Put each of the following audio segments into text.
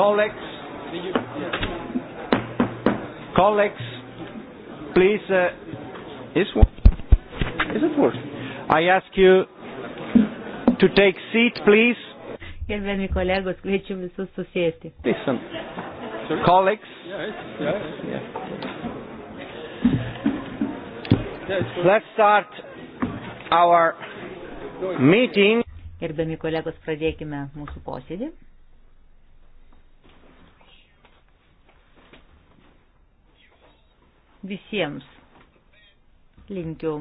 Colleagues, colleagues, please, uh, is, is it working? I ask you to take seat, please. Gerbiami kolegos, kviečiu visus susėsti. Listen. Sorry? Colleagues. Yes, yes. yes. Let's start our meeting. Gerbiami kolegos, pradėkime mūsų posėdį. visiems linkiu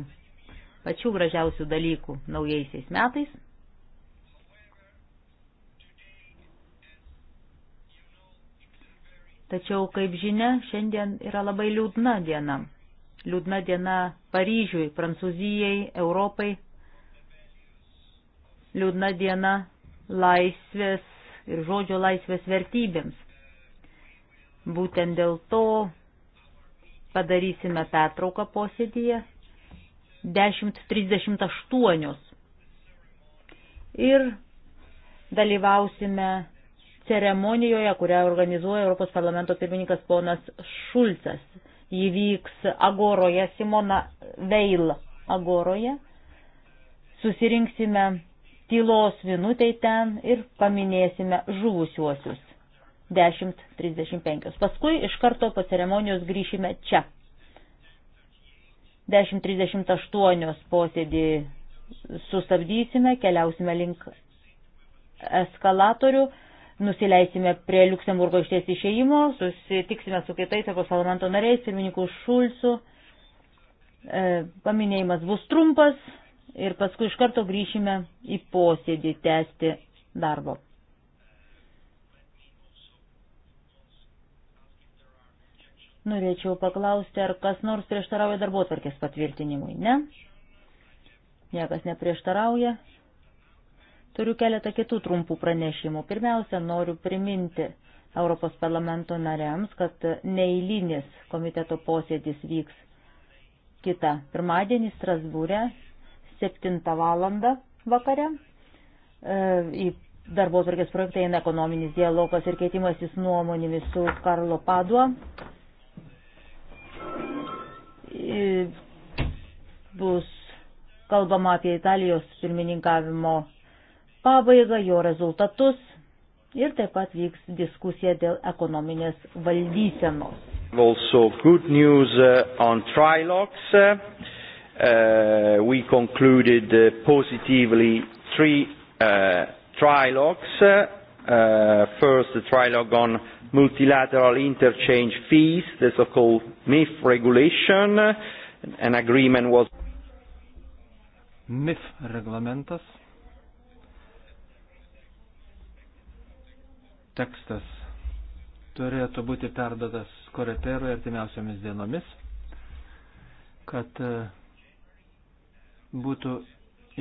pačių gražiausių dalykų naujaisiais metais. Tačiau, kaip žinia, šiandien yra labai liūdna diena. Liūdna diena Paryžiui, Prancūzijai, Europai. Liūdna diena laisvės ir žodžio laisvės vertybėms. Būtent dėl to padarysime pertrauką posėdyje 10.38 ir dalyvausime ceremonijoje, kurią organizuoja Europos parlamento pirmininkas ponas Šulcas. Jį vyks Agoroje, Simona Veil Agoroje. Susirinksime tylos minutei ten ir paminėsime žuvusiuosius. 10.35. Paskui iš karto po ceremonijos grįšime čia. 10.38 posėdį sustabdysime, keliausime link eskalatorių, nusileisime prie Luksemburgo išties išėjimo, susitiksime su kitais Europos parlamento nariais, pirmininku Šulcu. E, paminėjimas bus trumpas ir paskui iš karto grįšime į posėdį tęsti darbo. Norėčiau paklausti, ar kas nors prieštarauja darbo tvarkės patvirtinimui. Ne? Niekas neprieštarauja. Turiu keletą kitų trumpų pranešimų. Pirmiausia, noriu priminti Europos parlamento nariams, kad neįlynis komiteto posėdis vyks kitą pirmadienį Strasbūrė 7 val. vakare. E, į darbo tvarkės projektą eina ekonominis dialogas ir keitimasis nuomonėmis su Karlo Paduo, bus kalbama apie Italijos pirmininkavimo pabaigą, jo rezultatus ir taip pat vyks diskusija dėl ekonominės valdysenos. Also good news uh, on trilogues. Uh, uh we concluded uh, positively three uh, trilogues. Uh, uh first, the trilogue on multilateral interchange fees, the so-called MIF regulation. An agreement was MIF reglamentas. Tekstas turėtų būti perdotas koreperui artimiausiamis dienomis, kad e, būtų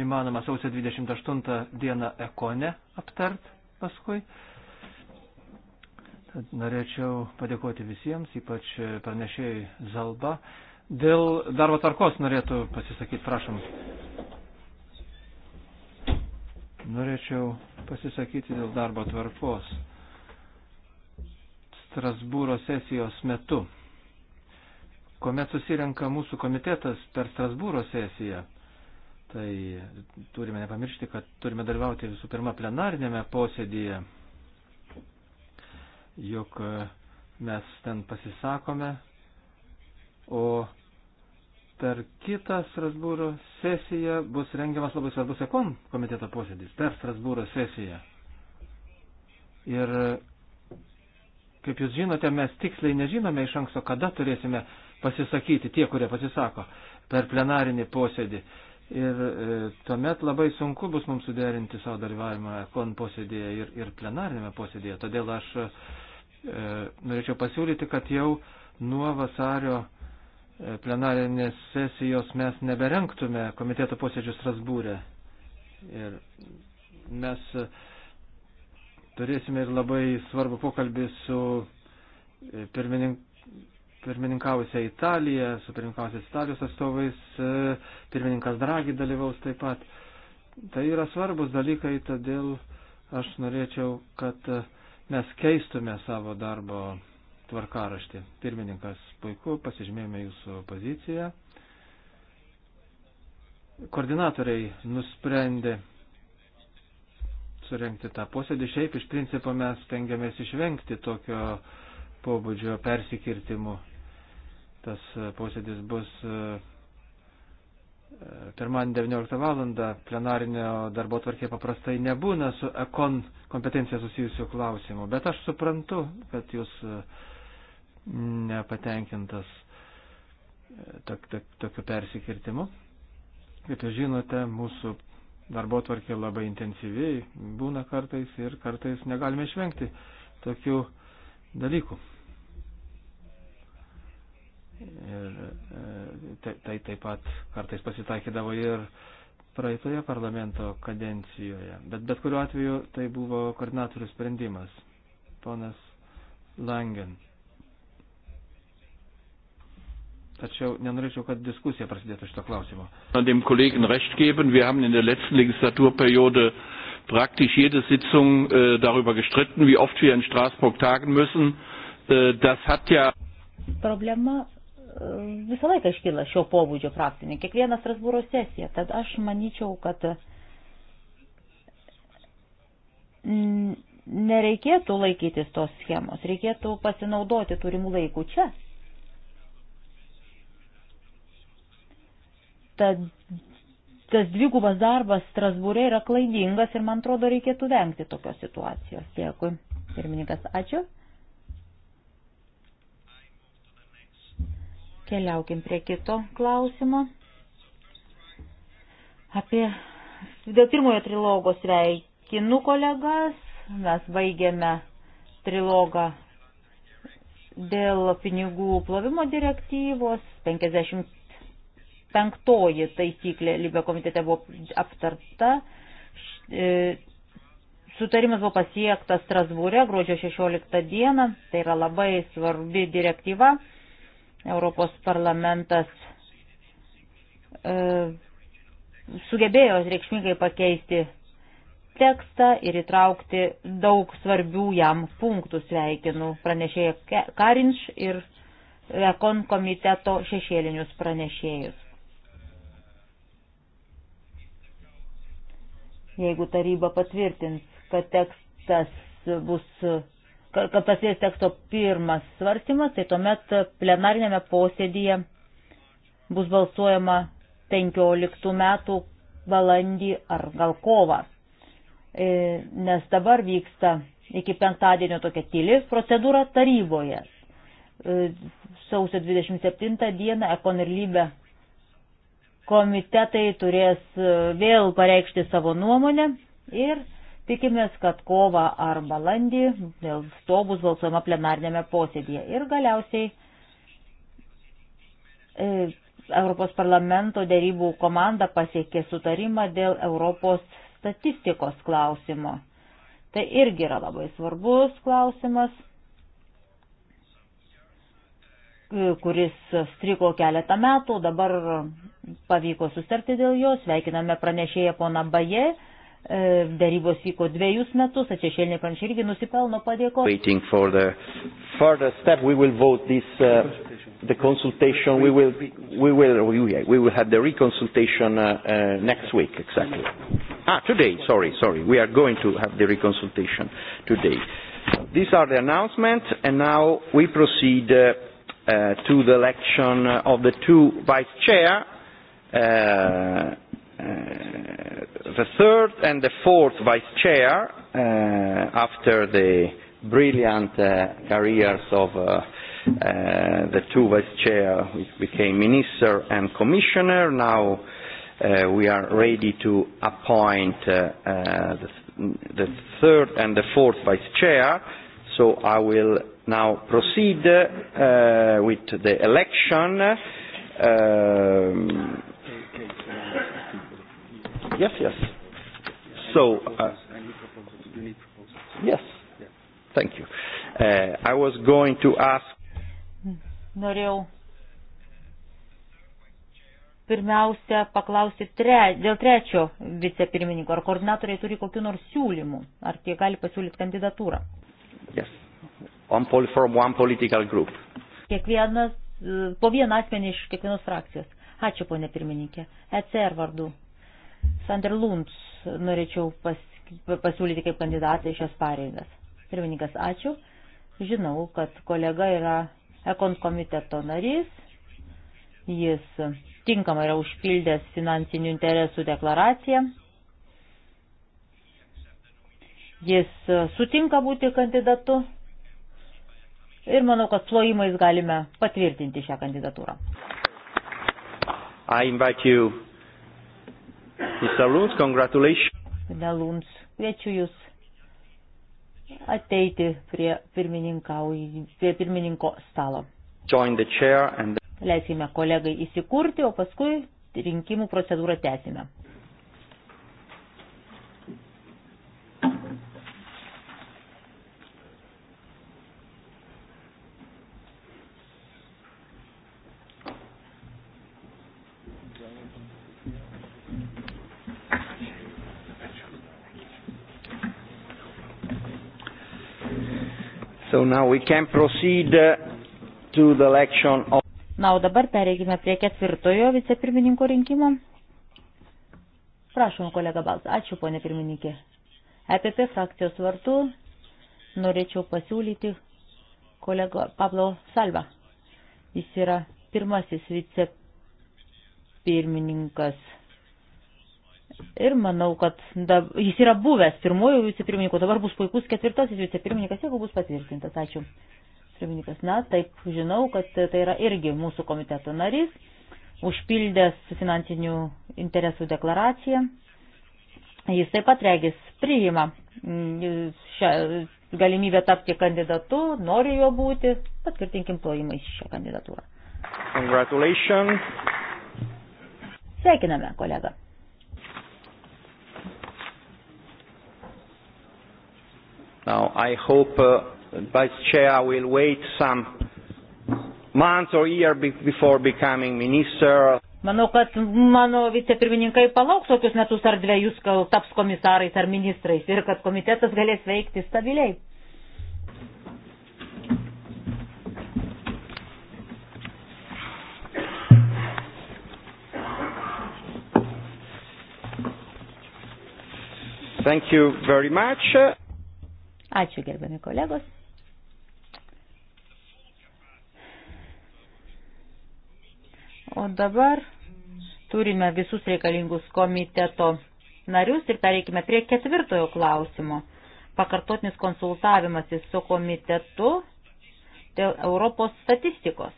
įmanoma sausio 28 dieną ekone aptart paskui Norėčiau padėkoti visiems, ypač pranešėjai Zalba. Dėl darbo tarkos norėtų pasisakyti, prašom. Norėčiau pasisakyti dėl darbo tvarkos Strasbūro sesijos metu. Komet susirenka mūsų komitetas per Strasbūro sesiją, tai turime nepamiršti, kad turime dalyvauti visų pirma plenarinėme posėdėje jog e, mes ten pasisakome, o per kitą Strasbūro sesiją bus rengiamas labai svarbus ekon komiteto posėdis per Strasbūro sesiją. Ir kaip jūs žinote, mes tiksliai nežinome iš anksto, kada turėsime pasisakyti tie, kurie pasisako per plenarinį posėdį. Ir e, tuomet labai sunku bus mums suderinti savo dalyvavimą kon posėdėje ir, ir plenarinėme posėdėje. Todėl aš e, E, norėčiau pasiūlyti, kad jau nuo vasario e, plenarinės sesijos mes neberenktume komiteto posėdžių Strasbūrė. Ir mes e, turėsime ir labai svarbu pokalbį su pirminink, pirmininkavusia Italija, su pirmininkavusiais Italijos atstovais, pirmininkas Dragi dalyvaus taip pat. Tai yra svarbus dalykai, todėl aš norėčiau, kad uh, mes keistume savo darbo tvarkaraštį. Pirmininkas, puiku, pasižymėjome jūsų poziciją. Koordinatoriai nusprendė surenkti tą posėdį. Šiaip iš principo mes tengiamės išvengti tokio pobūdžio persikirtimų. Tas posėdis bus pirmadienį 19 val. plenarinio darbo tvarkė paprastai nebūna su ekon kompetencija susijusių klausimų, bet aš suprantu, kad jūs e, nepatenkintas e, tok, tok, tokiu persikirtimu. Kaip jūs žinote, mūsų darbo tvarkė labai intensyviai būna kartais ir kartais negalime išvengti tokių dalykų. Ir e, tai, tai taip pat kartais pasitaikydavo ir praeitoje parlamento kadencijoje. Bet bet kuriuo atveju tai buvo koordinatorių sprendimas. Ponas Langen. Tačiau nenorėčiau, kad diskusija prasidėtų šito klausimo. Dem Kollegen recht geben, wir haben in der letzten Legislaturperiode praktisch jede Sitzung äh, darüber gestritten, wie oft wir in Straßburg tagen müssen. Äh, das hat ja Problema visą laiką iškyla šio pobūdžio praktinė, kiekviena Strasbūro sesija. Tad aš manyčiau, kad nereikėtų laikytis tos schemos, reikėtų pasinaudoti turimų laikų čia. Tad tas dvigubas darbas Strasbūrė yra klaidingas ir man atrodo reikėtų vengti tokios situacijos. Dėkui. Pirmininkas, ačiū. Keliaukim prie kito klausimo. Apie dėl pirmojo trilogo sveikinu kolegas. Mes baigėme trilogą dėl pinigų plovimo direktyvos 55 taisyklė Libio komitete buvo aptarta. E, sutarimas buvo pasiektas Strasbūre gruodžio 16 dieną, tai yra labai svarbi direktyva Europos parlamentas e, sugebėjo reikšmingai pakeisti tekstą ir įtraukti daug svarbių jam punktų sveikinu pranešėją Karinš ir Ekon komiteto šešėlinius pranešėjus. Jeigu taryba patvirtins, kad tekstas bus kad prasidės teksto pirmas svarstymas, tai tuomet plenarinėme posėdėje bus balsuojama 15 metų balandį ar gal kovą. E, nes dabar vyksta iki penktadienio tokia tyli procedūra taryboje. E, sausio 27 dieną Ekon ir Lybė komitetai turės e, vėl pareikšti savo nuomonę ir Tikimės, kad kova ar balandį dėl to bus balsuojama plenarnėme posėdėje. Ir galiausiai e, Europos parlamento dėrybų komanda pasiekė sutarimą dėl Europos statistikos klausimo. Tai irgi yra labai svarbus klausimas, e, kuris striko keletą metų, dabar pavyko sustarti dėl jo, sveikiname pranešėją poną Baje E, darybos vyko dviejus metus, tačiau šešėlinė pranešė irgi nusipelno padėkos. Waiting for the further step, we will vote this, uh, the consultation, we will, we will, oh, we will have the reconsultation uh, uh, next week, exactly. Ah, today, sorry, sorry, we are going to have the reconsultation today. These are the announcements, and now we proceed uh, uh, to the election of the two vice chair. Uh, Uh, the third and the fourth vice chair, uh, after the brilliant uh, careers of uh, uh, the two vice chair who became minister and commissioner, now uh, we are ready to appoint uh, uh, the, the third and the fourth vice chair. So I will now proceed uh, with the election. Uh, um, Yes, yes. So, uh, yes. Thank you. Uh, I was going to ask. Norėjau pirmiausia paklausti tre, dėl trečio vicepirmininko. Ar koordinatoriai turi kokiu nors siūlymu? Ar tie gali pasiūlyti kandidatūrą? Yes. One pol, from one political group. Kiekvienas, e, po vieną asmenį iš kiekvienos frakcijos. Ačiū, ponė pirmininkė. ECR er vardu Sander Lunds norėčiau pas, pasiūlyti kaip kandidatą į šias pareigas. Pirmininkas, ačiū. Žinau, kad kolega yra ekon komiteto narys. Jis tinkamai yra užpildęs finansinių interesų deklaraciją. Jis sutinka būti kandidatu ir manau, kad plojimais galime patvirtinti šią kandidatūrą. I invite you Mr. Luns, congratulations. Pane Luns, kviečiu Jūs ateiti prie, prie pirmininko stalo. Leiskime kolegai įsikurti, o paskui rinkimų procedūrą tęsime. now we can proceed uh, to the election of. Na, o dabar pereikime prie ketvirtojo vicepirmininko rinkimo. Prašom, kolega Baltas. Ačiū, ponė pirmininkė. EPP frakcijos vartų norėčiau pasiūlyti kolego Pablo Salva. Jis yra pirmasis vicepirmininkas Ir manau, kad dab, jis yra buvęs pirmojų vicepirmininkų, dabar bus puikus ketvirtasis vicepirmininkas, jeigu bus patvirtintas. Ačiū. Pirmininkas, na, taip, žinau, kad tai yra irgi mūsų komiteto narys, užpildęs finansinių interesų deklaraciją. Jis taip pat regis priima mm, šią galimybę tapti kandidatu, nori jo būti, patvirtinkim plojimais šią kandidatūrą. Sveikiname, kolega. Now, I hope uh, Vice Chair will wait some months or year be before becoming minister. Manau, kad mano vicepirmininkai palauks tokius metus ar dviejus, kol taps komisarais ar ministrais ir kad komitetas galės veikti stabiliai. Thank you very much. Ačiū gerbiami kolegos. O dabar turime visus reikalingus komiteto narius ir pereikime prie ketvirtojo klausimo. Pakartotinis konsultavimasis su komitetu dėl Europos statistikos.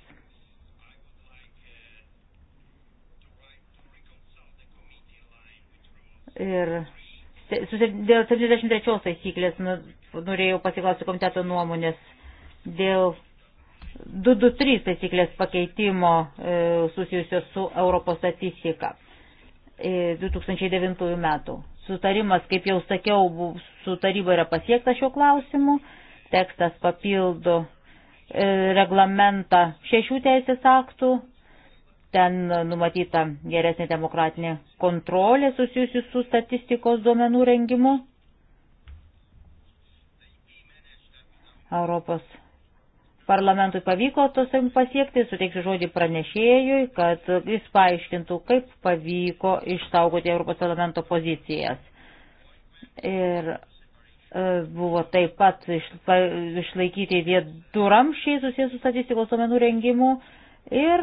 Ir Tai dėl 73 taisyklės nu, norėjau pasiklausti komiteto nuomonės dėl 223 taisyklės pakeitimo e, susijusios su Europos statistika e, 2009 metų. Sutarimas, kaip jau sakiau, su taryba yra pasiektas šiuo klausimu. Tekstas papildo e, reglamentą šešių teisės aktų Ten numatyta geresnė demokratinė kontrolė susijusi su statistikos duomenų rengimu. Europos parlamentui pavyko tos pasiekti, suteiksiu žodį pranešėjui, kad jis paaiškintų, kaip pavyko išsaugoti Europos parlamento pozicijas. Ir e, buvo taip pat išlaikyti du ramšiai susijęs su statistikos duomenų rengimu ir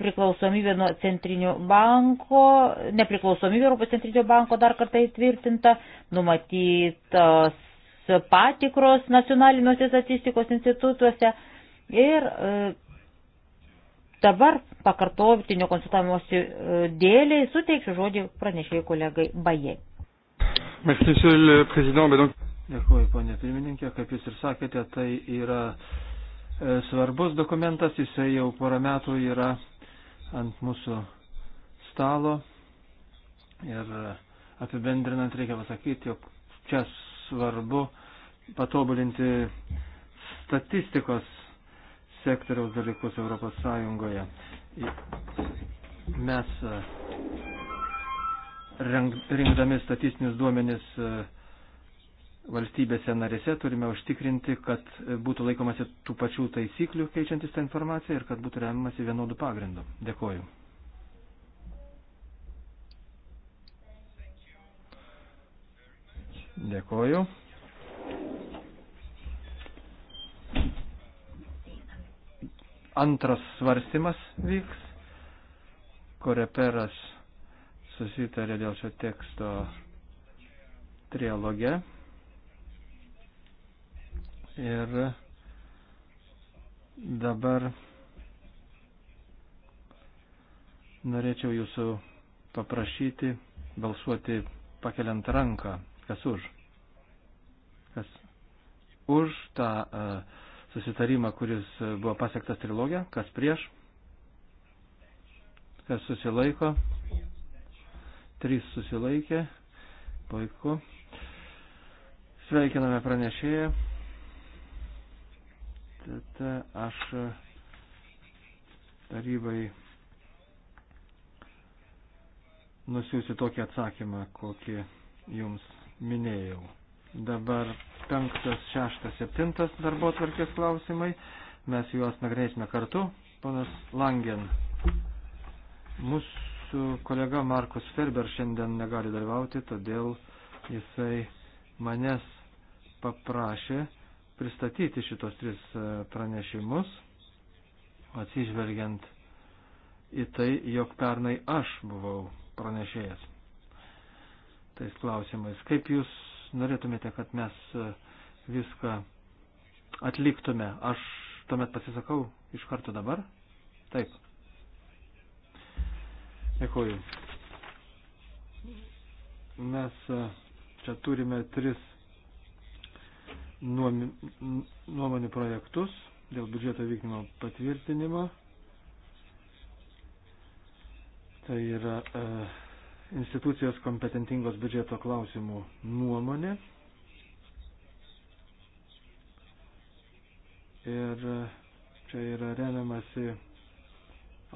priklausomybė nuo centrinio banko, nepriklausomybė Europos centrinio banko dar kartą įtvirtinta, numatytas patikros nacionaliniuose statistikos institutuose ir e, dabar pakartotinio konsultavimosi e, dėliai suteiksiu žodį pranešėjai kolegai Baje. Dėkuoju, ponė pirmininkė, kaip jūs ir sakėte, tai yra E, svarbus dokumentas, jisai jau porą metų yra ant mūsų stalo ir e, apibendrinant reikia pasakyti, jog čia svarbu patobulinti statistikos sektoriaus dalykus Europos Sąjungoje. Mes e, rinkdami statistinius duomenis valstybėse narėse turime užtikrinti, kad būtų laikomasi tų pačių taisyklių keičiantis tą informaciją ir kad būtų remiamasi vienodų pagrindų. Dėkoju. Dėkoju. Antras svarstymas vyks. Koreperas susitarė dėl šio teksto trialoge. Ir dabar norėčiau jūsų paprašyti balsuoti pakeliant ranką, kas už. Kas už tą uh, susitarimą, kuris buvo pasiektas trilogija, kas prieš, kas susilaiko, trys susilaikė, puiku. Sveikiname pranešėją. Tad aš tarybai nusiųsiu tokį atsakymą, kokį jums minėjau. Dabar penktas, šeštas, septintas darbo tvarkės klausimai. Mes juos nagrinėsime kartu. Ponas Langen. Mūsų kolega Markus Ferber šiandien negali dalyvauti, todėl jisai manęs paprašė pristatyti šitos tris e, pranešimus, atsižvelgiant į tai, jog pernai aš buvau pranešėjas tais klausimais. Kaip jūs norėtumėte, kad mes e, viską atliktume? Aš tuomet pasisakau iš karto dabar? Taip. Dėkuoju. Mes e, čia turime tris nuomonių projektus dėl biudžeto vykdymo patvirtinimo. Tai yra e, institucijos kompetentingos biudžeto klausimų nuomonė. Ir e, čia yra remiamasi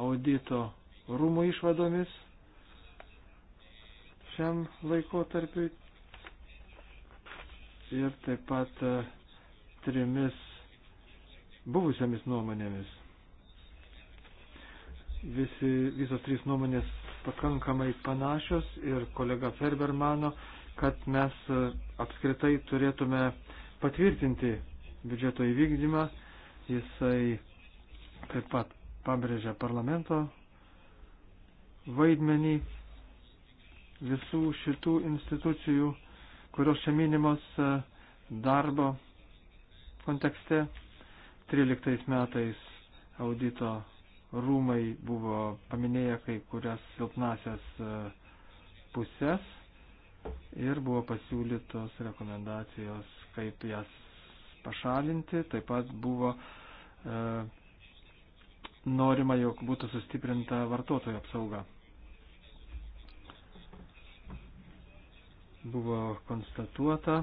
audito rūmų išvadomis šiam laikotarpiui ir taip pat e, trimis buvusiamis nuomonėmis. Visi, visos trys nuomonės pakankamai panašios ir kolega Ferber mano, kad mes e, apskritai turėtume patvirtinti biudžeto įvykdymą. Jisai taip pat pabrėžia parlamento vaidmenį visų šitų institucijų kurios čia minimos e, darbo kontekste. 13 metais audito rūmai buvo paminėję kai kurias silpnasias e, pusės ir buvo pasiūlytos rekomendacijos, kaip jas pašalinti. Taip pat buvo e, norima, jog būtų sustiprinta vartotojo apsauga. Buvo konstatuota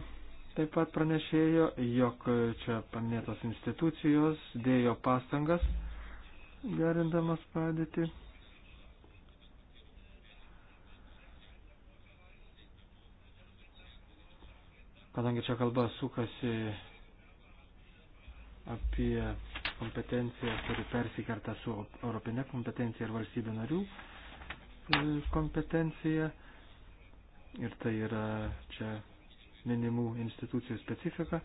taip pat pranešėjo, jog čia paminėtos institucijos dėjo pastangas gerindamas padėtį. Kadangi čia kalba sukasi apie kompetenciją, kuri persikerta su europinė kompetencija ir valstybė narių e, kompetencija. E, ir tai yra čia minimų institucijų specifika.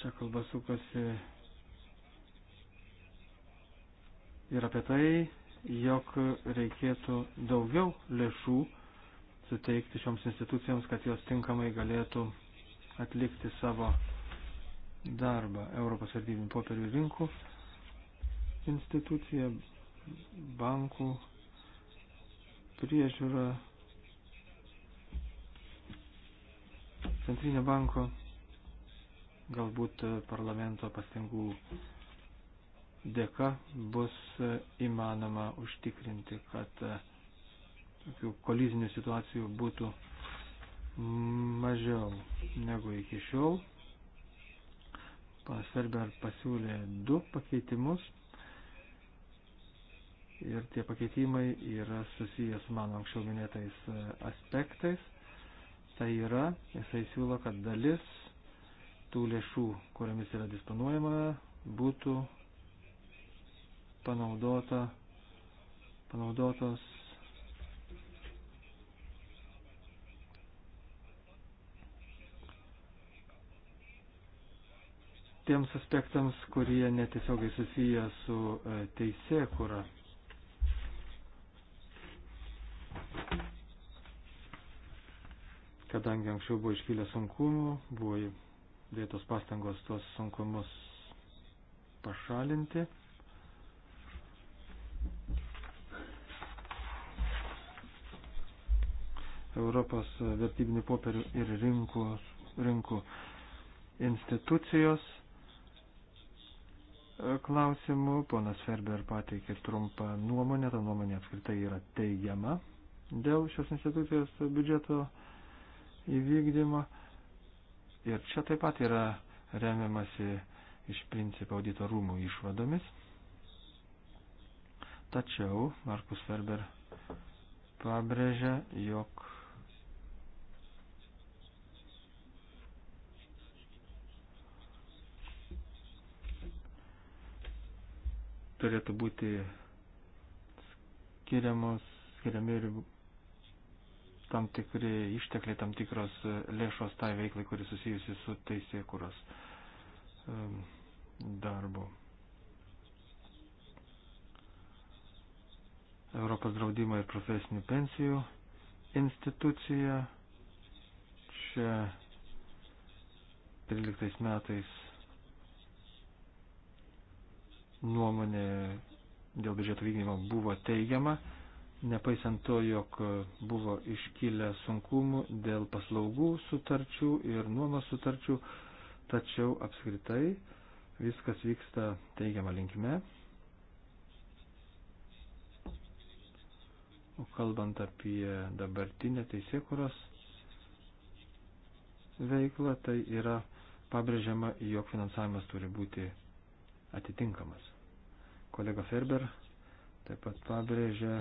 Čia kalba sukasi ir apie tai, jog reikėtų daugiau lėšų suteikti šioms institucijoms, kad jos tinkamai galėtų atlikti savo darbą Europos vertybinių popierių rinkų institucija, bankų priežiūra, centrinio banko, galbūt parlamento pastangų dėka bus įmanoma užtikrinti, kad tokių kolizinių situacijų būtų mažiau negu iki šiol. Pasverber pasiūlė du pakeitimus ir tie pakeitimai yra susijęs su mano anksčiau minėtais e, aspektais. Tai yra, jisai siūlo, kad dalis tų lėšų, kuriamis yra disponuojama, būtų panaudota, panaudotos tiems aspektams, kurie netiesiogiai susiję su e, teisė, kura kadangi anksčiau buvo iškilę sunkumų, buvo dėtos pastangos tuos sunkumus pašalinti. Europos vertybinių popierių ir rinkų, rinkų institucijos klausimų. Ponas Ferber pateikė trumpą nuomonę, ta nuomonė apskritai yra teigiama dėl šios institucijos biudžeto įvykdymą. Ir čia taip pat yra remiamasi iš principo audito rūmų išvadomis. Tačiau Markus Ferber pabrėžia, jog turėtų būti skiriamos, skiriami tam tikri ištekliai, tam tikros lėšos tai veiklai, kuri susijusi su teisėkuros darbu. Europos draudimo ir profesinių pensijų institucija. Čia 13 metais nuomonė dėl biudžeto vykdymo buvo teigiama nepaisant to, jog buvo iškilę sunkumų dėl paslaugų sutarčių ir nuomos sutarčių, tačiau apskritai viskas vyksta teigiamą linkme. O kalbant apie dabartinę teisėkuros veiklą, tai yra pabrėžiama, jog finansavimas turi būti atitinkamas. Kolega Ferber taip pat pabrėžia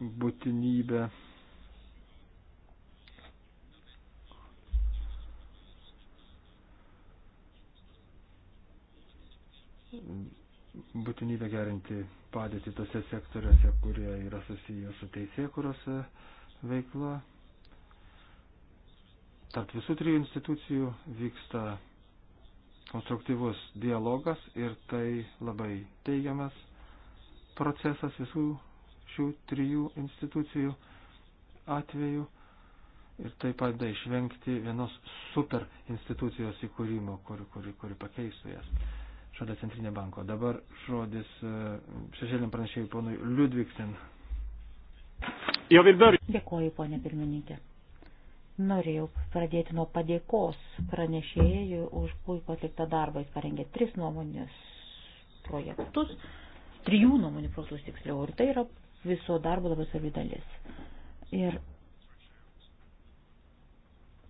būtinybę. būtinybę gerinti padėtį tose sektoriuose, kurie yra susiję su teisėkuros e, veikla. Tarp visų trijų institucijų vyksta konstruktyvus dialogas ir tai labai teigiamas procesas visų šių trijų institucijų atveju ir taip pat da išvengti vienos super institucijos įkūrimo, kuri, kuri, kuri pakeistų jas. Šalia Centrinė banko. Dabar žodis e, šešėlėm pranešėjai ponui Ludvigsen. Dėkuoju, ponė pirmininkė. Norėjau pradėti nuo padėkos pranešėjui už puikų atliktą darbą. Jis parengė tris nuomonės projektus, trijų nuomonių projektus tiksliau. Ir tai yra viso darbo labai svarbi dalis. Ir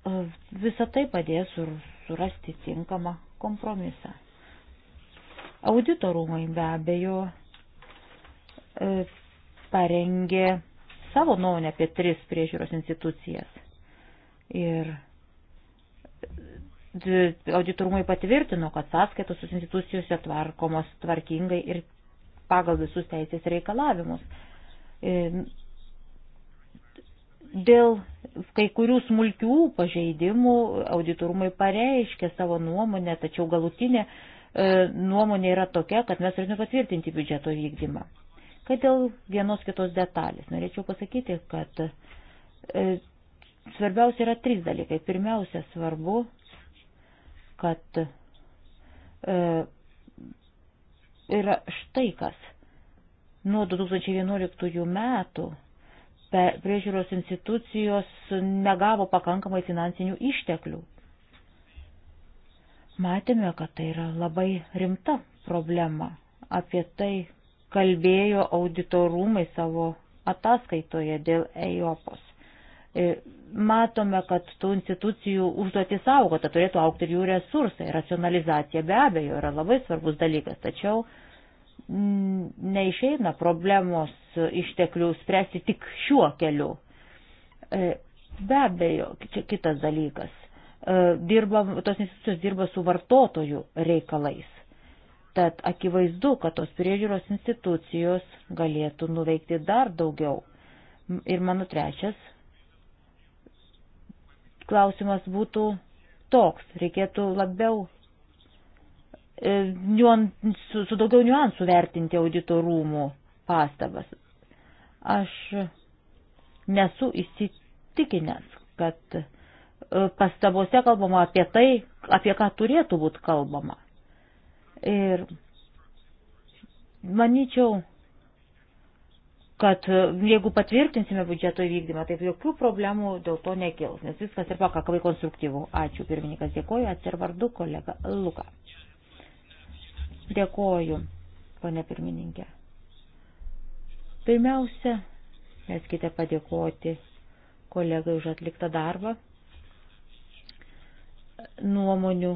e, visą tai padės surasti tinkamą kompromisą. Auditorumai be abejo e, parengė savo nuomonę apie tris priežiūros institucijas. Ir e, auditorumai patvirtino, kad sąskaitos institucijose tvarkomos tvarkingai ir pagal visus teisės reikalavimus. E, dėl kai kurių smulkių pažeidimų auditorumai pareiškia savo nuomonę, tačiau galutinė e, nuomonė yra tokia, kad mes turime patvirtinti biudžeto vykdymą. Kad dėl vienos kitos detalės, norėčiau pasakyti, kad e, svarbiausia yra trys dalykai. Pirmiausia, svarbu, kad yra štai kas Nuo 2011 metų priežiūros institucijos negavo pakankamai finansinių išteklių. Matėme, kad tai yra labai rimta problema. Apie tai kalbėjo auditorumai savo ataskaitoje dėl EIOPOS. E, matome, kad tų institucijų užduotis augo, tad turėtų aukti ir jų resursai. Racionalizacija be abejo yra labai svarbus dalykas, tačiau uh, neišeina problemos išteklių spręsti tik šiuo keliu. E, be abejo, čia kitas dalykas. E, dirba, tos institucijos dirba su vartotojų reikalais. Tad akivaizdu, kad tos priežiūros institucijos galėtų nuveikti dar daugiau. Ir mano trečias klausimas būtų toks. Reikėtų labiau E, niuansų, su daugiau niuansų vertinti auditorumų pastabas. Aš nesu įsitikinęs, kad e, pastabose kalbama apie tai, apie ką turėtų būti kalbama. Ir manyčiau, kad e, jeigu patvirtinsime biudžeto įvykdymą, taip jokių problemų dėl to nekils, nes viskas ir pakankamai konstruktyvų. Ačiū, pirmininkas, dėkoju, atsirvardu kolega Luka. Dėkoju, ponė pirmininkė. Pirmiausia, leiskite padėkoti kolegai už atliktą darbą. Nuomonių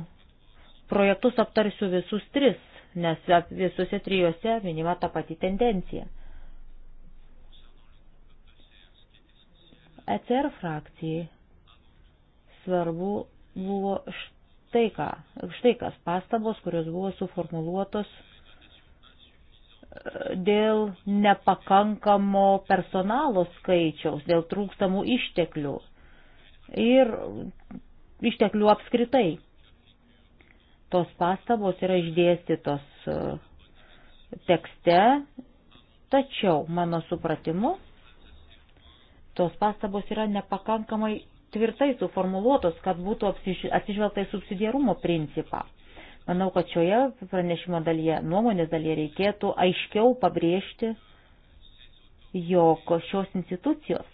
projektus aptarsiu visus tris, nes visose trijose minima ta pati tendencija. ECR frakcijai svarbu buvo štai, ką, štai kas pastabos, kurios buvo suformuluotos e, dėl nepakankamo personalo skaičiaus, dėl trūkstamų išteklių ir išteklių apskritai. Tos pastabos yra išdėstytos e, tekste, tačiau mano supratimu, tos pastabos yra nepakankamai tvirtai suformuluotos, kad būtų atsižvelgta į subsidiarumo principą. Manau, kad šioje pranešimo dalyje, nuomonės dalyje reikėtų aiškiau pabrėžti, jog šios institucijos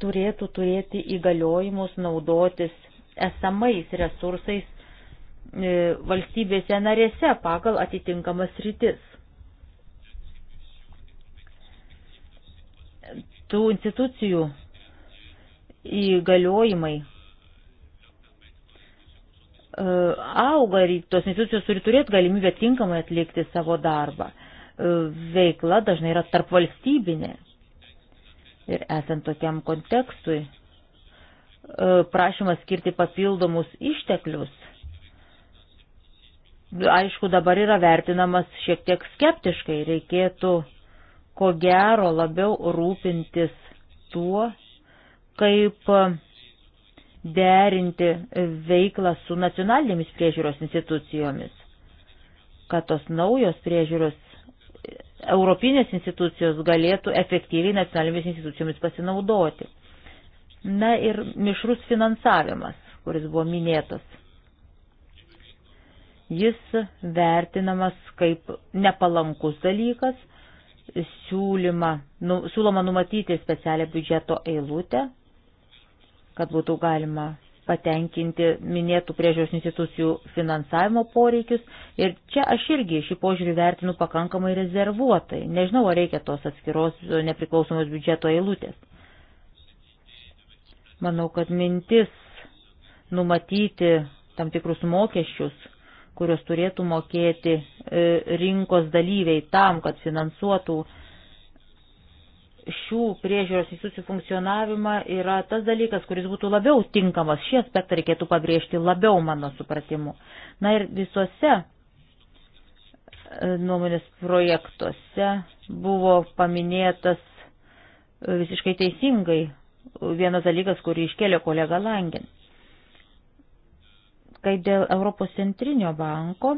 turėtų turėti įgaliojimus naudotis esamais resursais e, valstybėse narėse pagal atitinkamas rytis. tų institucijų įgaliojimai e, auga ir tos institucijos turi turėti galimybę tinkamai atlikti savo darbą. E, veikla dažnai yra tarp valstybinė. Ir esant tokiam kontekstui, e, prašymas skirti papildomus išteklius, aišku, dabar yra vertinamas šiek tiek skeptiškai. Reikėtų ko gero labiau rūpintis tuo, kaip derinti veiklą su nacionalinėmis priežiūros institucijomis, kad tos naujos priežiūros europinės institucijos galėtų efektyviai nacionalinėmis institucijomis pasinaudoti. Na ir mišrus finansavimas, kuris buvo minėtas. Jis vertinamas kaip nepalankus dalykas, siūlymą, nu, siūloma numatyti specialią biudžeto eilutę, kad būtų galima patenkinti minėtų priežiūros institucijų finansavimo poreikius. Ir čia aš irgi šį požiūrį vertinu pakankamai rezervuotai. Nežinau, ar reikia tos atskiros nepriklausomos biudžeto eilutės. Manau, kad mintis numatyti tam tikrus mokesčius kurios turėtų mokėti e, rinkos dalyviai tam, kad finansuotų šių priežiūros institucijų funkcionavimą, yra tas dalykas, kuris būtų labiau tinkamas. Šį aspektą reikėtų pabrėžti labiau mano supratimu. Na ir visuose e, nuomonės projektuose buvo paminėtas e, visiškai teisingai vienas dalykas, kurį iškėlė kolega Langin kai dėl Europos centrinio banko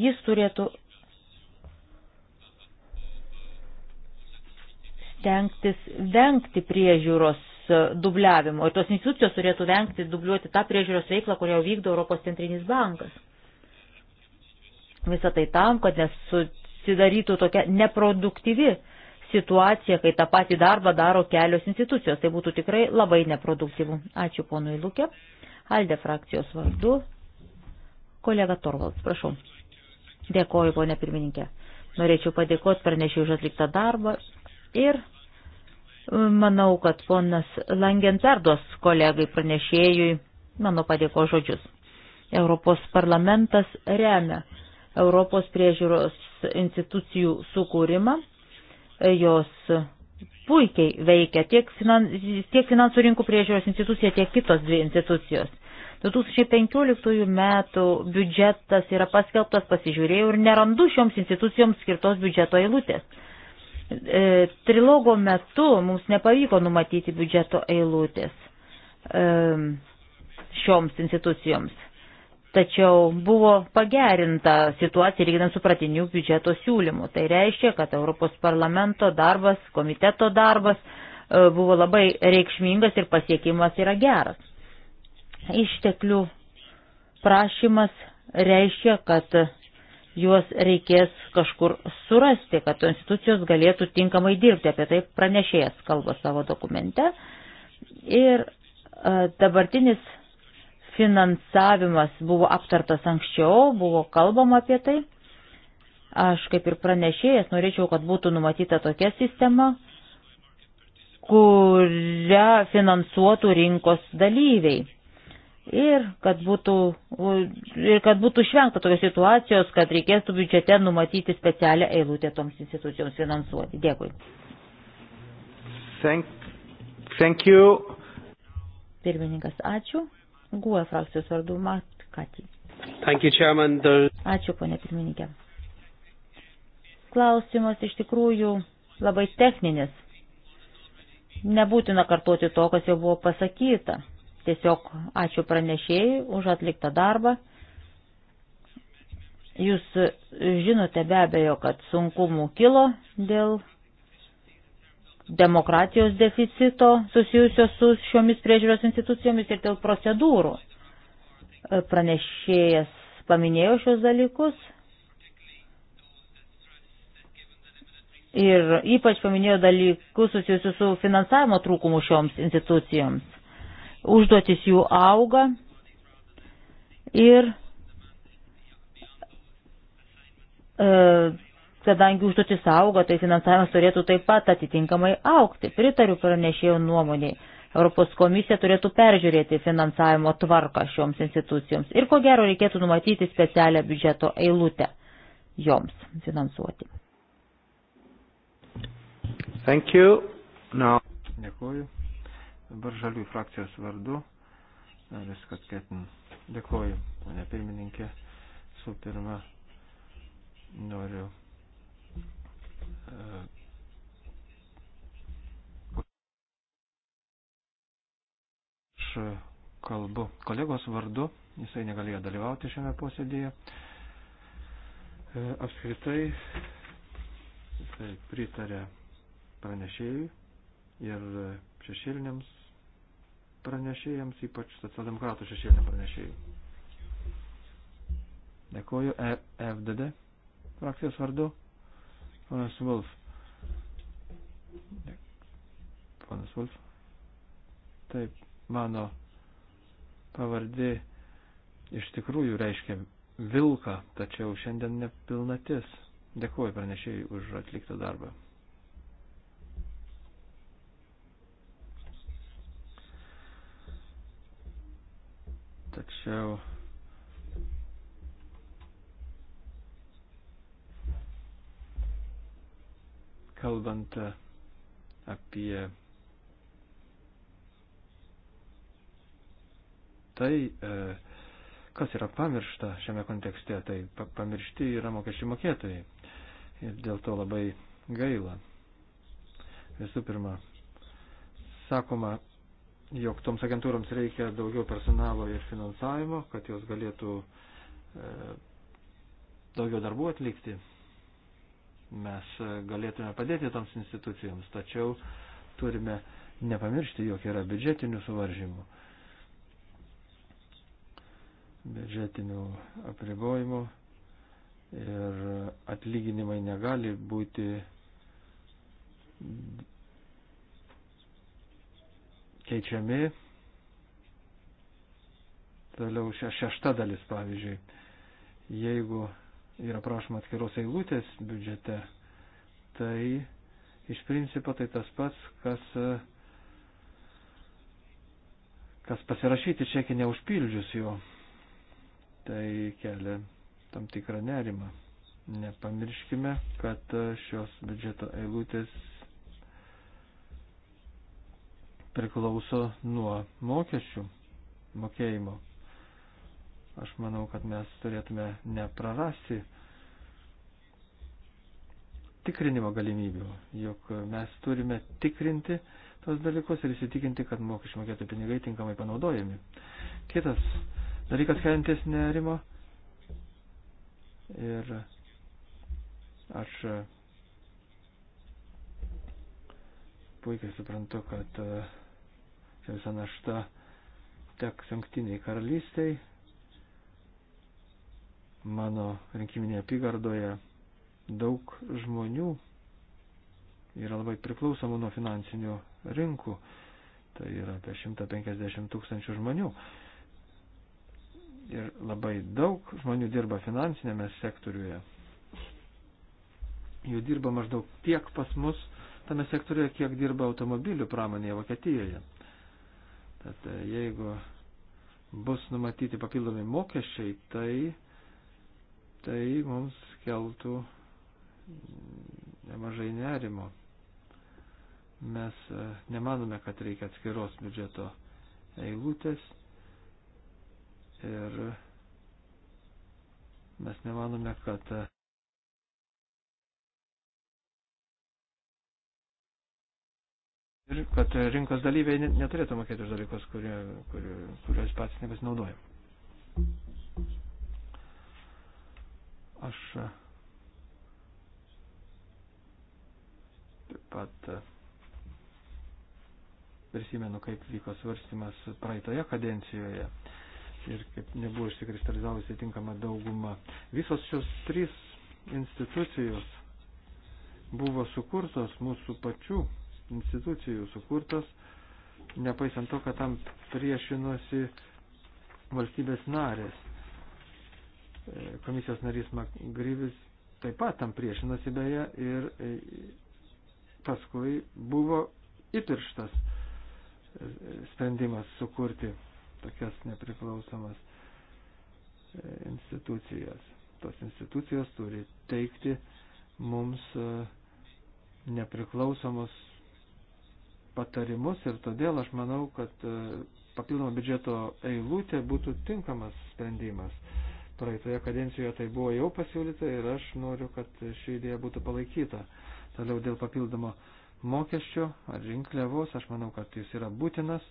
jis turėtų stengtis vengti priežiūros e, dubliavimo ir tos institucijos turėtų vengti dubliuoti tą priežiūros veiklą, kurią vykdo Europos centrinis bankas. Visą tai tam, kad nesusidarytų tokia neproduktyvi situaciją, kai tą patį darbą daro kelios institucijos. Tai būtų tikrai labai neproduktyvu. Ačiū ponui Lūkė. Alde frakcijos vardu. Kolega Torvalds, prašau. Dėkoju, ponė pirmininkė. Norėčiau padėkoti pranešiai už atliktą darbą ir manau, kad ponas Langen perduos kolegai pranešėjui mano padėko žodžius. Europos parlamentas remia Europos priežiūros institucijų sukūrimą E, jos puikiai veikia tiek, finan, tiek finansų rinkų priežiūros institucija, tiek kitos dvi institucijos. 2015 metų biudžetas yra paskelbtas, pasižiūrėjau ir nerandu šioms institucijoms skirtos biudžeto eilutės. E, trilogo metu mums nepavyko numatyti biudžeto eilutės e, šioms institucijoms tačiau buvo pagerinta situacija lyginant su pratiniu biudžeto siūlymu. Tai reiškia, kad Europos parlamento darbas, komiteto darbas e, buvo labai reikšmingas ir pasiekimas yra geras. Išteklių prašymas reiškia, kad juos reikės kažkur surasti, kad institucijos galėtų tinkamai dirbti. Apie tai pranešėjas kalba savo dokumente. Ir e, dabartinis finansavimas buvo aptartas anksčiau, buvo kalbama apie tai. Aš kaip ir pranešėjas norėčiau, kad būtų numatyta tokia sistema, kurią finansuotų rinkos dalyviai. Ir kad, būtų, ir kad būtų išvengta tokios situacijos, kad reikėtų biudžete numatyti specialią eilutę toms institucijoms finansuoti. Dėkui. Thank, thank you. Pirmininkas, ačiū. Guo frakcijos vardu Matkati. Ačiū, ponė pirmininkė. Klausimas iš tikrųjų labai techninis. Nebūtina kartuoti to, kas jau buvo pasakyta. Tiesiog ačiū pranešėjai už atliktą darbą. Jūs žinote be abejo, kad sunkumų kilo dėl demokratijos deficito susijusio su šiomis priežiūros institucijomis ir dėl procedūrų. E, pranešėjas paminėjo šios dalykus ir ypač paminėjo dalykus susijusius su finansavimo trūkumu šioms institucijoms. Užduotis jų auga ir e, kadangi užduotis auga, tai finansavimas turėtų taip pat atitinkamai aukti. Pritariu pranešėjo nuomonėje. Europos komisija turėtų peržiūrėti finansavimo tvarką šioms institucijoms ir ko gero reikėtų numatyti specialią biudžeto eilutę joms finansuoti. Thank you. Now. Dėkuoju. Dabar žalių frakcijos vardu. Viskas uh, ketin. Dėkuoju, ponė pirmininkė. Su pirma noriu Aš kalbu kolegos vardu, jisai negalėjo dalyvauti šiame posėdėje. E, apskritai jisai pritarė pranešėjui ir šešėliniams pranešėjams, ypač socialdemokratų šešėliniam pranešėjui. Dėkoju e FDD frakcijos vardu. Ponas Wolf. Ponas Wolf. Taip, mano pavardė iš tikrųjų reiškia vilką, tačiau šiandien nepilnatis. Dėkuoju pranešėjai už atliktą darbą. Tačiau kalbant e, apie tai, e, kas yra pamiršta šiame kontekste, tai pamiršti yra mokesčių mokėtojai. Ir dėl to labai gaila. Visų pirma, sakoma, jog toms agentūroms reikia daugiau personalo ir finansavimo, kad jos galėtų e, daugiau darbų atlikti. Mes galėtume padėti toms institucijoms, tačiau turime nepamiršti, jog yra biudžetinių suvaržymų, biudžetinių apribojimų ir atlyginimai negali būti keičiami. Toliau šešta dalis, pavyzdžiui, jeigu yra prašoma atskiros eilutės biudžete, tai iš principo tai tas pats, kas, kas pasirašyti čekį neužpildžius jo. Tai kelia tam tikrą nerimą. Nepamirškime, kad šios biudžeto eilutės priklauso nuo mokesčių mokėjimo. Aš manau, kad mes turėtume neprarasti tikrinimo galimybių, jog mes turime tikrinti tos dalykus ir įsitikinti, kad mokesčių mokėtų pinigai tinkamai panaudojami. Kitas dalykas keliantis nerimo ir aš puikiai suprantu, kad e, visa našta teks jungtiniai karalystiai Mano rinkiminėje apygardoje daug žmonių yra labai priklausomų nuo finansinių rinkų. Tai yra apie 150 tūkstančių žmonių. Ir labai daug žmonių dirba finansinėme sektoriuje. Jų dirba maždaug tiek pas mus tame sektoriuje, kiek dirba automobilių pramonėje Vokietijoje. Tad e, jeigu bus numatyti papildomi mokesčiai, tai tai mums keltų nemažai nerimo. Mes e, nemanome, kad reikia atskiros biudžeto eilutės ir mes nemanome, kad e, ir kad rinkos dalyviai neturėtų mokėti už dalykus, kurie, kurie, kuriuos patys nepasinaudojam. Aš e, taip pat e, prisimenu, kaip vyko svarstymas praeitoje kadencijoje ir kaip nebuvo išsikristalizavusi tinkama dauguma. Visos šios trys institucijos buvo sukurtos mūsų pačių institucijų sukurtos, nepaisant to, kad tam priešinosi valstybės narės. Komisijos narys Makgryvis taip pat tam priešinasi beje ir e, paskui buvo įpirštas e, sprendimas sukurti tokias nepriklausomas e, institucijas. Tos institucijos turi teikti mums nepriklausomus patarimus ir todėl aš manau, kad papildoma biudžeto eilutė būtų tinkamas sprendimas. Praeitoje kadencijoje tai buvo jau pasiūlyta ir aš noriu, kad ši idėja būtų palaikyta. Toliau dėl papildomo mokesčio ar rinkliavos, aš manau, kad jis yra būtinas.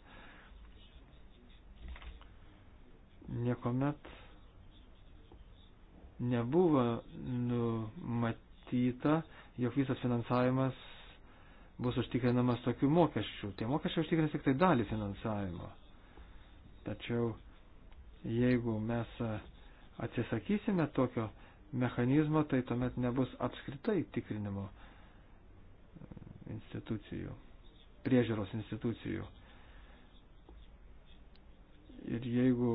Niekuomet nebuvo numatyta, jog visas finansavimas bus užtikrinamas tokių mokesčių. Tie mokesčiai užtikrins tik tai dalį finansavimo. Tačiau jeigu mes atsisakysime tokio mechanizmo, tai tuomet nebus apskritai tikrinimo institucijų, priežiūros institucijų. Ir jeigu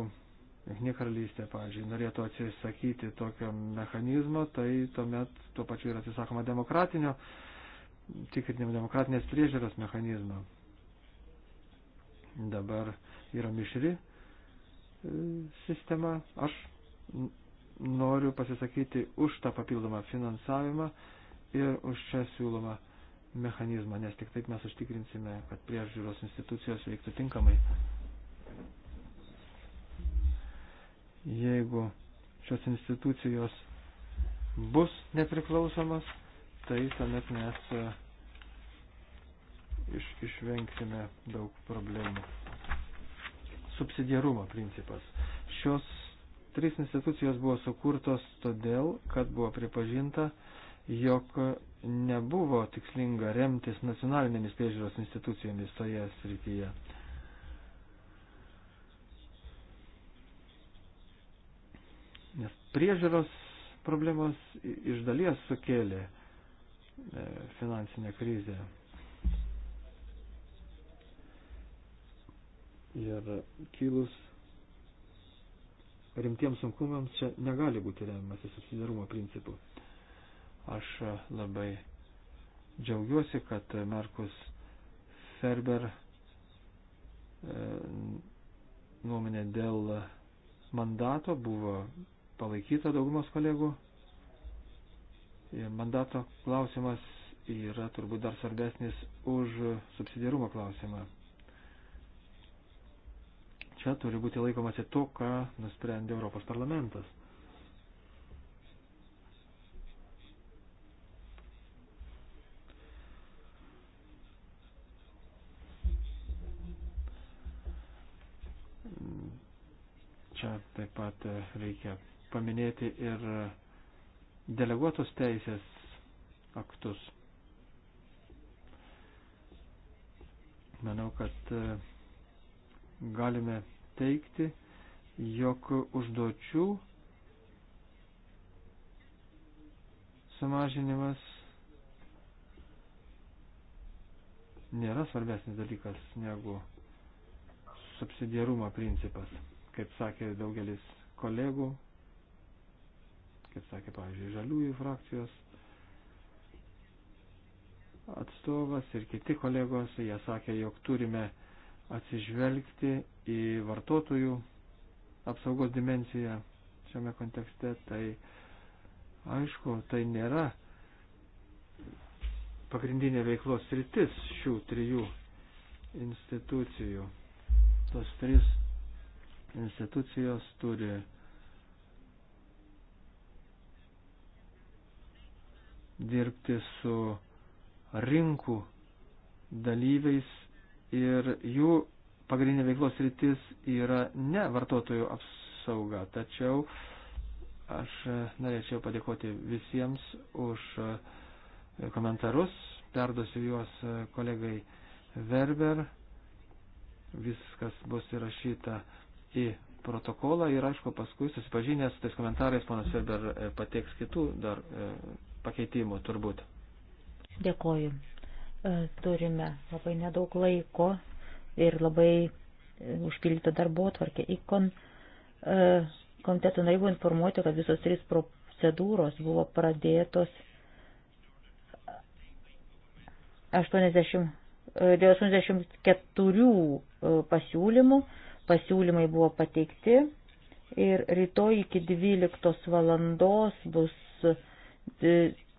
Jungtinė karalystė, pavyzdžiui, norėtų atsisakyti tokio mechanizmo, tai tuomet tuo pačiu ir atsisakoma demokratinio, tikrinimo demokratinės priežiūros mechanizmo. Dabar yra mišri e, sistema. Aš noriu pasisakyti už tą papildomą finansavimą ir už čia siūlomą mechanizmą, nes tik taip mes užtikrinsime, kad priežiūros institucijos veiktų tinkamai. Jeigu šios institucijos bus nepriklausomas, tai tuomet mes e, iš, išvengsime daug problemų. Subsidiarumo principas. Šios Trys institucijos buvo sukurtos todėl, kad buvo pripažinta, jog nebuvo tikslinga remtis nacionalinėmis priežiūros institucijomis toje srityje. Nes priežiūros problemos iš dalies sukėlė e, finansinę krizę. Ir kilus rimtiems sunkumams čia negali būti remiamasi subsidiarumo principu. Aš e, labai džiaugiuosi, kad e, Markus Ferber e, nuomonė dėl mandato buvo palaikyta daugumos kolegų. Mandato klausimas yra turbūt dar svarbesnis už subsidiarumo klausimą. Čia turi būti laikomasi to, ką nusprendė Europos parlamentas. Čia taip pat reikia paminėti ir deleguotos teisės aktus. Manau, kad galime teikti, jog užduočių sumažinimas nėra svarbesnis dalykas negu subsidiarumo principas, kaip sakė daugelis kolegų, kaip sakė, pavyzdžiui, žaliųjų frakcijos atstovas ir kiti kolegos, jie sakė, jog turime atsižvelgti į vartotojų apsaugos dimenciją šiame kontekste, tai aišku, tai nėra pagrindinė veiklos rytis šių trijų institucijų. Tos trys institucijos turi dirbti su rinkų dalyviais ir jų pagrindinė veiklos rytis yra ne vartotojų apsauga. Tačiau aš e, norėčiau padėkoti visiems už e, komentarus, perduosiu juos e, kolegai Verber, viskas bus įrašyta į protokolą ir aišku paskui susipažinęs tais komentarais ponas Verber pateiks kitų dar pakeitimų turbūt. Dėkoju. E, turime labai nedaug laiko ir labai e, užpildytą darbo atvarkę. Ikon e, komiteto nariai buvo informuoti, kad visos trys procedūros buvo pradėtos 80, 84 pasiūlymų. Pasiūlymai buvo pateikti ir rytoj iki 12 valandos bus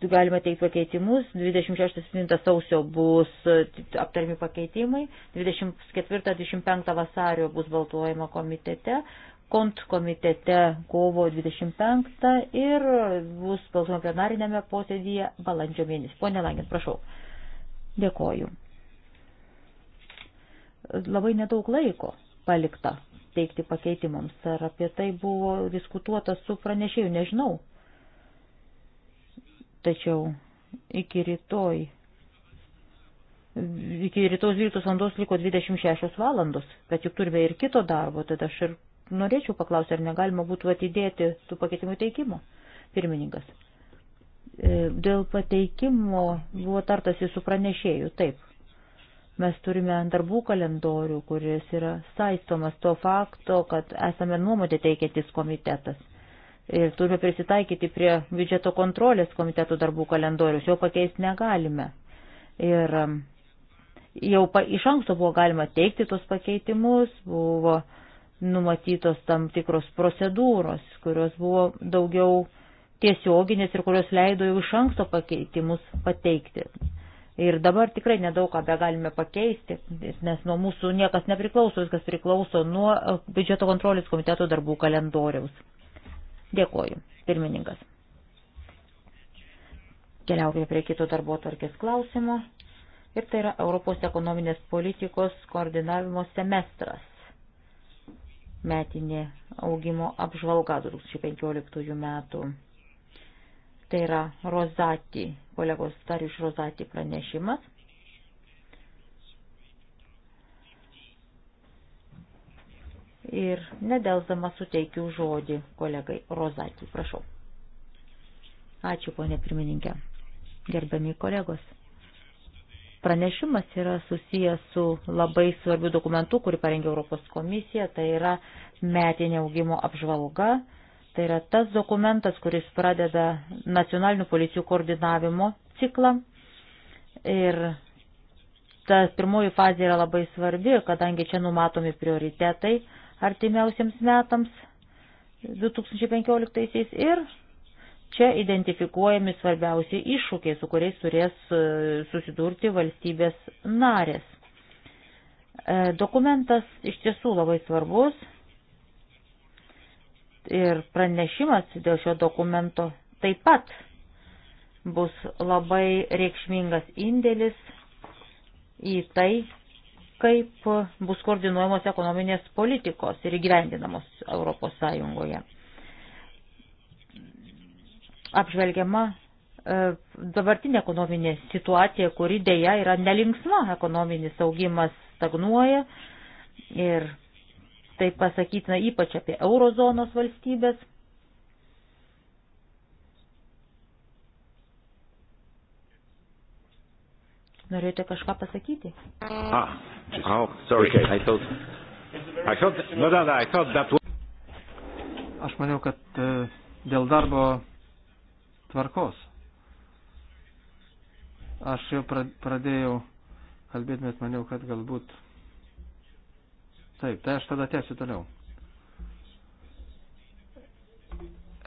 galima teikti pakeitimus, 26-27 sausio bus e, aptarimi pakeitimai, 24-25 vasario bus baltuojama komitete, kont komitete kovo 25 ir bus balsuojama plenarinėme posėdyje balandžio mėnesį. Pone Langin, prašau. Dėkoju. Labai nedaug laiko palikta teikti pakeitimams. Ar apie tai buvo diskutuota su pranešėju, nežinau. Tačiau iki rytoj, iki rytoj 12 valandos liko 26 valandos, bet juk turime ir kito darbo, tad aš ir norėčiau paklausti, ar negalima būtų atidėti tų pakeitimų teikimo. Pirmininkas. E, dėl pateikimo buvo tartasi su pranešėju, taip. Mes turime darbų kalendorių, kuris yra saistomas to fakto, kad esame nuomonė teikiantis komitetas ir turime prisitaikyti prie biudžeto kontrolės komitetų darbų kalendorius, jo pakeisti negalime. Ir um, jau pa, iš anksto buvo galima teikti tos pakeitimus, buvo numatytos tam tikros procedūros, kurios buvo daugiau tiesioginės ir kurios leido jau iš anksto pakeitimus pateikti. Ir dabar tikrai nedaug ką be galime pakeisti, nes nuo mūsų niekas nepriklauso, viskas priklauso nuo uh, biudžeto kontrolės komiteto darbų kalendoriaus. Dėkoju, pirmininkas. Keliaukime prie kito darbo tvarkės klausimo. Ir tai yra Europos ekonominės politikos koordinavimo semestras. Metinė augimo apžvalga 2015 metų. Tai yra Rozati, kolegos Tariš Rozati pranešimas. ir nedelsama suteikiu žodį kolegai Rozatį. Prašau. Ačiū, ponė pirmininkė. Gerbiami kolegos. Pranešimas yra susijęs su labai svarbiu dokumentu, kurį parengė Europos komisija, tai yra metinė augimo apžvalga. Tai yra tas dokumentas, kuris pradeda nacionalinių policijų koordinavimo ciklą. Ir ta pirmoji fazė yra labai svarbi, kadangi čia numatomi prioritetai artimiausiams metams 2015 ir čia identifikuojami svarbiausi iššūkiai, su kuriais turės e, susidurti valstybės narės. E, dokumentas iš tiesų labai svarbus ir pranešimas dėl šio dokumento taip pat bus labai reikšmingas indėlis į tai, kaip bus koordinuojamos ekonominės politikos ir įgyvendinamos Europos Sąjungoje. Apžvelgiama e, dabartinė ekonominė situacija, kuri dėja yra nelinksma, ekonominis augimas stagnuoja ir tai pasakytina ypač apie eurozonos valstybės. Norėjote kažką pasakyti? Ah, oh, sorry, okay. I thought, I thought, no, no, no, I thought that was... Aš maniau, kad e, dėl darbo tvarkos. Aš jau pradėjau kalbėti, bet maniau, kad galbūt. Taip, tai aš tada tęsiu toliau.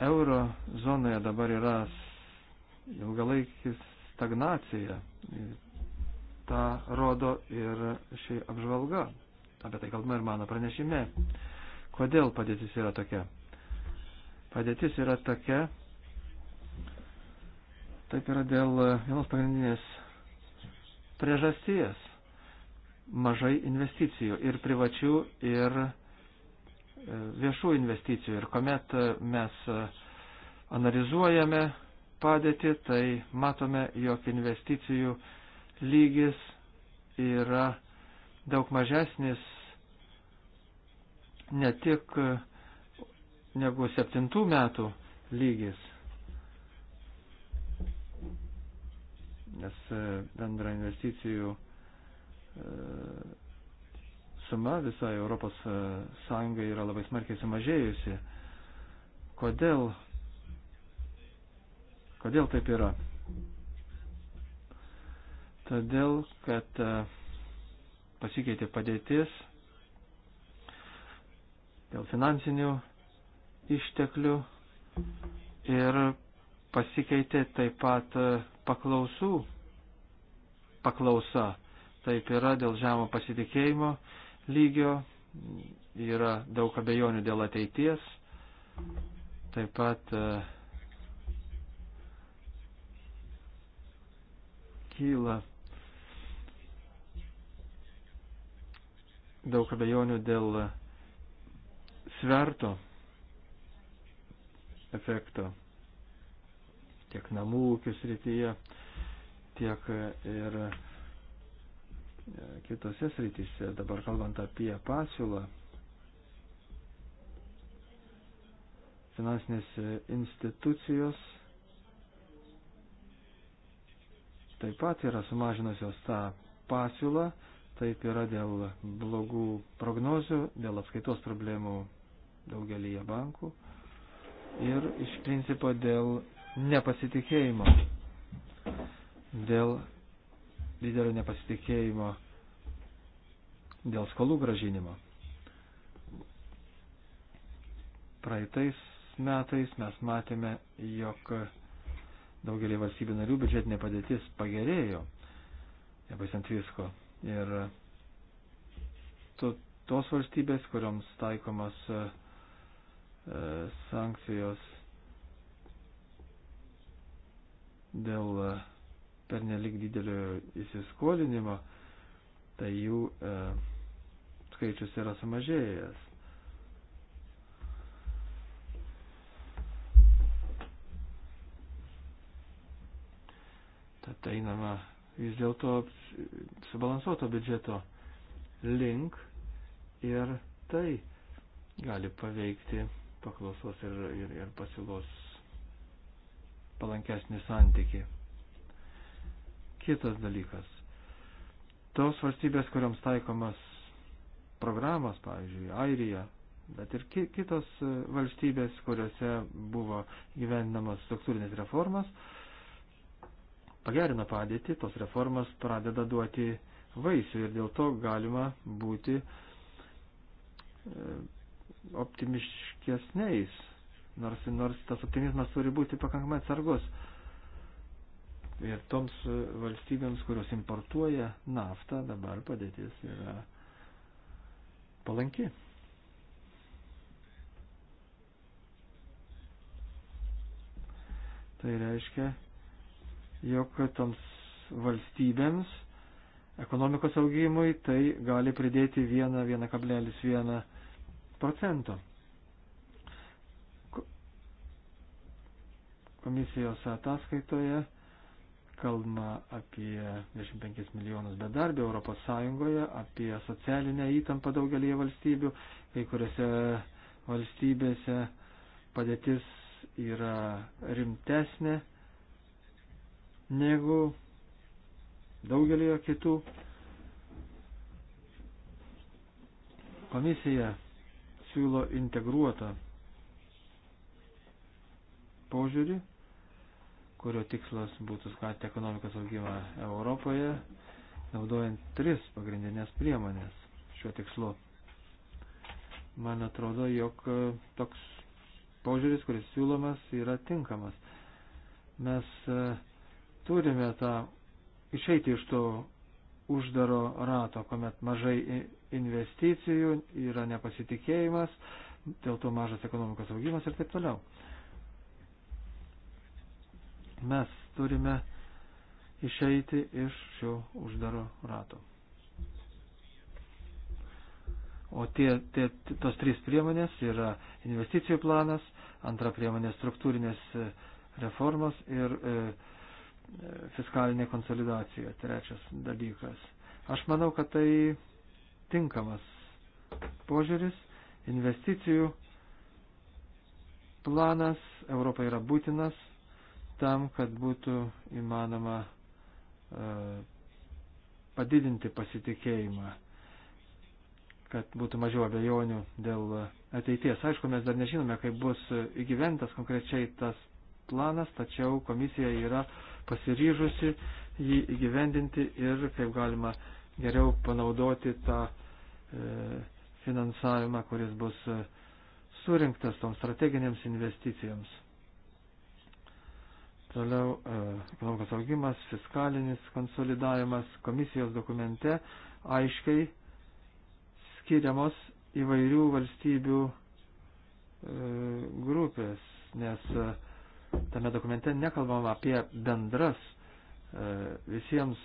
Euro zonoje dabar yra ilgalaikis stagnacija. Ta rodo ir ši apžvalga. Apie tai kalbama ir mano pranešime. Kodėl padėtis yra tokia? Padėtis yra tokia. Taip yra dėl vienos pagrindinės priežasties. Mažai investicijų ir privačių, ir e, viešų investicijų. Ir kuomet e, mes e, analizuojame padėtį, tai matome, jog investicijų lygis yra daug mažesnis ne tik e, negu septintų metų lygis. Nes e, bendra investicijų e, suma visoje Europos Sąjungoje yra labai smarkiai sumažėjusi. Kodėl? Kodėl taip yra? todėl kad e, pasikeitė padėtis dėl finansinių išteklių ir pasikeitė taip pat e, paklausų paklausa. Taip yra dėl žemo pasitikėjimo lygio, yra daug abejonių dėl ateities, taip pat e, kyla daug abejonių dėl sverto efekto tiek namų ūkių srityje, tiek ir e, kitose srityse. Dabar kalbant apie pasiūlą, finansinės institucijos taip pat yra sumažinusios tą pasiūlą Taip yra dėl blogų prognozių, dėl apskaitos problemų daugelįje bankų ir iš principo dėl nepasitikėjimo. Dėl didelio nepasitikėjimo dėl skolų gražinimo. Praeitais metais mes matėme, jog daugelį valstybių narių biudžetinė padėtis pagerėjo, nepaisant visko. Ir e, to, tos valstybės, kuriams taikomas e, e, sankcijos dėl e, pernelik didelio įsiskolinimo, tai jų e, skaičius yra sumažėjęs. Tad einama vis dėlto subalansuoto biudžeto link ir tai gali paveikti paklausos ir, ir, ir pasiūlos palankesnį santyki. Kitas dalykas. Tos valstybės, kuriams taikomas programas, pavyzdžiui, Airija, bet ir kitos valstybės, kuriuose buvo gyvendinamas struktūrinės reformas, pagerina padėtį, tos reformas pradeda duoti vaisių ir dėl to galima būti e, optimiškesniais, nors, nors tas optimizmas turi būti pakankamai atsargus. Ir toms valstybėms, kurios importuoja naftą, dabar padėtis yra palanki. Tai reiškia, jog toms valstybėms ekonomikos augimui tai gali pridėti 1,1 procento. Komisijos ataskaitoje kalbama apie 25 milijonus bedarbių Europos Sąjungoje, apie socialinę įtampą daugelį valstybių, kai kuriuose valstybėse padėtis yra rimtesnė negu daugelio kitų. Komisija siūlo integruotą požiūrį, kurio tikslas būtų skatinti ekonomikos augimą Europoje, naudojant tris pagrindinės priemonės šiuo tikslu. Man atrodo, jog toks požiūris, kuris siūlomas, yra tinkamas. Mes uh, turime tą išeiti iš to uždaro rato, kuomet mažai investicijų, yra nepasitikėjimas, dėl to mažas ekonomikos augimas ir taip toliau. Mes turime išeiti iš šio uždaro rato. O tie, tie, tos trys priemonės yra investicijų planas, antra priemonė struktūrinės e, reformos ir e, fiskalinė konsolidacija, trečias dalykas. Aš manau, kad tai tinkamas požiūris, investicijų planas Europai yra būtinas tam, kad būtų įmanoma e, padidinti pasitikėjimą, kad būtų mažiau abejonių dėl ateities. Aišku, mes dar nežinome, kaip bus įgyventas konkrečiai tas planas, tačiau komisija yra uh, pasiryžusi jį įgyvendinti ir kaip galima geriau panaudoti tą e, finansavimą, kuris bus e, surinktas toms strateginėms investicijoms. Toliau e, ekonomikos augimas, fiskalinis konsolidavimas komisijos dokumente aiškiai skiriamos įvairių valstybių e, grupės, nes tame dokumente nekalbama apie bendras e, visiems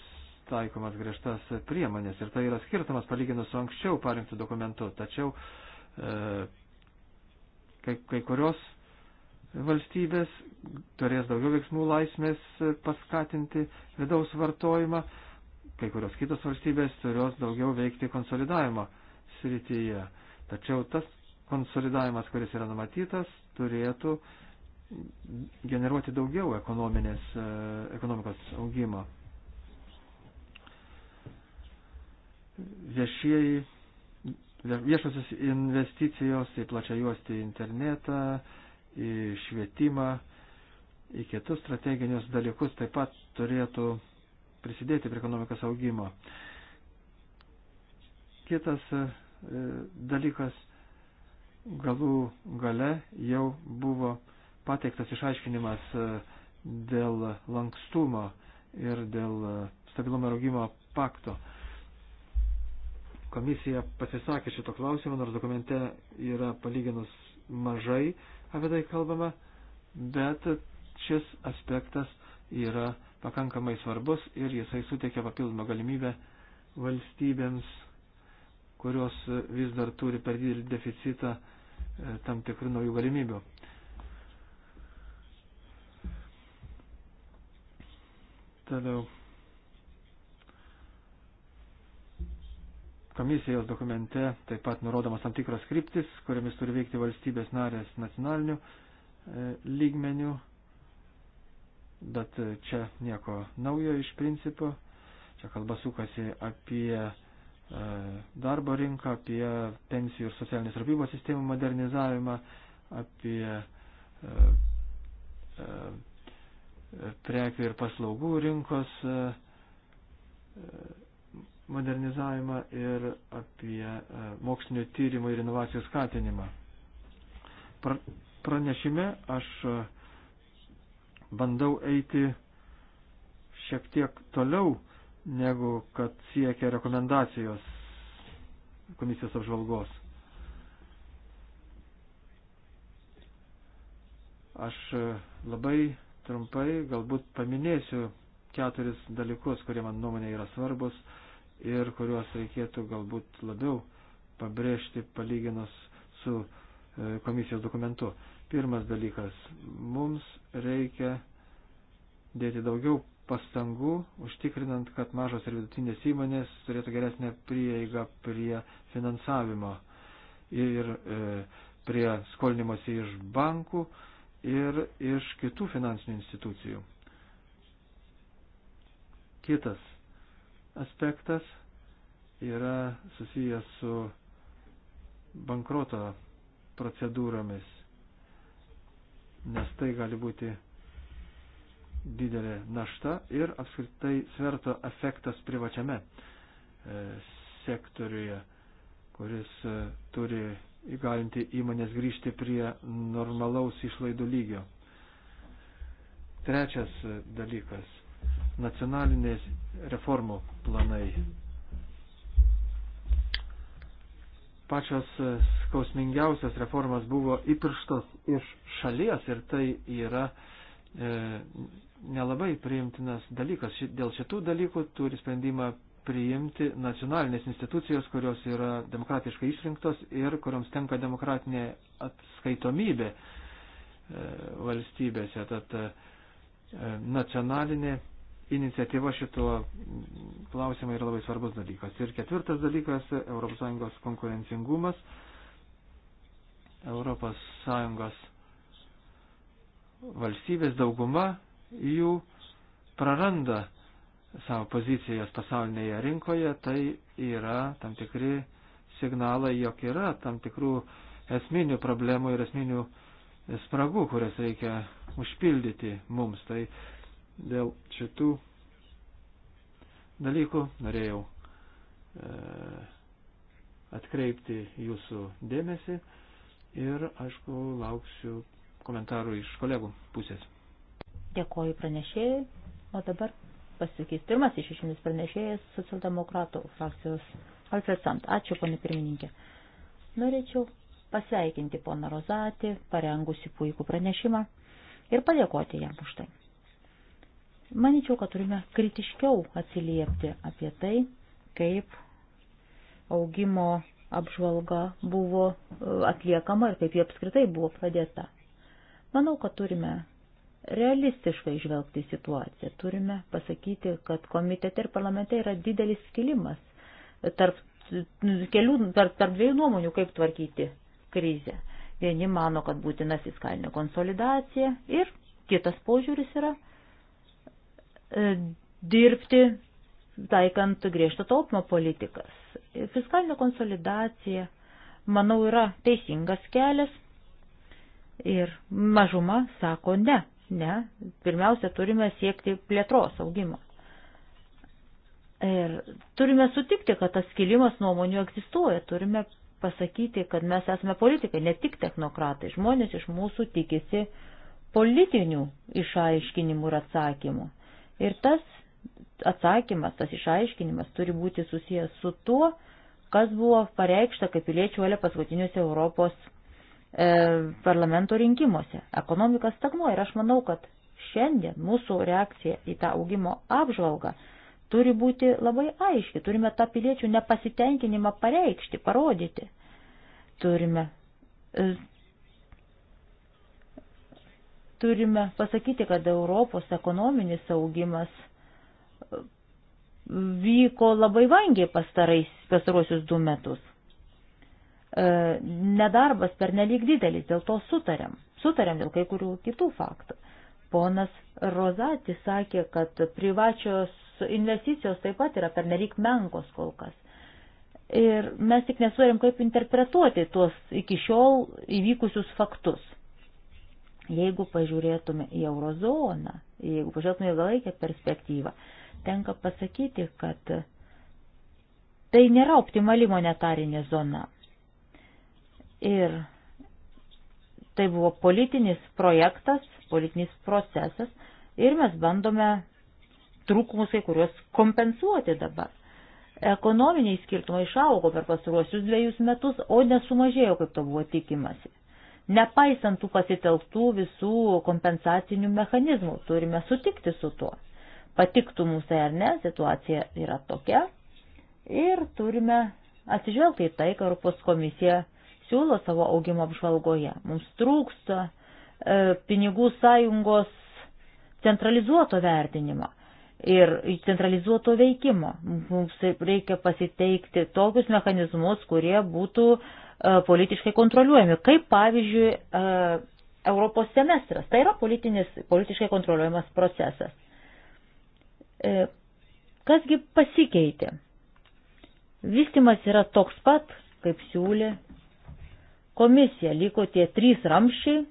taikomas griežtas priemonės ir tai yra skirtumas palyginus su anksčiau parinktų dokumentu. Tačiau e, kai, kai kurios valstybės turės daugiau veiksmų laisvės paskatinti vidaus vartojimą, kai kurios kitos valstybės turės daugiau veikti konsolidavimo srityje. Tačiau tas konsolidavimas, kuris yra numatytas, turėtų uh, generuoti daugiau e, ekonomikos augimo. Viešieji, viešosios investicijos į plačiajuostį internetą, į švietimą, į kitus strateginius dalykus taip pat turėtų prisidėti prie ekonomikos augimo. Kitas e, dalykas galų gale jau buvo pateiktas išaiškinimas e, dėl lankstumo ir dėl e, stabilumo ir augimo pakto. Komisija pasisakė šito klausimo, nors dokumente yra palyginus mažai apie tai kalbama, bet šis aspektas yra pakankamai svarbus ir jisai suteikia papildomą galimybę valstybėms, kurios vis dar turi per didelį deficitą e, tam tikrų naujų galimybių. Toliau. Komisijos dokumente taip pat nurodomas tam tikros kryptis, kuriamis turi veikti valstybės narės nacionalinių e, lygmenių, bet e, čia nieko naujo iš principo. Čia kalba sukasi apie e, darbo rinką, apie pensijų ir socialinės rūpybos sistemų modernizavimą, apie prekių ir paslaugų rinkos e, modernizavimą ir apie e, mokslinio tyrimo ir inovacijų skatinimą. Pranešime aš e, bandau eiti šiek tiek toliau, negu kad siekia rekomendacijos komisijos apžvalgos. Aš labai trumpai galbūt paminėsiu keturis dalykus, kurie man nuomonė yra svarbus ir kuriuos reikėtų galbūt labiau pabrėžti palyginus su e, komisijos dokumentu. Pirmas dalykas, mums reikia dėti daugiau pastangų, užtikrinant, kad mažos ir vidutinės įmonės turėtų geresnę prieigą prie finansavimo ir e, prie skolinimuose iš bankų, e, ir iš kitų finansinių institucijų. Kitas aspektas yra susijęs su bankroto procedūromis, nes tai gali būti didelė našta ir apskritai sverto efektas privačiame e, sektoriuje, kuris e, turi įgalinti įmonės grįžti prie normalaus išlaidų lygio. Trečias dalykas - nacionalinės reformų planai. Pačios skausmingiausios reformas buvo įpirštos iš šalies ir tai yra e, nelabai priimtinas dalykas. Dėl šitų dalykų turi sprendimą priimti nacionalinės institucijos, kurios yra demokratiškai išrinktos ir kuriams tenka demokratinė atskaitomybė e, valstybėse. Tad e, nacionalinė iniciatyva šituo klausimu yra labai svarbus dalykas. Ir ketvirtas dalykas - ES konkurencingumas. ES valstybės dauguma jų praranda savo pozicijas pasaulinėje rinkoje, tai yra tam tikri signalai, jog yra tam tikrų esminių problemų ir esminių spragų, kurias reikia užpildyti mums. Tai dėl šitų dalykų norėjau e, atkreipti jūsų dėmesį ir, aišku, lauksiu komentarų iš kolegų pusės. Dėkoju pranešėjai, o dabar pasakys pirmasis šešinis pranešėjas socialdemokratų frakcijos Alfred Sant. Ačiū, ponė pirmininkė. Norėčiau pasveikinti poną Rozatį, parengusi puikų pranešimą ir padėkoti jam už tai. Maničiau, kad turime kritiškiau atsiliepti apie tai, kaip augimo apžvalga buvo e, atliekama ir kaip ji apskritai buvo pradėta. Manau, kad turime realistiškai žvelgti į situaciją. Turime pasakyti, kad komitete ir parlamente yra didelis skilimas tarp, nu, kelių, tarp, tarp dviejų nuomonių, kaip tvarkyti krizę. Vieni mano, kad būtina fiskalinė konsolidacija ir kitas požiūris yra e, dirbti taikant griežtą taupimo politikas. Fiskalinė konsolidacija, manau, yra teisingas kelias ir mažuma sako ne Ne, pirmiausia, turime siekti plėtros augimo. Ir turime sutikti, kad tas skilimas nuomonių egzistuoja, turime pasakyti, kad mes esame politikai, ne tik technokratai. Žmonės iš mūsų tikisi politinių išaiškinimų ir atsakymų. Ir tas atsakymas, tas išaiškinimas turi būti susijęs su tuo, kas buvo pareikšta kaip piliečių valia paskutiniuose Europos E, parlamento rinkimuose. Ekonomika stagnuoja ir aš manau, kad šiandien mūsų reakcija į tą augimo apžvalgą turi būti labai aiški. Turime tą piliečių nepasitenkinimą pareikšti, parodyti. Turime. E, turime pasakyti, kad Europos ekonominis augimas e, vyko labai vangiai pastaruosius du metus. E, nedarbas per nelik didelis, dėl to sutarėm. Sutarėm dėl kai kurių kitų faktų. Ponas Rozati sakė, kad privačios investicijos taip pat yra per nelik menkos kol kas. Ir mes tik nesuėrėm, kaip interpretuoti tuos iki šiol įvykusius faktus. Jeigu pažiūrėtume į eurozoną, jeigu pažiūrėtume į ilgalaikę perspektyvą, tenka pasakyti, kad tai nėra optimali monetarinė zona. Ir tai buvo politinis projektas, politinis procesas ir mes bandome trūkumus kai kuriuos kompensuoti dabar. Ekonominiai skirtumai išaugo per pastaruosius dviejus metus, o nesumažėjo, kaip to buvo tikimasi. Nepaisant tų pasitelktų visų kompensacinių mechanizmų, turime sutikti su tuo. Patiktų mums tai ar ne, situacija yra tokia ir turime atsižvelgti į tai, kad Europos komisija siūlo savo augimo apžvalgoje. Mums trūksta e, pinigų sąjungos centralizuoto vertinimo ir centralizuoto veikimo. Mums reikia pasiteikti tokius mechanizmus, kurie būtų e, politiškai kontroliuojami, kaip pavyzdžiui e, Europos semestras. Tai yra politinis, politiškai kontroliuojamas procesas. E, kasgi pasikeitė? Vystimas yra toks pat, kaip siūlė komisija. Liko tie trys ramščiai.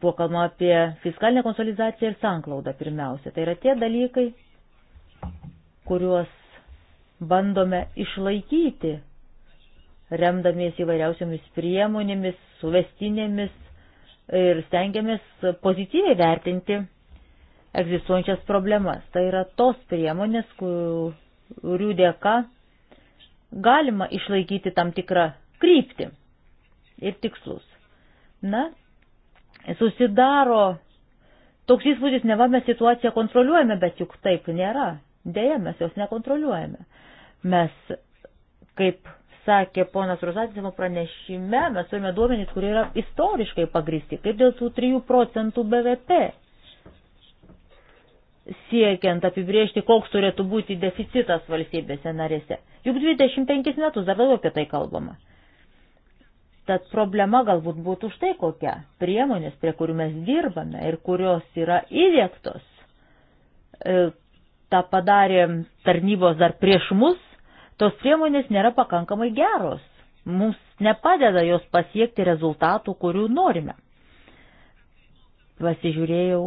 Buvo kalbama apie fiskalinę konsolidaciją ir sanklaudą pirmiausia. Tai yra tie dalykai, kuriuos bandome išlaikyti, remdamies įvairiausiamis priemonėmis, suvestinėmis ir stengiamės pozityviai vertinti egzistuojančias problemas. Tai yra tos priemonės, kurių dėka galima išlaikyti tam tikrą kryptį ir tikslus. Na, susidaro toks įspūdis, ne va mes situaciją kontroliuojame, bet juk taip nėra. Deja, mes jos nekontroliuojame. Mes, kaip sakė ponas Rozatis savo pranešime, mes turime duomenys, kurie yra istoriškai pagristi, kaip dėl tų 3 procentų BVP. Siekiant apibriežti, koks turėtų būti deficitas valstybėse narėse. Juk 25 metus dar daugiau apie tai kalbama. Tad problema galbūt būtų štai kokia. Priemonės, prie kurių mes dirbame ir kurios yra įdėktos, e, tą padarė tarnybos dar prieš mus, tos priemonės nėra pakankamai geros. Mums nepadeda jos pasiekti rezultatų, kurių norime. Pasižiūrėjau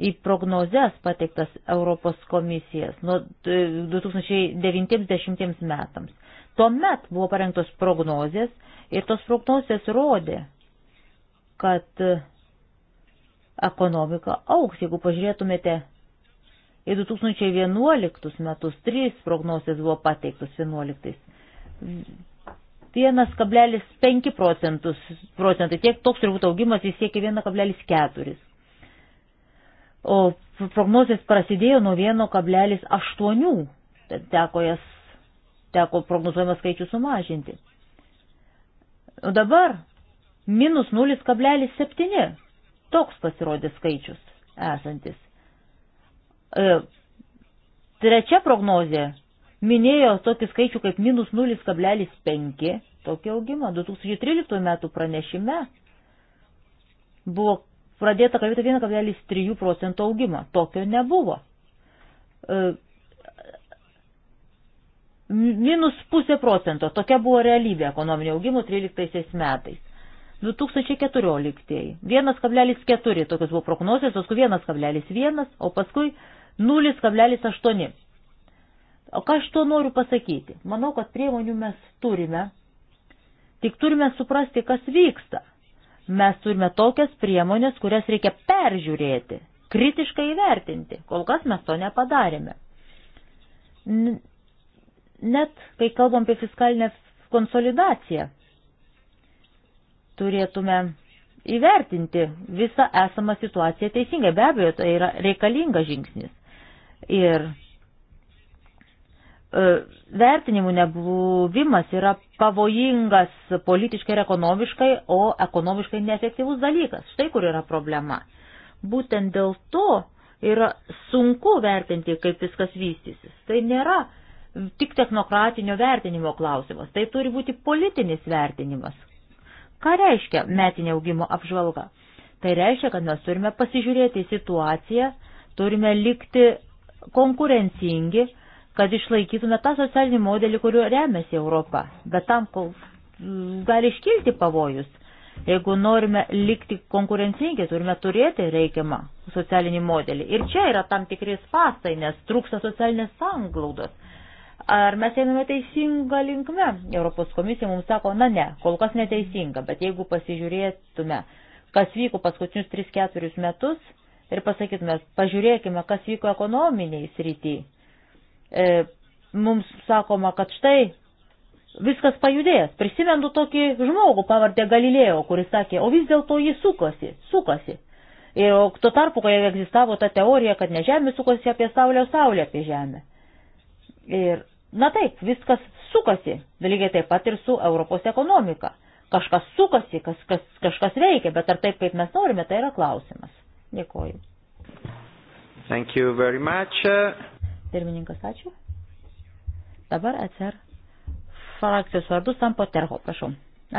į prognozes pateiktas Europos komisijas nuo 2090 metams. Tuomet buvo parengtos prognozės Ir tos prognozės rodė, kad ekonomika auks. Jeigu pažiūrėtumėte į 2011 metus, trys prognozės buvo pateiktos 11. 1,5 procentus, procentai, tiek toks turbūt augimas, jis siekia 1,4. O prognozės prasidėjo nuo 1,8, teko jas, teko prognozuojamas skaičių sumažinti. O dabar minus 0,7. Toks pasirodė skaičius esantis. E, trečia prognozė minėjo tokį skaičių kaip minus 0,5. Tokį augimą 2013 metų pranešime buvo pradėta kalbėti 1,3 procento augimą. Tokio nebuvo. E, Minus pusė procento. Tokia buvo realybė ekonominio augimo 13 metais. 2014. 1,4 tokios buvo prognozijos, paskui 1,1, o paskui 0,8. O ką aš tuo noriu pasakyti? Manau, kad priemonių mes turime, tik turime suprasti, kas vyksta. Mes turime tokias priemonės, kurias reikia peržiūrėti, kritiškai įvertinti. Kol kas mes to nepadarėme. Net kai kalbam apie fiskalinę konsolidaciją, turėtume įvertinti visą esamą situaciją teisingai. Be abejo, tai yra reikalingas žingsnis. Ir e, vertinimų nebuvimas yra pavojingas politiškai ir ekonomiškai, o ekonomiškai neefektyvus dalykas. Štai kur yra problema. Būtent dėl to yra sunku vertinti, kaip viskas vystysis. Tai nėra tik technokratinio vertinimo klausimas, tai turi būti politinis vertinimas. Ką reiškia metinė augimo apžvalga? Tai reiškia, kad mes turime pasižiūrėti į situaciją, turime likti konkurencingi, kad išlaikytume tą socialinį modelį, kuriuo remiasi Europa. Bet tam gali iškilti pavojus. Jeigu norime likti konkurencingi, turime turėti reikiamą socialinį modelį. Ir čia yra tam tikri spastai, nes trūksta socialinės sanglaudos. Ar mes einame teisinga linkme? Europos komisija mums sako, na ne, kol kas neteisinga, bet jeigu pasižiūrėtume, kas vyko paskutinius 3-4 metus ir pasakytume, pažiūrėkime, kas vyko ekonominiai srity. E, mums sakoma, kad štai viskas pajudės. Prisimenu tokį žmogų pavardę Galilėjo, kuris sakė, o vis dėlto jis sukasi, sukasi. Ir tuo tarpu, kai egzistavo ta teorija, kad ne Žemė sukosi apie Saulę, o Saulė apie Žemę. Ir Na taip, viskas sukasi, lygiai taip pat ir su Europos ekonomika. Kažkas sukasi, kas, kas, kažkas veikia, bet ar taip, kaip mes norime, tai yra klausimas. Dėkoju. Thank you very much. Pirmininkas, ačiū. Dabar atsir frakcijos vardu Sampo Terho, prašau.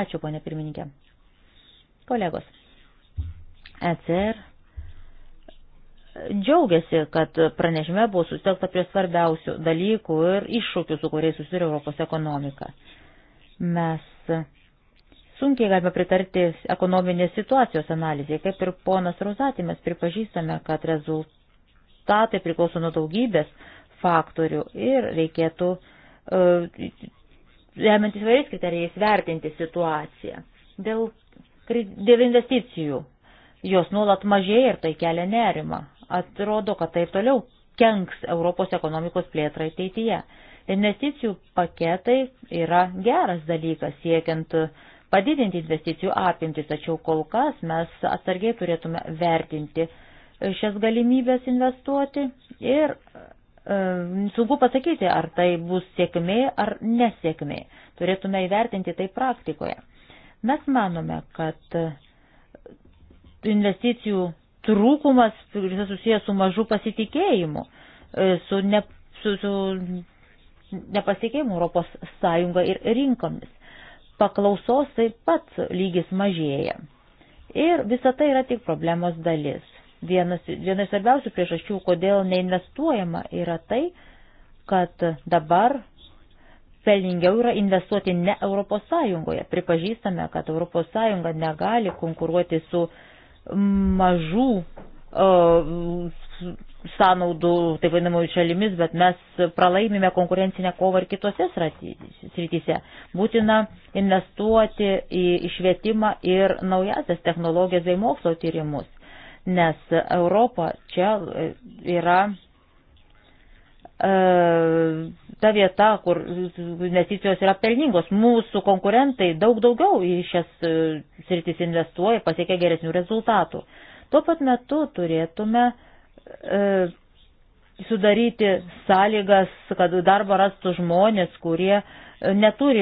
Ačiū, ponė pirmininkė. Kolegos, ECR džiaugiasi, kad pranešime buvo susitelkta prie svarbiausių dalykų ir iššūkių, su kuriais susiduria Europos ekonomika. Mes sunkiai galime pritarti ekonominės situacijos analizai, kaip ir ponas Rozatė, mes pripažįstame, kad rezultatai priklauso nuo daugybės faktorių ir reikėtų e, remiantis vairiais kriterijais vertinti situaciją. Dėl, dėl investicijų jos nuolat mažėja ir tai kelia nerimą. Atrodo, kad taip toliau kenks Europos ekonomikos plėtrai ateityje. Investicijų paketai yra geras dalykas siekiant padidinti investicijų apimtis, tačiau kol kas mes atsargiai turėtume vertinti šias galimybės investuoti ir e, sunku pasakyti, ar tai bus sėkmė ar nesėkmė. Turėtume įvertinti tai praktikoje. Mes manome, kad investicijų trūkumas visas susijęs su mažu pasitikėjimu, e, su, ne, su, su nepasitikėjimu Europos Sąjunga ir rinkomis. Paklausos taip pat lygis mažėja. Ir visa tai yra tik problemos dalis. Vienas, vienas svarbiausių priežasčių, kodėl neinvestuojama, yra tai, kad dabar pelningiau yra investuoti ne Europos Sąjungoje. Pripažįstame, kad Europos Sąjunga negali konkuruoti su uh, mažų sąnaudų, taip vadinamųjų šalimis, bet mes pralaimime konkurencinę kovą ir kitose srityse. Būtina investuoti į švietimą ir naujasias technologijas bei mokslo tyrimus, nes Europa čia yra E, ta vieta, kur investicijos yra pelningos. Mūsų konkurentai daug daugiau į šias e, sritis investuoja ir pasiekia geresnių rezultatų. Tuo pat metu turėtume e, sudaryti sąlygas, kad darbą rastų žmonės, kurie neturi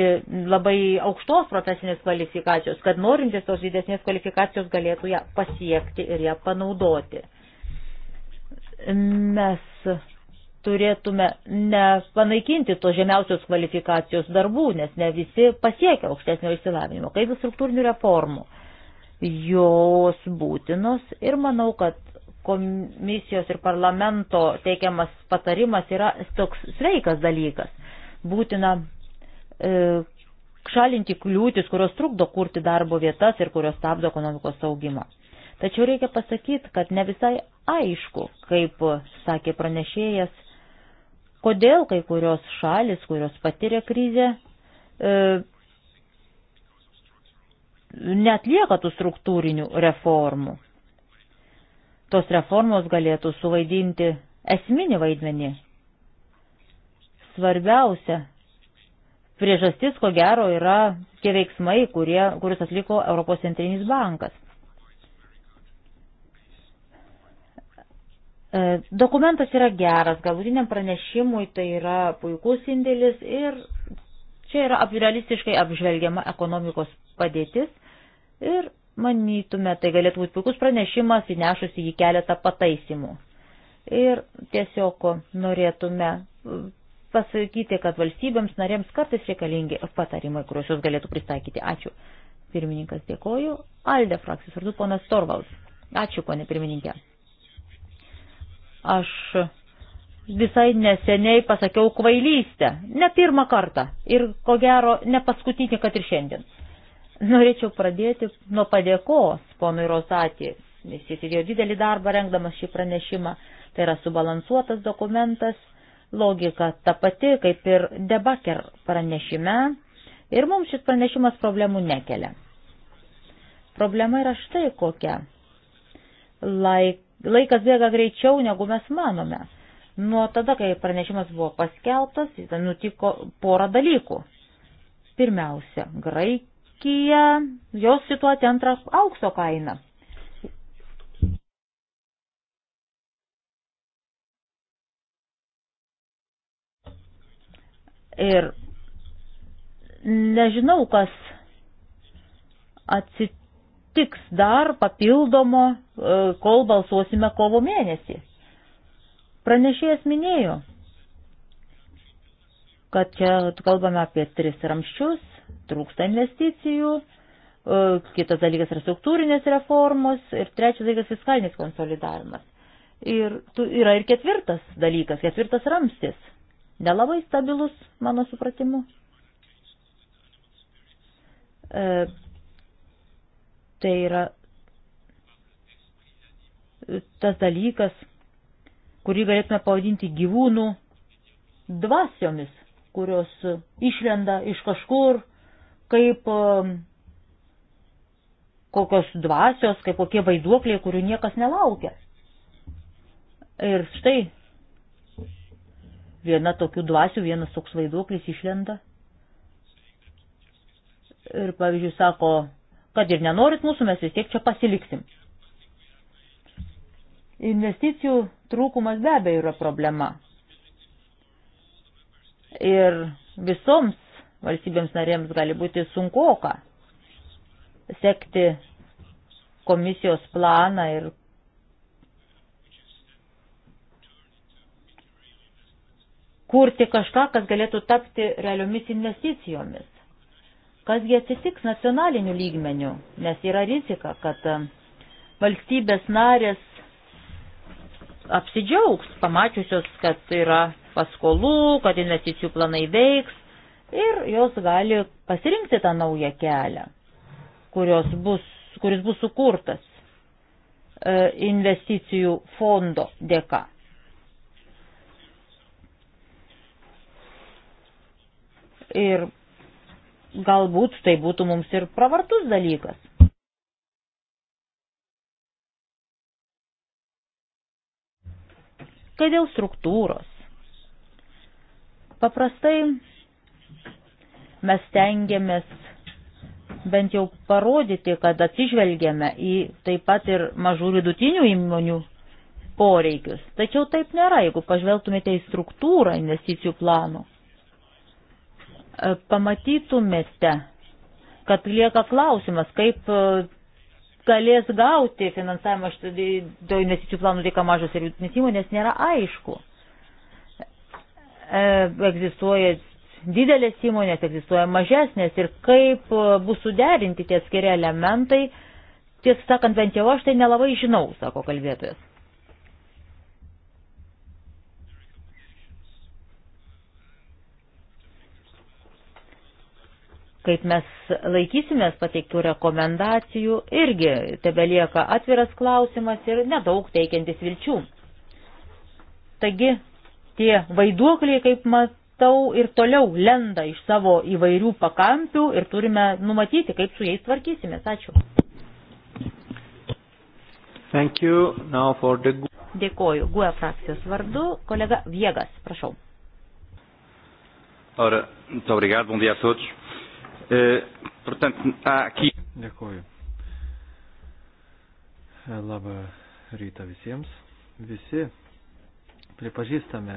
labai aukštos profesinės kvalifikacijos, kad norintis tos didesnės kvalifikacijos galėtų ją pasiekti ir ją panaudoti. Mes turėtume nepanaikinti tos žemiausios kvalifikacijos darbų, nes ne visi pasiekia aukštesnio išsilavinimo, kaip ir struktūrinių reformų. Jos būtinos ir manau, kad komisijos ir parlamento teikiamas patarimas yra toks sveikas dalykas. Būtina e, šalinti kliūtis, kurios trukdo kurti darbo vietas ir kurios stabdo ekonomikos augimą. Tačiau reikia pasakyti, kad ne visai aišku, kaip sakė pranešėjas, Kodėl kai kurios šalis, kurios patiria krizę, e, netlieka tų struktūrinių reformų? Tos reformos galėtų suvaidinti esminį vaidmenį. Svarbiausia priežastis, ko gero, yra tie veiksmai, kurie, kuris atliko Europos centrinis bankas. E, dokumentas yra geras, galutiniam pranešimui tai yra puikus indėlis ir čia yra realistiškai apžvelgiama ekonomikos padėtis ir manytume, tai galėtų būti puikus pranešimas, įnešus į jį keletą pataisimų. Ir tiesiog norėtume e, pasakyti, kad valstybėms narėms kartais reikalingi patarimai, kuriuos jūs galėtų pristaikyti. Ačiū. Pirmininkas dėkoju. Alde frakcijos vardu ponas Torvalds. Ačiū, ponė pirmininkė. Aš visai neseniai pasakiau kvailystę, ne pirmą kartą ir ko gero ne paskutinį, kad ir šiandien. Norėčiau pradėti nuo padėkos ponui Rosatį. Jis įsidėjo didelį darbą rengdamas šį pranešimą. Tai yra subalansuotas dokumentas, logika ta pati kaip ir debaker pranešime ir mums šis pranešimas problemų nekelia. Problema yra štai kokia. Laik Laikas bėga greičiau, negu mes manome. Nuo tada, kai pranešimas buvo paskelbtas, nutiko porą dalykų. Pirmiausia, Graikija, jos situacija antra aukso kaina. Ir nežinau, kas atsitiko nutiks dar papildomo, e, kol balsuosime kovo mėnesį. Pranešėjas minėjo, kad čia kalbame apie tris ramščius, trūksta investicijų, e, kitas dalykas yra struktūrinės reformos ir trečias dalykas fiskalinis konsolidavimas. Ir tu, yra ir ketvirtas dalykas, ketvirtas ramstis. Nelabai stabilus, mano supratimu. E, Tai yra e, tas dalykas, kurį galėtume pavadinti gyvūnų dvasiomis, kurios e, išlenda iš kažkur, kaip e, kokios dvasios, kaip kokie vaiduokliai, kurių niekas nelaukia. Ir štai viena tokių dvasių, vienas toks vaiduoklis išlenda. Ir pavyzdžiui, sako, kad ir nenorit mūsų, mes vis tiek čia pasiliksim. Investicijų trūkumas be abejo yra problema. Ir visoms valstybėms narėms gali būti sunkuoka sekti komisijos planą ir kurti kažką, kas galėtų tapti realiomis investicijomis kasgi atsitiks nacionaliniu lygmeniu, nes yra rizika, kad e, valstybės narės apsidžiaugs, pamačiusios, kad yra paskolų, kad investicijų planai veiks ir jos gali pasirinkti tą naują kelią, bus, kuris bus sukurtas e, investicijų fondo dėka. Ir galbūt tai būtų mums ir pravartus dalykas. Kai dėl struktūros. Paprastai mes tengiamės bent jau parodyti, kad atsižvelgiame į taip pat ir mažų vidutinių įmonių poreikius. Tačiau taip nėra, jeigu pažvelgtumėte į struktūrą investicijų plano pamatytumėte, kad lieka klausimas, kaip e, galės gauti finansavimą dėl investicijų planų reikia tai mažos ir vidutinės įmonės, nėra aišku. E, egzistuoja didelės įmonės, egzistuoja mažesnės ir kaip e, bus suderinti tie skiri elementai, tiesą sakant, bent jau aš tai nelabai žinau, sako kalbėtojas. kaip mes laikysimės pateiktų rekomendacijų, irgi tebelieka atviras klausimas ir nedaug teikiantis vilčių. Taigi tie vaiduokliai, kaip matau, ir toliau lenda iš savo įvairių pakampių ir turime numatyti, kaip su jais tvarkysimės. Ačiū. Thank you. Now for the... Dėkoju. GUE frakcijos vardu kolega Viegas, prašau. Ora, muito obrigado, bom dia a todos. E, portanto, há aqui. Dėkuoju. E, labą rytą visiems. Visi pripažįstame,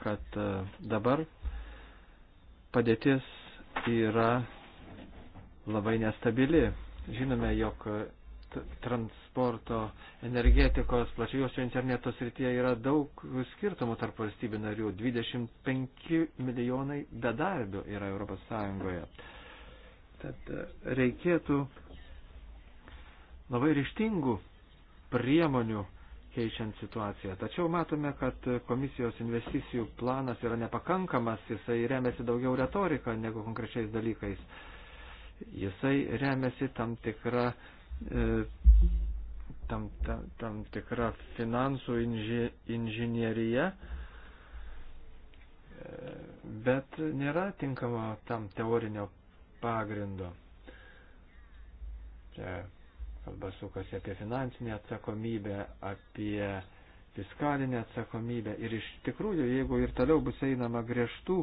kad e, dabar padėtis yra labai nestabili. Žinome, jog trans transporto, energetikos, plačiausio interneto srityje yra daug skirtumų tarp valstybių narių. 25 milijonai bedarbių yra Europos Sąjungoje. Tad e, reikėtų labai ryštingų priemonių keičiant situaciją. Tačiau matome, kad komisijos investicijų planas yra nepakankamas, jisai remiasi daugiau retorika negu konkrečiais dalykais. Jisai remiasi tam tikrą e, tam, tam, tam tikra finansų inži, inžinierija, bet nėra tinkamo tam teorinio pagrindo. Čia kalba sukasi apie finansinę atsakomybę, apie fiskalinę atsakomybę ir iš tikrųjų, jeigu ir toliau bus einama griežtų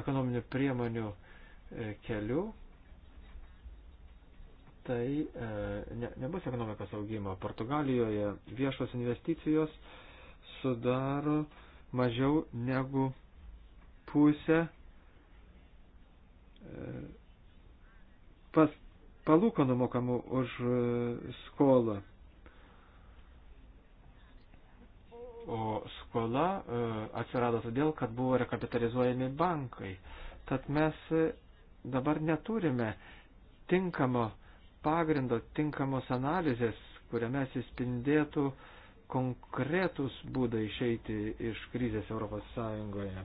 ekonominių priemonių e, keliu, tai e, ne, nebus ekonomikos augimo. Portugalijoje viešos investicijos sudaro mažiau negu pusę e, pas, palūkanų mokamų už e, skolą. O skola atsirado todėl, kad buvo rekapitalizuojami bankai. Tad mes dabar neturime tinkamo pagrindo tinkamos analizės, kuriame atsispindėtų konkretus būdai išeiti iš krizės Europos Sąjungoje.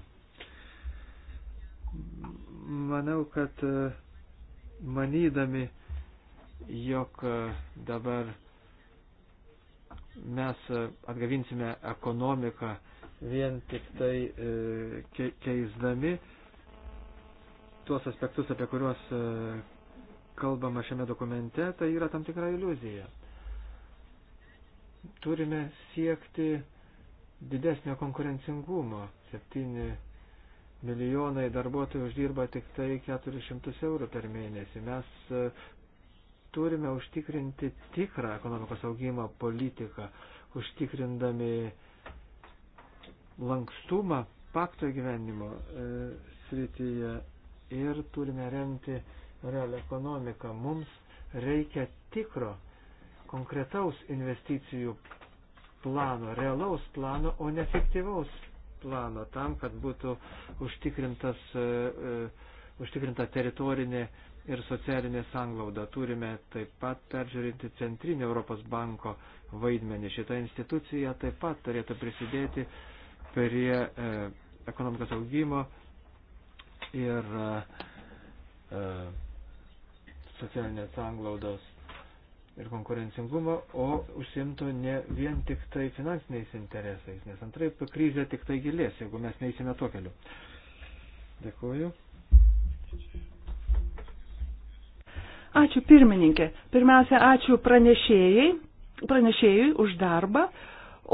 Manau, kad e, manydami, jog e, dabar mes e, atgavinsime ekonomiką vien tik tai keisdami tuos aspektus, apie kuriuos kalbama šiame dokumente, tai yra tam tikra iliuzija. Turime siekti didesnio konkurencingumo. 7 milijonai darbuotojų uždirba tik tai 400 eurų per mėnesį. Mes e, turime užtikrinti tikrą ekonomikos augimo politiką, užtikrindami lankstumą pakto gyvenimo e, srityje ir turime remti realią ekonomiką. Mums reikia tikro, konkretaus investicijų plano, realaus plano, o ne fiktyvaus plano, tam, kad būtų užtikrintas, e, e, užtikrinta teritorinė ir socialinė sanglauda. Turime taip pat peržiūrėti Centrinio Europos banko vaidmenį. Šita institucija taip pat turėtų prisidėti prie e, ekonomikos augimo ir e, e socialinės sanglaudos ir konkurencingumo, o užsimtų ne vien tik tai finansiniais interesais, nes antraip krizė tik tai gilės, jeigu mes neįsime to keliu. Dėkuoju. Ačiū pirmininkė. Pirmiausia, ačiū pranešėjai, pranešėjui už darbą.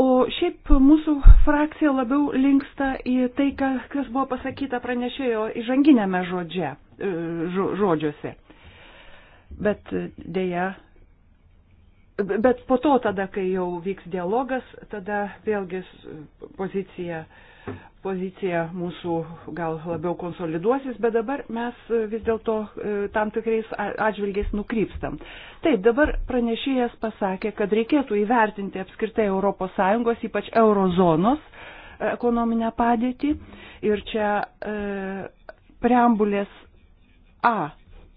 O šiaip mūsų frakcija labiau linksta į tai, kas buvo pasakyta pranešėjo įžanginėme žodžia, e, žodžiuose. Bet dėja. Bet po to, tada, kai jau vyks dialogas, tada vėlgi pozicija, pozicija mūsų gal labiau konsoliduosis, bet dabar mes vis dėlto e, tam tikrais atžvilgiais nukrypstam. Taip, dabar pranešėjas pasakė, kad reikėtų įvertinti apskritai ES, ypač eurozonos e, ekonominę padėtį. Ir čia e, preambulės A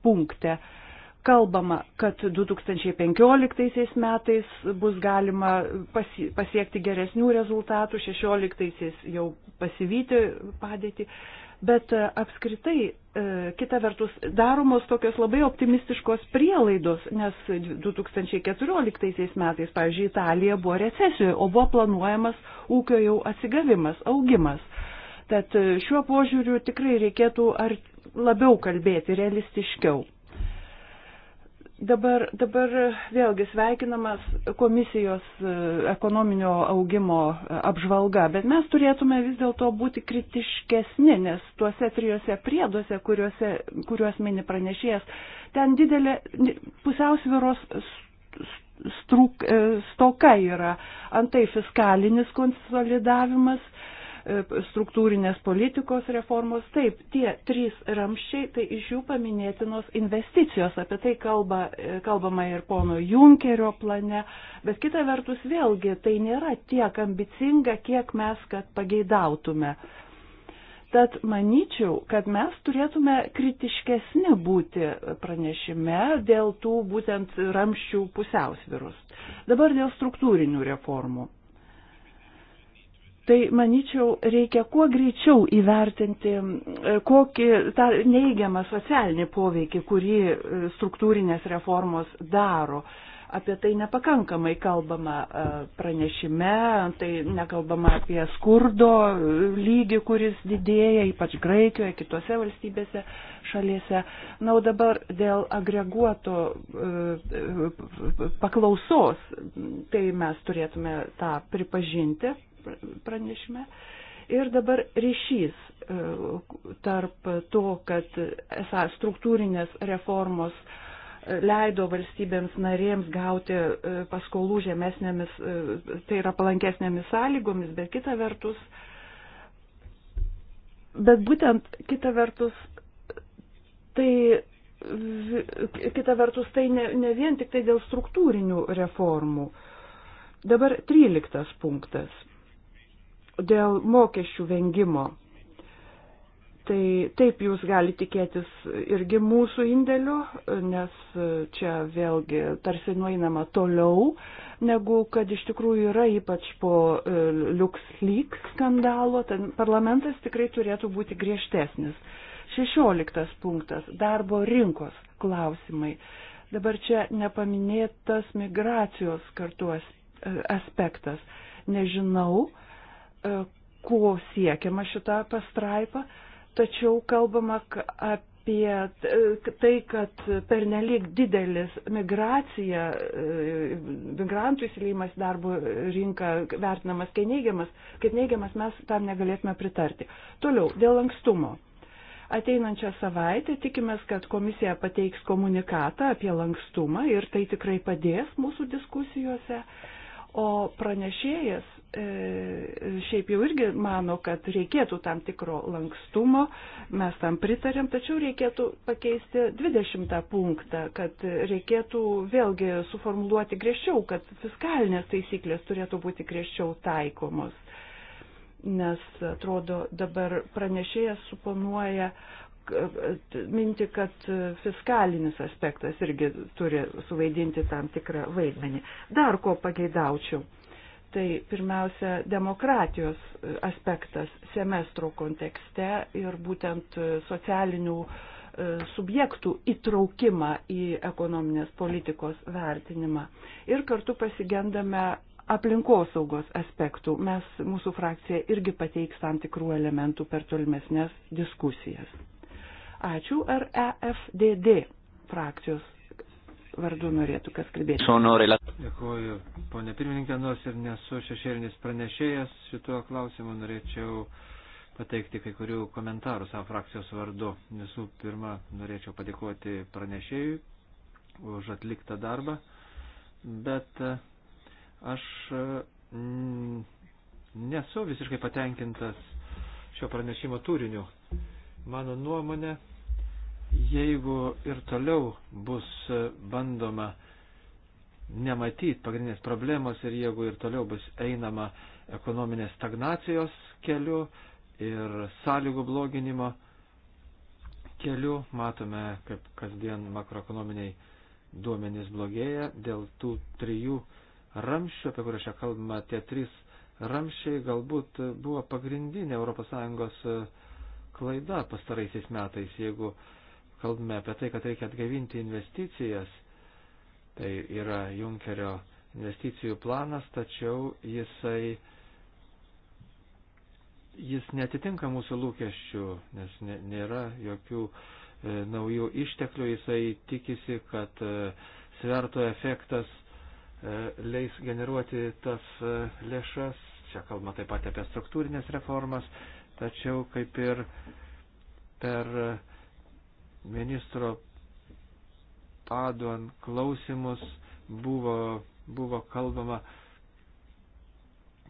punkte. E, kalbama, kad 2015 metais bus galima pasi, pasiekti geresnių rezultatų, 2016 jau pasivyti padėti, bet e, apskritai, e, kita vertus, daromos tokios labai optimistiškos prielaidos, nes 2014 metais, pavyzdžiui, Italija buvo recesijoje, o buvo planuojamas ūkio jau atsigavimas, augimas. Tad e, šiuo požiūriu tikrai reikėtų ar labiau kalbėti realistiškiau. Dabar, dabar vėlgi sveikinamas komisijos e, ekonominio augimo e, apžvalga, bet mes turėtume vis dėlto būti kritiškesni, nes tuose trijose prieduose, kuriuose, kuriuos mini pranešėjas, ten didelė pusiausviros struk, e, stoka yra. Antai fiskalinis konsolidavimas E, struktūrinės politikos reformos. Taip, tie trys ramščiai, tai iš jų paminėtinos investicijos, apie tai kalba, e, kalbama ir pono Junkerio plane, bet kita vertus vėlgi tai nėra tiek ambicinga, kiek mes kad pageidautume. Tad manyčiau, kad mes turėtume kritiškesni būti pranešime dėl tų būtent ramščių pusiausvirus. Dabar dėl struktūrinių reformų. Tai manyčiau, reikia kuo greičiau įvertinti, e, kokį tą neigiamą socialinį poveikį, kurį e, struktūrinės reformos daro. Apie tai nepakankamai kalbama e, pranešime, tai nekalbama apie skurdo lygį, kuris didėja, ypač Graikijoje, kitose valstybėse šalyse. Na, o dabar dėl agreguoto paklausos, tai mes turėtume tą pripažinti pranešime. Ir dabar ryšys e, tarp to, kad esą struktūrinės reformos e, leido valstybėms narėms gauti e, paskolų žemesnėmis, tai yra palankesnėmis sąlygomis, bet kita vertus, bet būtent kita vertus, tai kita vertus, tai ne, ne vien tik tai dėl struktūrinių reformų. Dabar 13 punktas dėl mokesčių vengimo. Tai taip jūs galite tikėtis irgi mūsų indėlių, nes čia vėlgi tarsi nueinama toliau, negu kad iš tikrųjų yra ypač po e, LuxLeak skandalo, ten parlamentas tikrai turėtų būti griežtesnis. Šešioliktas punktas - darbo rinkos klausimai. Dabar čia nepaminėtas migracijos kartu e, aspektas. Nežinau, E, ko siekiama šitą pastraipą, tačiau kalbama apie e, tai, kad pernelyg didelis migracija, e, migrantų įsileimas darbo rinką vertinamas kaip neigiamas, kaip neigiamas mes tam negalėtume pritarti. Toliau, dėl lankstumo. Ateinančią savaitę tikimės, kad komisija pateiks komunikatą apie lankstumą ir tai tikrai padės mūsų diskusijose. Uh, O pranešėjas e, šiaip jau irgi mano, kad reikėtų tam tikro lankstumo, mes tam pritarėm, tačiau reikėtų pakeisti 20 punktą, kad reikėtų vėlgi suformuluoti griežčiau, kad fiskalinės taisyklės turėtų būti griežčiau taikomos. Nes atrodo dabar pranešėjas suponuoja minti, kad fiskalinis aspektas irgi turi suvaidinti tam tikrą vaidmenį. Dar ko pageidaučiau, tai pirmiausia demokratijos aspektas semestro kontekste ir būtent socialinių e, subjektų įtraukimą į ekonominės politikos vertinimą. Ir kartu pasigendame aplinkosaugos aspektų. Mes, mūsų frakcija irgi pateiks tam tikrų elementų per tolimesnės diskusijas. Ačiū. Ar EFDD frakcijos vardu norėtų kas kalbėti? Sonorela. Dėkuoju, ponė pirmininkė, nors ir nesu šešėlinis pranešėjas, šituo klausimu norėčiau pateikti kai kurių komentarų savo frakcijos vardu. Visų pirma, norėčiau padėkoti pranešėjui už atliktą darbą, bet e, aš e, nesu visiškai patenkintas šio pranešimo turiniu. Mano nuomonė, jeigu ir toliau bus bandoma nematyti pagrindinės problemos ir jeigu ir toliau bus einama ekonominės stagnacijos keliu ir sąlygų bloginimo keliu, matome, kaip kasdien makroekonominiai duomenys blogėja dėl tų trijų ramščių, apie kurią čia kalbama, tie trys ramščiai galbūt buvo pagrindinė ES klaida pastaraisiais metais, jeigu uh, kalbame apie tai, kad reikia atgaivinti investicijas, tai yra Junkerio investicijų planas, tačiau jisai jis netitinka mūsų lūkesčių, nes nėra jokių e, naujų išteklių, jisai tikisi, kad e, sverto efektas e, leis generuoti tas e, lėšas, čia kalbama taip pat apie struktūrinės reformas, tačiau kaip ir per e, ministro Paduan klausimus buvo, buvo kalbama,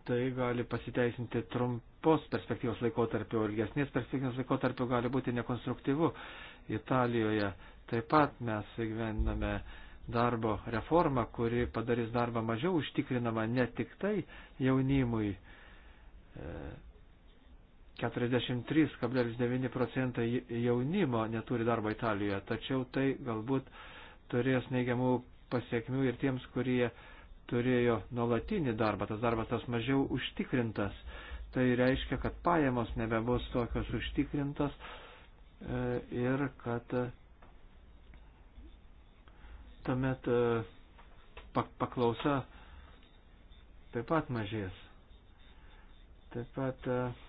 tai gali pasiteisinti trumpos perspektyvos laikotarpio, ilgesnės perspektyvos laikotarpio gali būti nekonstruktyvu. Italijoje taip pat mes gyvename darbo reformą, kuri padarys darbą mažiau užtikrinamą ne tik tai jaunimui. E, 43,9 procentai jaunimo neturi darbo Italijoje, tačiau tai galbūt turės neigiamų pasiekmių ir tiems, kurie turėjo nuolatinį darbą, tas darbas tas mažiau užtikrintas. Tai reiškia, kad pajamos nebebus tokios užtikrintos e, ir kad e, tuomet e, paklausa taip pat mažės. Taip pat uh,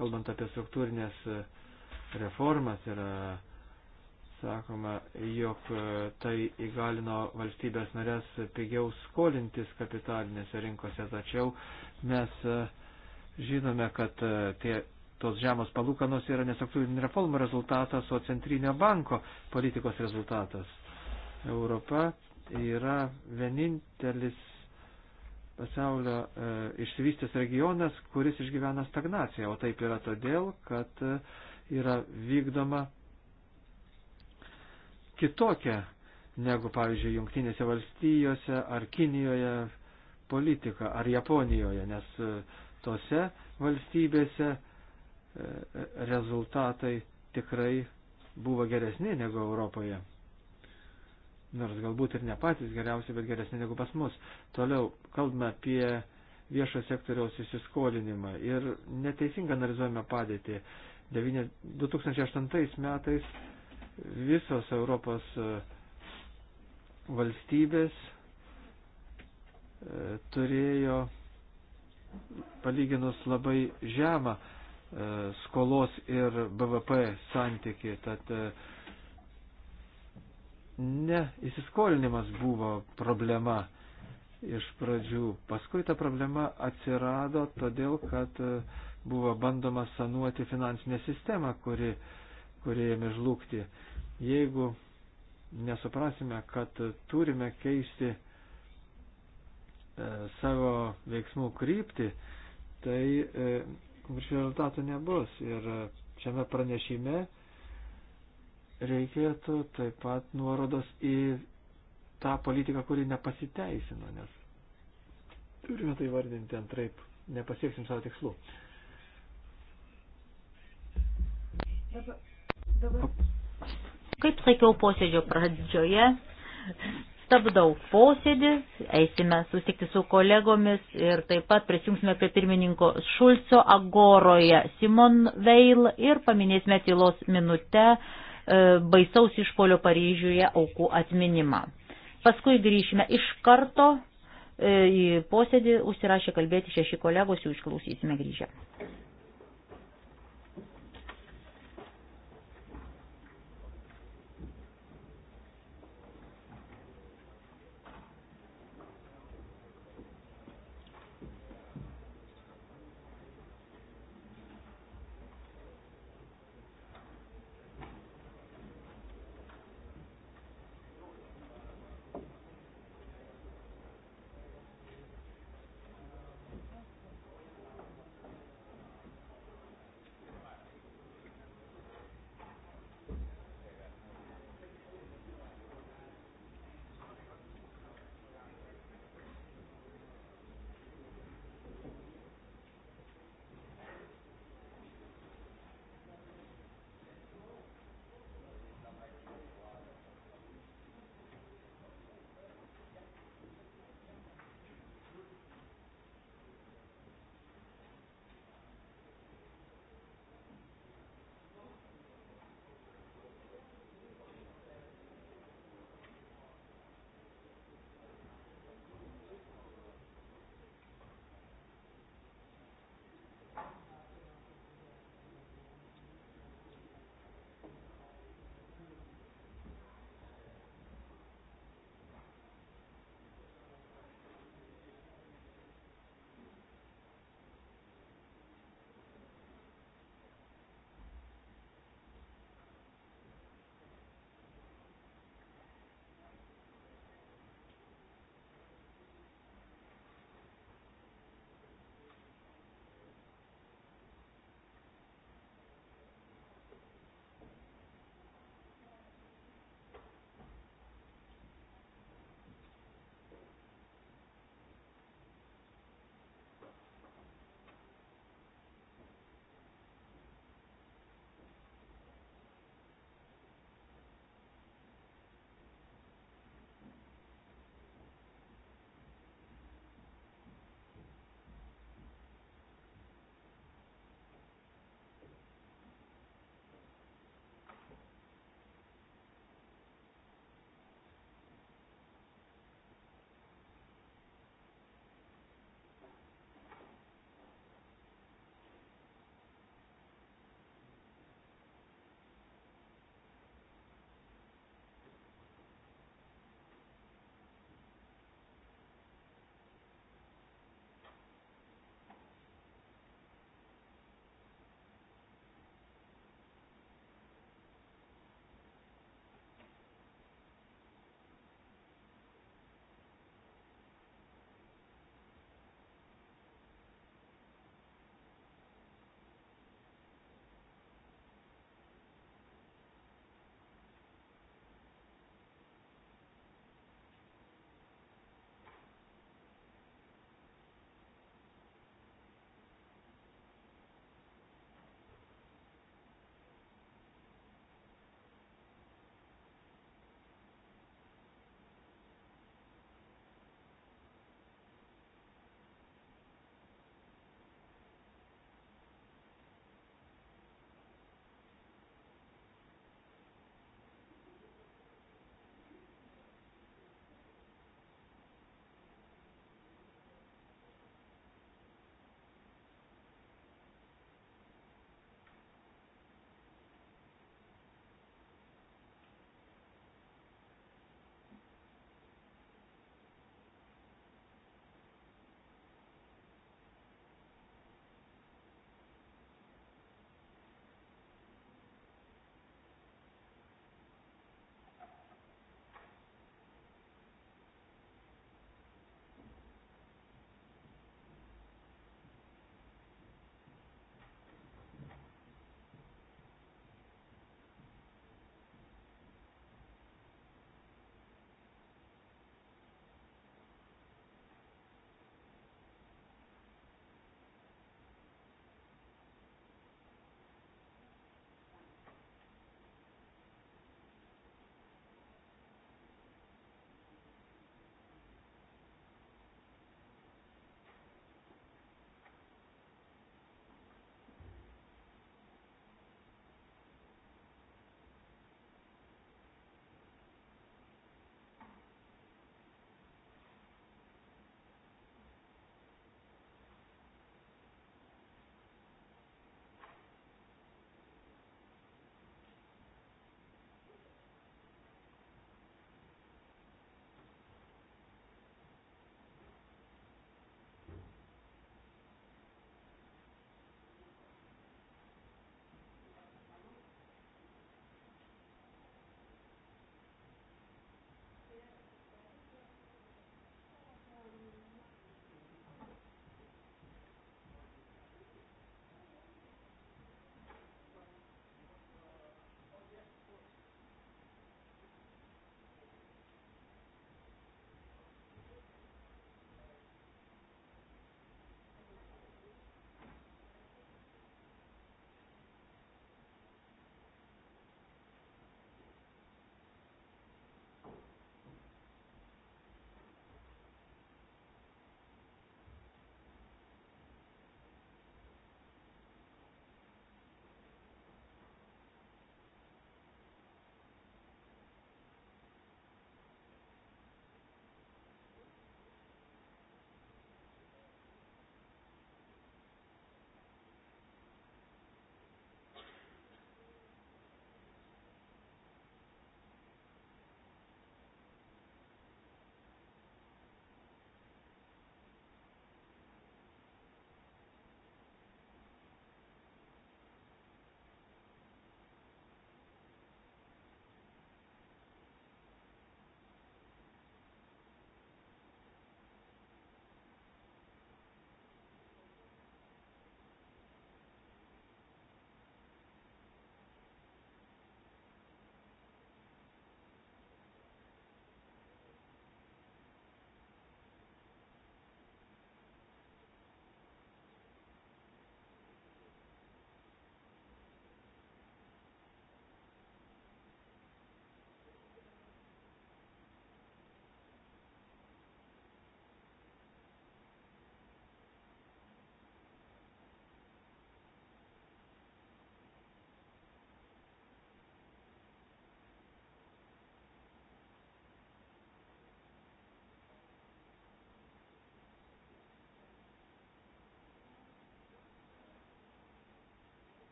kalbant apie struktūrinės e, reformas, yra sakoma, jog e, tai įgalino valstybės narės pigiau skolintis kapitalinėse rinkose, tačiau mes e, žinome, kad tie, tos žemos palūkanos yra nestruktūrinių reformų rezultatas, o centrinio banko politikos rezultatas. Europa yra vienintelis pasaulio e, išsivystęs regionas, kuris išgyvena stagnaciją, o taip yra todėl, kad e, yra vykdoma kitokia negu, pavyzdžiui, Junktinėse valstijose ar Kinijoje politika ar Japonijoje, nes e, tose valstybėse e, e rezultatai tikrai buvo geresni negu Europoje nors galbūt ir ne patys geriausi, bet geresni negu pas mus. Toliau kalbame apie viešo sektoriaus įsiskolinimą ir neteisingai analizuojame padėtį. 2008 metais visos Europos e, valstybės e, turėjo palyginus labai žemą e, skolos ir BVP santyki. Tad ne įsiskolinimas buvo problema iš pradžių. Paskui ta problema atsirado todėl, kad e, buvo bandoma sanuoti finansinę sistemą, kuri, kuri ėmė žlugti. Jeigu nesuprasime, kad turime keisti e, savo veiksmų kryptį, tai e, rezultatų nebus. Ir e, šiame pranešime reikėtų taip pat nuorodos į tą politiką, kuri nepasiteisino, nes turime tai vardinti antraip, nepasieksim savo tikslų. Dabar, dabar. Kaip sakiau posėdžio pradžioje, stabdau posėdį, eisime susitikti su kolegomis ir taip pat prisijungsime prie pirmininko Šulco Agoroje Simon Veil ir paminėsime tylos minutę. E, baisaus išpolio Paryžiuje aukų atminimą. Paskui grįšime iš karto e, į posėdį, užsirašė kalbėti šeši kolegos, jų išklausysime grįžę.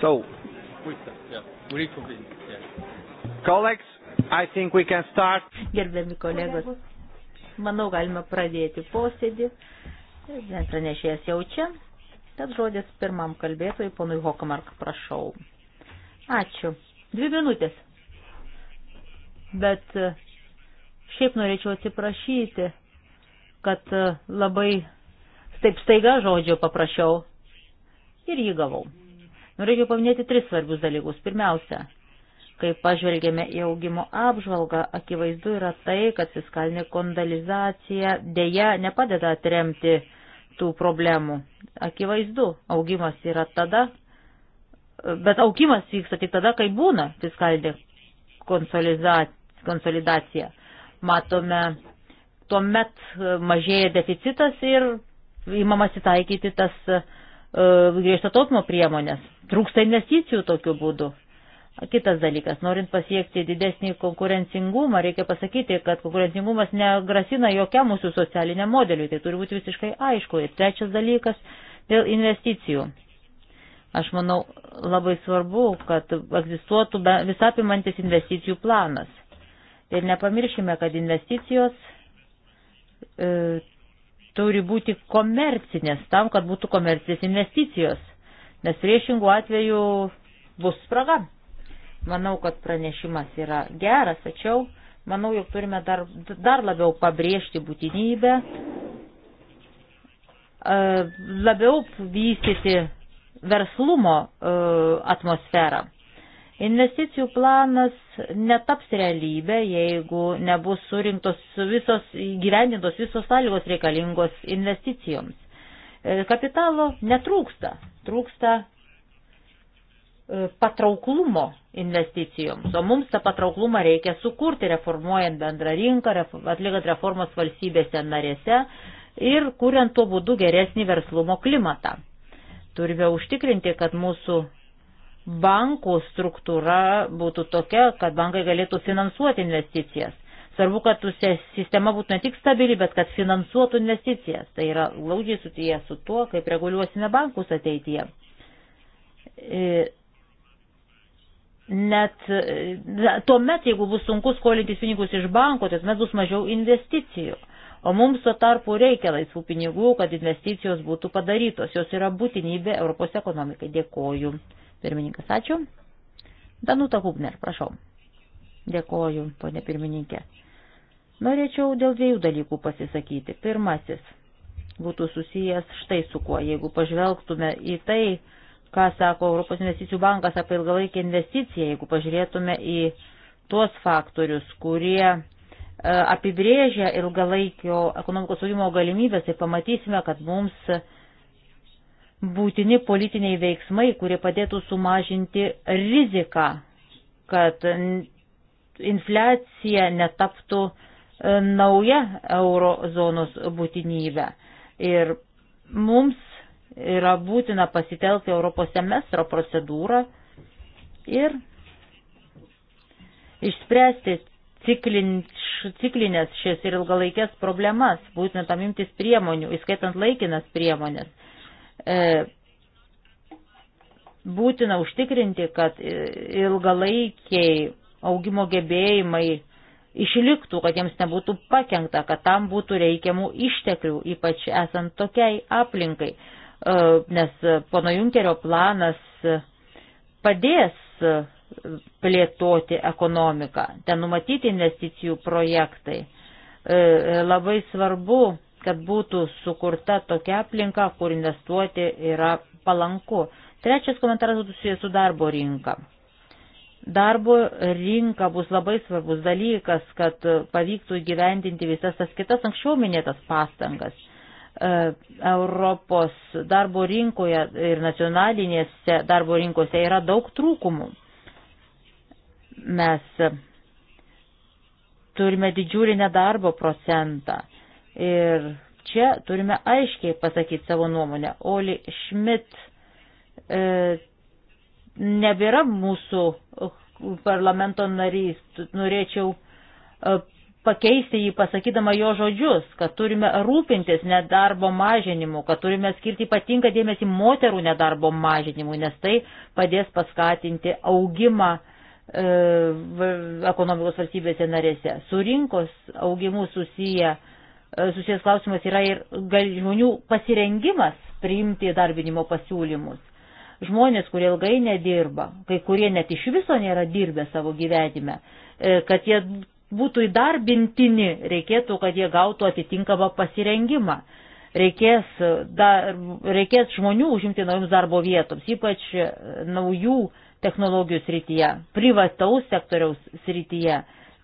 So, colleagues, I think we can start. Gerbiami kolegos, manau galime pradėti posėdį. Nes pranešėjas jau čia. Tad žodis pirmam kalbėtojui, ponui Hokamark, prašau. Ačiū. Dvi minutės. Bet e, šiaip norėčiau atsiprašyti, kad e, labai taip staiga žodžio paprašiau ir jį gavau. Norėčiau paminėti tris svarbius dalykus. Pirmiausia, kai pažvelgėme į augimo apžvalgą, akivaizdu yra tai, kad fiskalinė kondalizacija dėja nepadeda atremti tų problemų. Akivaizdu, augimas yra tada, bet augimas vyksta tik tada, kai būna fiskalinė konsolidacija. Matome, tuomet mažėja deficitas ir įmamasi taikyti tas uh, E, griežto taupimo priemonės. Trūksta investicijų tokiu būdu. Kitas dalykas, norint pasiekti didesnį konkurencingumą, reikia pasakyti, kad konkurencingumas negrasina jokia mūsų socialiniam modeliui, tai turi būti visiškai aišku. Ir trečias dalykas, dėl investicijų. Aš manau labai svarbu, kad egzistuotų visapimantis investicijų planas. Ir nepamirškime, kad investicijos e, turi būti komercinės tam, kad būtų komercinės investicijos, nes priešingų atveju bus spraga. Manau, kad pranešimas yra geras, tačiau manau, jog turime dar, dar labiau pabrėžti būtinybę, e, labiau vystyti verslumo e, atmosferą. Investicijų planas netaps realybė, jeigu nebus surinktos visos, gyvendintos visos sąlygos reikalingos investicijoms. E, kapitalo netrūksta, trūksta e, patrauklumo investicijoms, o mums tą patrauklumą reikia sukurti, reformuojant bendrą rinką, atliekant reformas valstybėse narėse ir kuriant tuo būdu geresnį verslumo klimatą. Turime užtikrinti, kad mūsų bankų struktūra būtų tokia, kad bankai galėtų finansuoti investicijas. Svarbu, kad sistema būtų ne tik stabili, bet kad finansuotų investicijas. Tai yra glaudžiai sutiję su tuo, kaip reguliuosime bankus ateityje. E, net e, tuo metu, jeigu bus sunku skolintis pinigus iš banko, tai mes bus mažiau investicijų. O mums tuo tarpu reikia laisvų pinigų, kad investicijos būtų padarytos. Jos yra būtinybė Europos ekonomikai. Dėkoju. Pirmininkas, ačiū. Danuta Hubner, prašau. Dėkoju, ponė pirmininkė. Norėčiau dėl dviejų dalykų pasisakyti. Pirmasis būtų susijęs štai su kuo, jeigu pažvelgtume į tai, ką sako Europos investicijų bankas apie ilgalaikį investiciją, jeigu pažiūrėtume į tuos faktorius, kurie e, apibrėžia ilgalaikio ekonomikos augimo galimybės, tai pamatysime, kad mums būtini politiniai veiksmai, kurie padėtų sumažinti riziką, kad infliacija netaptų e, nauja eurozonos būtinybė. Ir mums yra būtina pasitelkti Europos semestro procedūrą ir išspręsti ciklin, ciklinės šias ir ilgalaikės problemas, būtent tam imtis priemonių, įskaitant laikinas priemonės. E, būtina užtikrinti, kad ilgalaikiai augimo gebėjimai išliktų, kad jiems nebūtų pakengta, kad tam būtų reikiamų išteklių, ypač esant tokiai aplinkai, e, nes pono Junkerio planas padės plėtoti ekonomiką, ten numatyti investicijų projektai. E, labai svarbu kad būtų sukurta tokia aplinka, kur investuoti yra palanku. Trečias komentaras būtų susijęs su darbo rinka. Darbo rinka bus labai svarbus dalykas, kad pavyktų įgyvendinti visas tas kitas anksčiau minėtas pastangas. E, Europos darbo rinkoje ir nacionalinėse darbo rinkose yra daug trūkumų. Mes turime didžiulį nedarbo procentą Ir čia turime aiškiai pasakyti savo nuomonę. Oli Schmidt e, nebėra mūsų parlamento narys. Norėčiau e, pakeisti jį pasakydama jo žodžius, kad turime rūpintis nedarbo mažinimu, kad turime skirti ypatingą dėmesį moterų nedarbo mažinimu, nes tai padės paskatinti augimą e, ekonomikos valstybėse narėse. Su rinkos augimu susiję E, susijęs klausimas yra ir žmonių pasirengimas priimti darbinimo pasiūlymus. Žmonės, kurie ilgai nedirba, kai kurie net iš viso nėra dirbę savo gyvenime, e, kad jie būtų įdarbintini, reikėtų, kad jie gautų atitinkamą pasirengimą. Reikės, dar, reikės žmonių užimti naujoms darbo vietoms, ypač e, naujų technologijų srityje, privataus sektoriaus srityje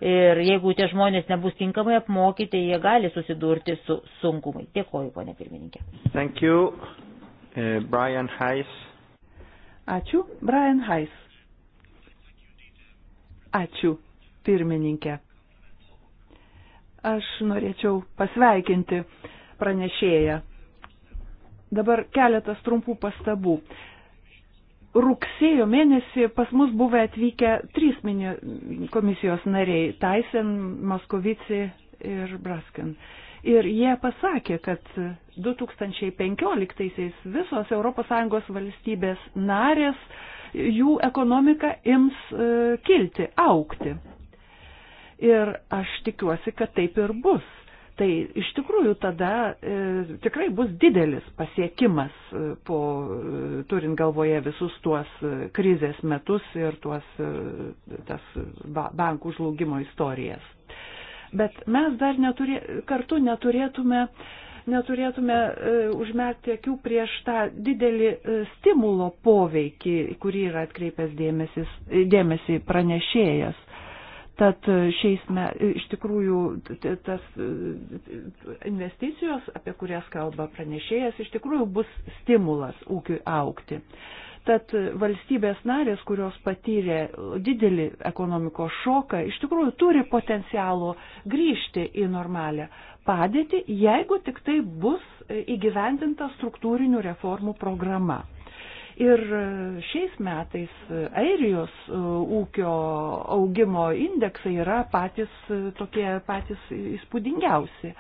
Ir jeigu tie žmonės nebus tinkamai apmokyti, jie gali susidurti su sunkumai. Dėkoju, ponė pirmininkė. Thank you, uh, Brian Heiss. Ačiū, Brian Heiss. Ačiū, pirmininkė. Aš norėčiau pasveikinti pranešėją. Dabar keletas trumpų pastabų rugsėjo mėnesį pas mus buvo atvykę trys mini komisijos nariai - Taisen, Moskovici ir Braskin. Ir jie pasakė, kad 2015-aisiais visos ES valstybės narės, jų ekonomika ims e, kilti, aukti. Ir aš tikiuosi, kad taip ir bus tai iš tikrųjų tada e, tikrai bus didelis pasiekimas e, po, e, turint galvoje visus tuos e, krizės metus ir tuos tas bankų žlugimo istorijas. Bet mes dar neturė, kartu neturėtume, neturėtume e, užmerkti akių prieš tą didelį e, stimulo poveikį, kurį yra atkreipęs dėmesis, dėmesį pranešėjas Tad šiais me, iš tikrųjų tas investicijos, apie kurias kalba pranešėjas, iš tikrųjų bus stimulas ūkiui aukti. Tad valstybės narės, kurios patyrė didelį ekonomikos šoką, iš tikrųjų turi potencialo grįžti į normalią padėtį, jeigu tik tai bus įgyvendinta struktūrinių reformų programa. Ir šiais metais Airijos e, ūkio augimo indeksai yra patys e, tokie patys įspūdingiausi.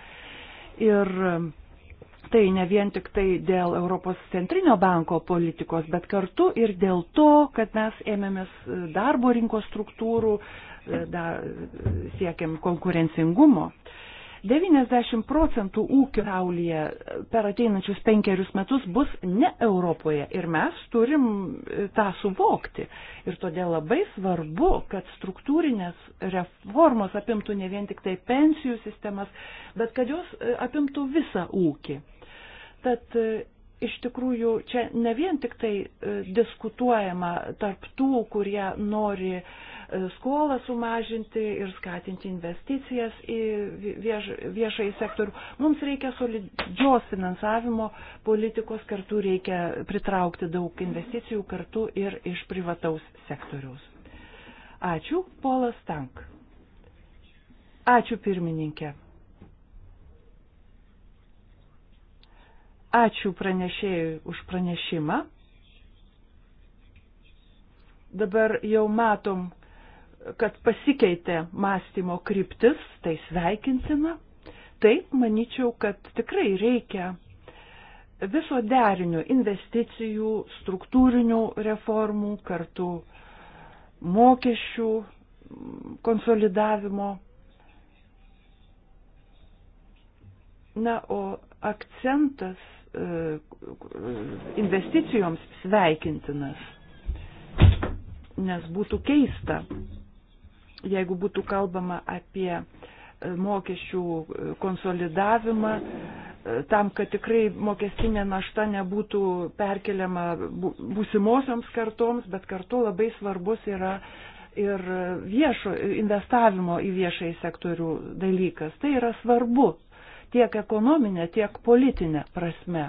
Ir e, tai ne vien tik tai dėl Europos centrinio banko politikos, bet kartu ir dėl to, kad mes ėmėmės darbo rinkos struktūrų, da, siekiam konkurencingumo. Uh, 90 procentų ūkių raulyje per ateinančius penkerius metus bus ne Europoje ir mes turim e, tą suvokti. Ir todėl labai svarbu, kad struktūrinės reformos apimtų ne vien tik tai pensijų sistemas, bet kad jos e, apimtų visą ūkį. Tad e, iš tikrųjų čia ne vien tik tai diskutuojama tarp tų, kurie nori uh, E, skolą sumažinti ir skatinti investicijas į vieš, viešai sektorių. Mums reikia solidžios finansavimo politikos, kartu reikia pritraukti daug investicijų kartu ir iš privataus sektoriaus. Ačiū, Polas Tank. Ačiū, pirmininkė. Ačiū pranešėjui už pranešimą dabar jau matom, kad pasikeitė mąstymo kryptis, tai sveikintina. Taip, manyčiau, kad tikrai reikia viso derinių investicijų, struktūrinių reformų, kartu mokesčių mm, konsolidavimo. Na, o akcentas e, investicijoms sveikintinas, nes būtų keista, jeigu būtų kalbama apie e, mokesčių e, konsolidavimą, e, tam, kad tikrai mokestinė našta nebūtų perkeliama būsimosioms kartoms, bet kartu labai svarbus yra ir viešo investavimo į viešai sektorių dalykas. Tai yra svarbu tiek ekonominė, tiek politinė prasme,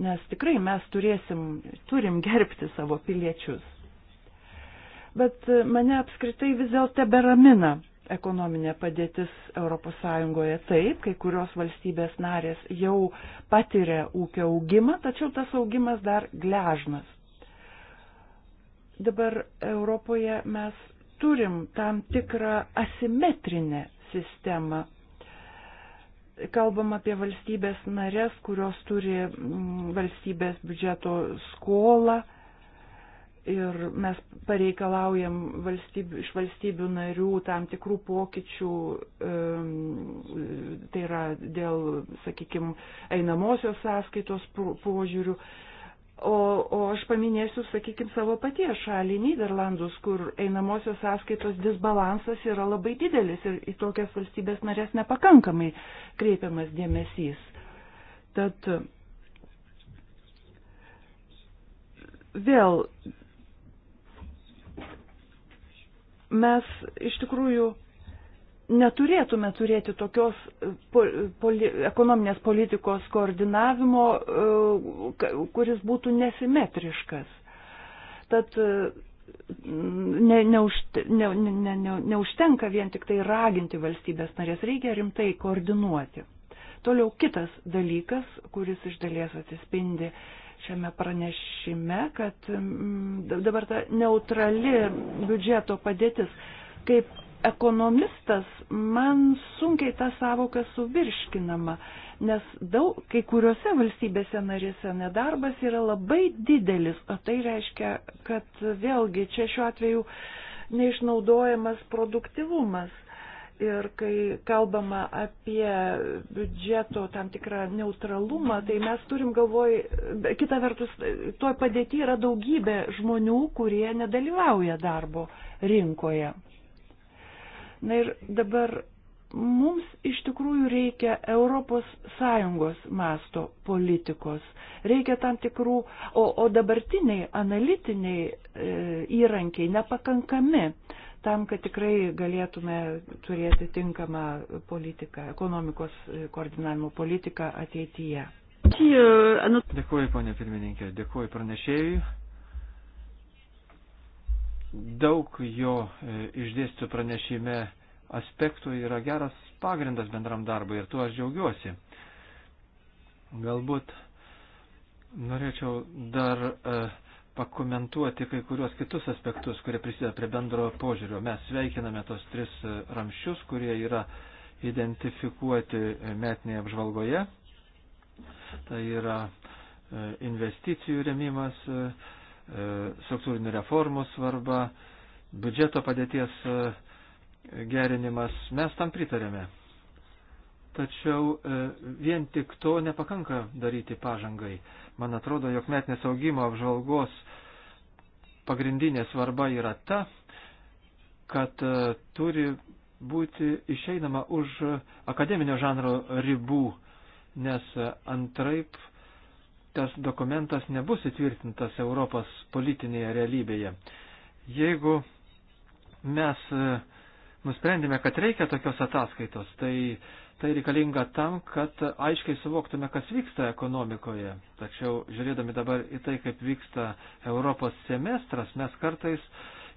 nes tikrai mes turėsim, turim gerbti savo piliečius bet mane apskritai vis dėlto beramina ekonominė padėtis ES. Taip, kai kurios valstybės narės jau patiria ūkio augimą, tačiau tas augimas dar gležnas. Dabar Europoje mes turim tam tikrą asimetrinę sistemą. Kalbam apie valstybės narės, kurios turi mm, valstybės biudžeto skolą, ir mes pareikalaujam valstybių, iš valstybių narių tam tikrų pokyčių, tai yra dėl, sakykime, einamosios sąskaitos požiūrių. O, o aš paminėsiu, sakykime, savo paties šalį Niderlandus, kur einamosios sąskaitos disbalansas yra labai didelis ir į tokias valstybės narės nepakankamai kreipiamas dėmesys. Tad vėl mes iš tikrųjų neturėtume turėti tokios e, e, poli, ekonominės politikos koordinavimo, e, kuris būtų nesimetriškas. Tad ne, neužte, ne, ne, ne, neužtenka vien tik tai raginti valstybės narės, reikia rimtai koordinuoti. Toliau kitas dalykas, kuris iš dalies atsispindi šiame pranešime, kad dabar ta neutrali biudžeto padėtis, kaip ekonomistas man sunkiai ta savoka suvirškinama, nes daug, kai kuriuose valstybėse narėse nedarbas yra labai didelis, o tai reiškia, kad vėlgi čia šiuo atveju neišnaudojamas produktivumas Ir kai kalbama apie biudžeto tam tikrą neutralumą, tai mes turim galvoj, kita vertus, toj padėti yra daugybė žmonių, kurie nedalyvauja darbo rinkoje. Na ir dabar mums iš tikrųjų reikia ES masto politikos, reikia tam tikrų, o, o dabartiniai analitiniai e, įrankiai nepakankami tam, kad tikrai galėtume turėti tinkamą politiką, ekonomikos koordinavimo politiką ateityje. Euh, dėkuoju, ponė pirmininkė, dėkuoju pranešėjui. Daug jo e, išdėstų pranešime aspektų yra geras pagrindas bendram darbui ir tuo aš džiaugiuosi. Galbūt norėčiau dar uh, pakomentuoti kai kuriuos kitus aspektus, kurie prisideda prie bendro požiūrio. Mes sveikiname tos tris ramščius, kurie yra identifikuoti metinėje apžvalgoje. Tai yra e, investicijų remimas, e, e, struktūrinių reformų svarba, biudžeto padėties gerinimas. Mes tam pritarėme. Tačiau vien tik to nepakanka daryti pažangai. Man atrodo, jog metinės augimo apžvalgos pagrindinė svarba yra ta, kad e, turi būti išeinama už akademinio žanro ribų, nes e, antraip tas dokumentas nebus įtvirtintas Europos politinėje realybėje. Jeigu mes e, nusprendėme, kad reikia tokios ataskaitos, tai Tai reikalinga tam, kad aiškiai suvoktume, kas vyksta ekonomikoje. Tačiau žiūrėdami dabar į tai, kaip vyksta Europos semestras, mes kartais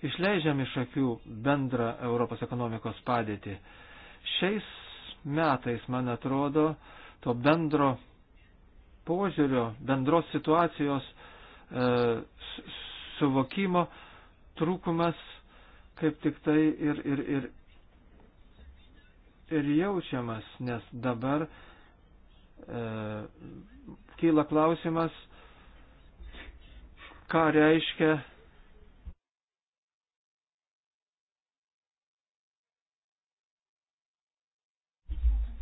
išleidžiam iš akių bendrą Europos ekonomikos padėtį. Šiais metais, man atrodo, to bendro požiūrio, bendros situacijos e, suvokimo trūkumas kaip tik tai ir, ir, ir ir jaučiamas, nes dabar e, kyla klausimas, ką reiškia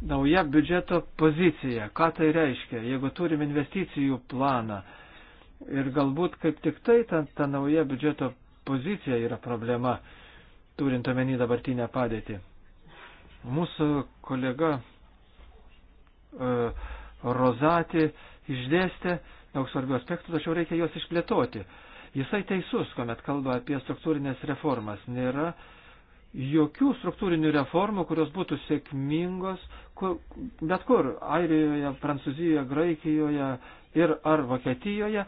nauja biudžeto pozicija. Ką tai reiškia, jeigu turim investicijų planą ir galbūt kaip tik tai ta, ta nauja biudžeto pozicija yra problema, turint omeny dabartinę padėtį. Mūsų kolega e, Rozati išdėstė daug svarbių aspektų, tačiau reikia juos išplėtoti. Jisai teisus, kuomet kalba apie struktūrinės reformas. Nėra jokių struktūrinių reformų, kurios būtų sėkmingos, kur, bet kur - Airijoje, Prancūzijoje, Graikijoje ir ar Vokietijoje.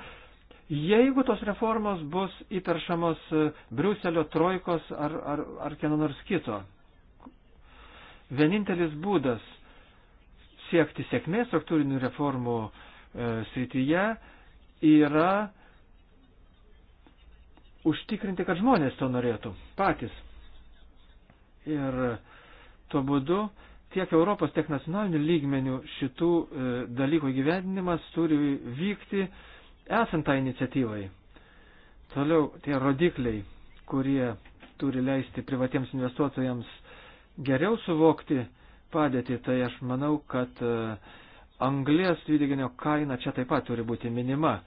Jeigu tos reformos bus įperšamos e, Briuselio, Trojkos ar, ar, ar kieno nors kito vienintelis būdas siekti sėkmės struktūrinių reformų e, srityje yra užtikrinti, kad žmonės to norėtų patys. Ir tuo būdu tiek Europos, tiek nacionalinių lygmenių šitų e, dalykų įgyvendinimas turi vykti esant tą tai iniciatyvai. Toliau tie rodikliai, kurie turi leisti privatiems investuotojams geriau suvokti padėtį, tai aš manau, kad e, anglės dvideginio kaina čia taip pat turi būti minima,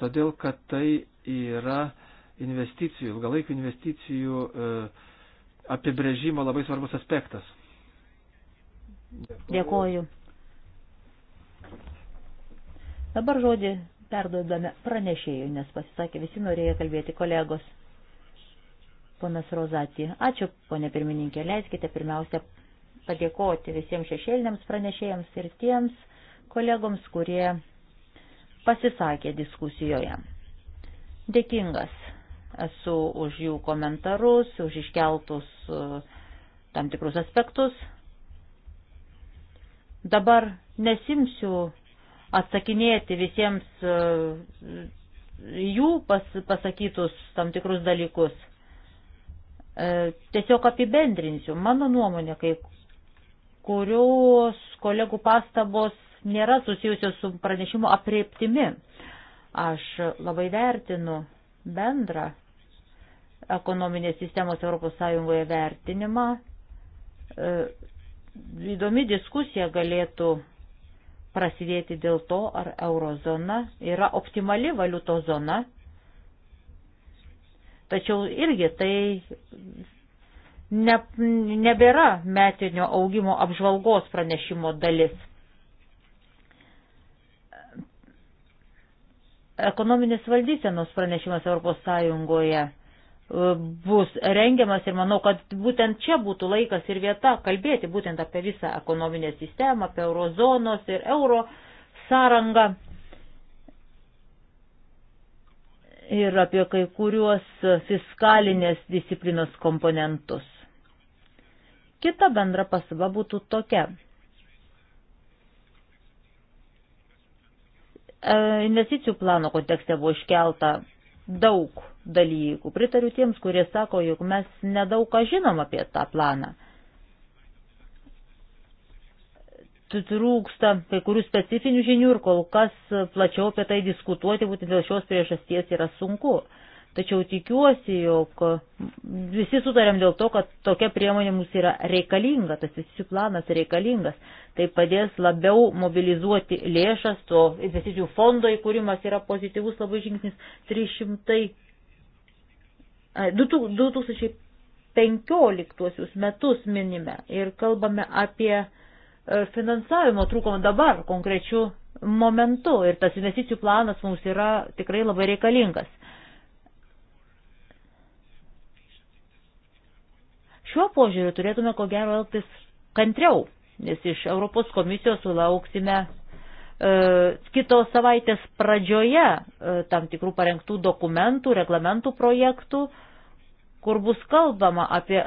todėl kad tai yra investicijų, ilgalaikių investicijų e, apibrėžimo labai svarbus aspektas. Dėkuoju. Dabar žodį perduodame pranešėjų, nes pasisakė visi norėjo kalbėti kolegos. Ponas Rozacija. Ačiū, ponė pirmininkė. Leiskite pirmiausia padėkoti visiems šešėliniams pranešėjams ir tiems kolegoms, kurie pasisakė diskusijoje. Dėkingas esu už jų komentarus, už iškeltus e, tam tikrus aspektus. Dabar nesimsiu atsakinėti visiems e, jų pas, pasakytus tam tikrus dalykus E, tiesiog apibendrinsiu. Mano nuomonė, kai kurios kolegų pastabos nėra susijusios su pranešimo aprieptimi. Aš labai vertinu bendrą ekonominės sistemos ES vertinimą. E, įdomi diskusija galėtų prasidėti dėl to, ar eurozona yra optimali valiuto zona Tačiau irgi tai ne, nebėra metinio augimo apžvalgos pranešimo dalis. Ekonominės valdysenos pranešimas ES e, bus rengiamas ir manau, kad būtent čia būtų laikas ir vieta kalbėti būtent apie visą ekonominę sistemą, apie eurozonos ir euro sąrangą. ir apie kai kuriuos fiskalinės disciplinos komponentus. Kita bendra pasaba būtų tokia. E, investicijų plano kontekste buvo iškelta daug dalykų. Pritariu tiems, kurie sako, jog mes nedaug ką žinom apie tą planą. trūksta kai kurių specifinių žinių ir kol kas plačiau apie tai diskutuoti būtent dėl šios priežasties yra sunku. Tačiau tikiuosi, jog visi sutarėm dėl to, kad tokia priemonė mums yra reikalinga, tas investicijų planas reikalingas. Tai padės labiau mobilizuoti lėšas, to investicijų fondo įkūrimas yra pozityvus labai žingsnis 300. 2015 metus minime ir kalbame apie E, finansavimo trūkumo dabar konkrečiu momentu ir tas investicijų planas mums yra tikrai labai reikalingas. Šiuo požiūriu turėtume ko gero elgtis kantriau, nes iš Europos komisijos sulauksime e, kitos savaitės pradžioje e, tam tikrų parengtų dokumentų, reglamentų projektų, kur bus kalbama apie,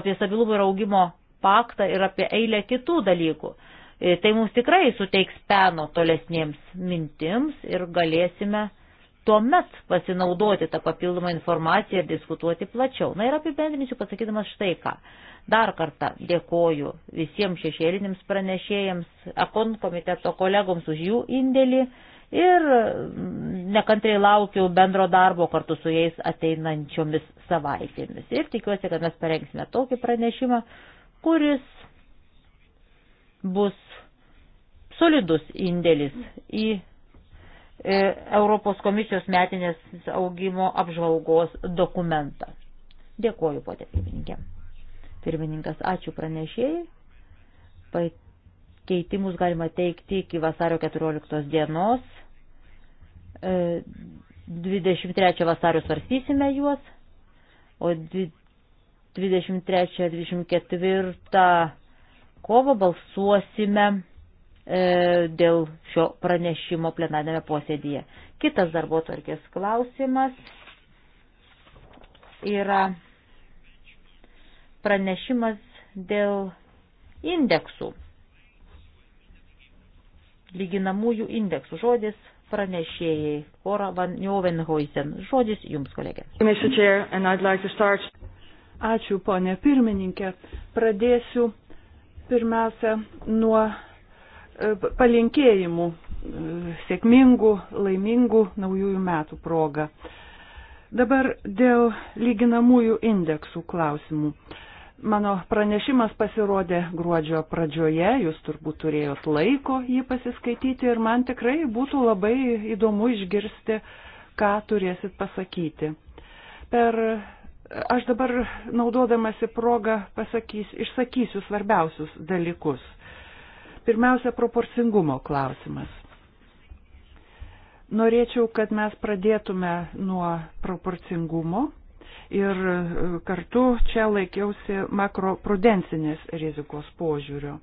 apie stabilumo ir augimo paktą ir apie eilę kitų dalykų. E, tai mums tikrai suteiks peno tolesniems mintims ir galėsime tuomet pasinaudoti tą papildomą informaciją ir diskutuoti plačiau. Na ir apibendrinsiu pasakydamas štai ką. Dar kartą dėkoju visiems šešėlinims pranešėjams, akon komiteto kolegoms už jų indėlį ir mm, nekantriai laukiu bendro darbo kartu su jais ateinančiomis savaitėmis. Ir tikiuosi, kad mes parengsime tokį pranešimą, kuris bus solidus indėlis į e, Europos komisijos metinės augimo apžvalgos dokumentą. Dėkuoju, potė pirmininkė. Pirmininkas, ačiū pranešėjai. Pakeitimus galima teikti iki vasario 14 dienos. 23 e, vasario svarstysime juos, o 20. 23-24 kovo balsuosime e, dėl šio pranešimo plenarėme posėdėje. Kitas darbo tvarkės klausimas yra pranešimas dėl indeksų. Lyginamųjų indeksų žodis pranešėjai Ora Van Jovenhuisen. Žodis jums, kolegė. Ačiū, ponė pirmininkė. Pradėsiu pirmiausia nuo e, palinkėjimų e, sėkmingų, laimingų naujųjų metų proga. Dabar dėl lyginamųjų indeksų klausimų. Mano pranešimas pasirodė gruodžio pradžioje, jūs turbūt turėjot laiko jį pasiskaityti ir man tikrai būtų labai įdomu išgirsti, ką turėsit pasakyti. Per Aš dabar naudodamasi progą pasakys, išsakysiu svarbiausius dalykus. Pirmiausia, proporcingumo klausimas. Norėčiau, kad mes pradėtume nuo proporcingumo ir e, kartu čia laikiausi makroprudencinės rizikos požiūrio.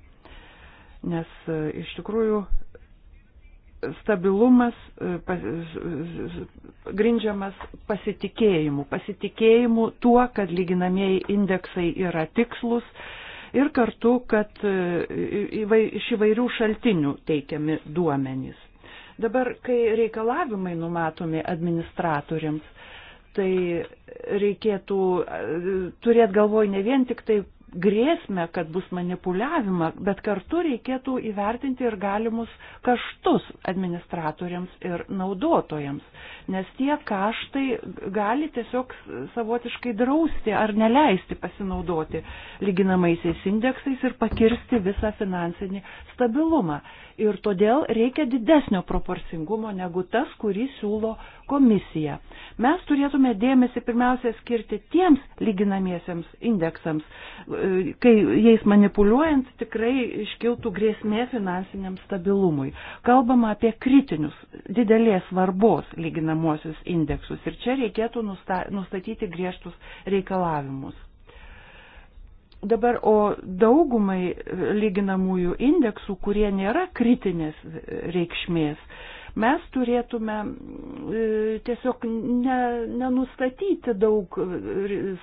Nes e, iš tikrųjų stabilumas e, pas, grindžiamas pasitikėjimu, pasitikėjimu tuo, kad lyginamieji indeksai yra tikslus ir kartu, kad e, iš įvairių šaltinių teikiami duomenys. Dabar, kai reikalavimai numatomi administratoriams, tai reikėtų e, turėti galvoj ne vien tik tai grėsmę, kad bus manipuliavimą, bet kartu reikėtų įvertinti ir galimus kaštus administratoriams ir naudotojams, nes tie kaštai gali tiesiog savotiškai drausti ar neleisti pasinaudoti lyginamaisiais indeksais ir pakirsti visą finansinį stabilumą. Ir todėl reikia didesnio proporcingumo negu tas, kurį siūlo komisija. Mes turėtume dėmesį pirmiausia skirti tiems lyginamiesiems indeksams, e, kai jais manipuliuojant tikrai iškiltų grėsmė finansiniam stabilumui. Kalbama apie kritinius didelės svarbos lyginamosius indeksus ir čia reikėtų nustatyti griežtus reikalavimus. Dabar, o daugumai lyginamųjų indeksų, kurie nėra kritinės reikšmės, Mes turėtume e, tiesiog ne, nenustatyti daug e,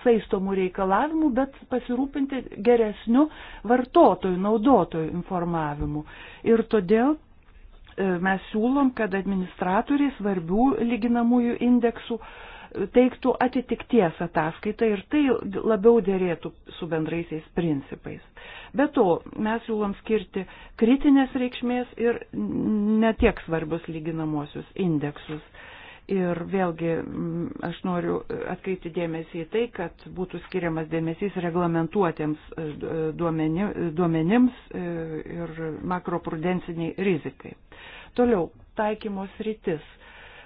saistomų reikalavimų, bet pasirūpinti geresniu vartotojų, naudotojų informavimu. Ir todėl e, mes siūlom, kad administratoriai svarbių lyginamųjų indeksų uh, teiktų atitikties ataskaitą ir tai labiau dėrėtų su bendraisiais principais. Be to, mes siūlom skirti kritinės reikšmės ir netiek svarbius lyginamosius indeksus. Ir vėlgi aš noriu atkreipti dėmesį į tai, kad būtų skiriamas dėmesys reglamentuotiems e, e, duomeni, duomenims e, ir makroprudenciniai rizikai. Toliau, taikymos rytis.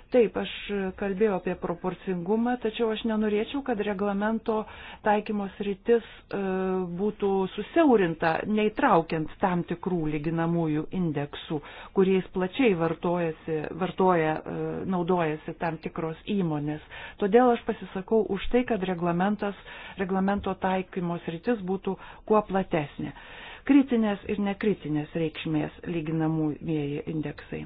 Taip, aš kalbėjau apie proporcingumą, tačiau aš nenorėčiau, kad reglamento taikymos rytis e, būtų susiaurinta, neįtraukiant tam tikrų lyginamųjų indeksų, kuriais plačiai vartojasi, vartoja, e, naudojasi tam tikros įmonės. Todėl aš pasisakau už tai, kad reglamento taikymos rytis būtų kuo platesnė. Kritinės ir nekritinės reikšmės lyginamųjų indeksai.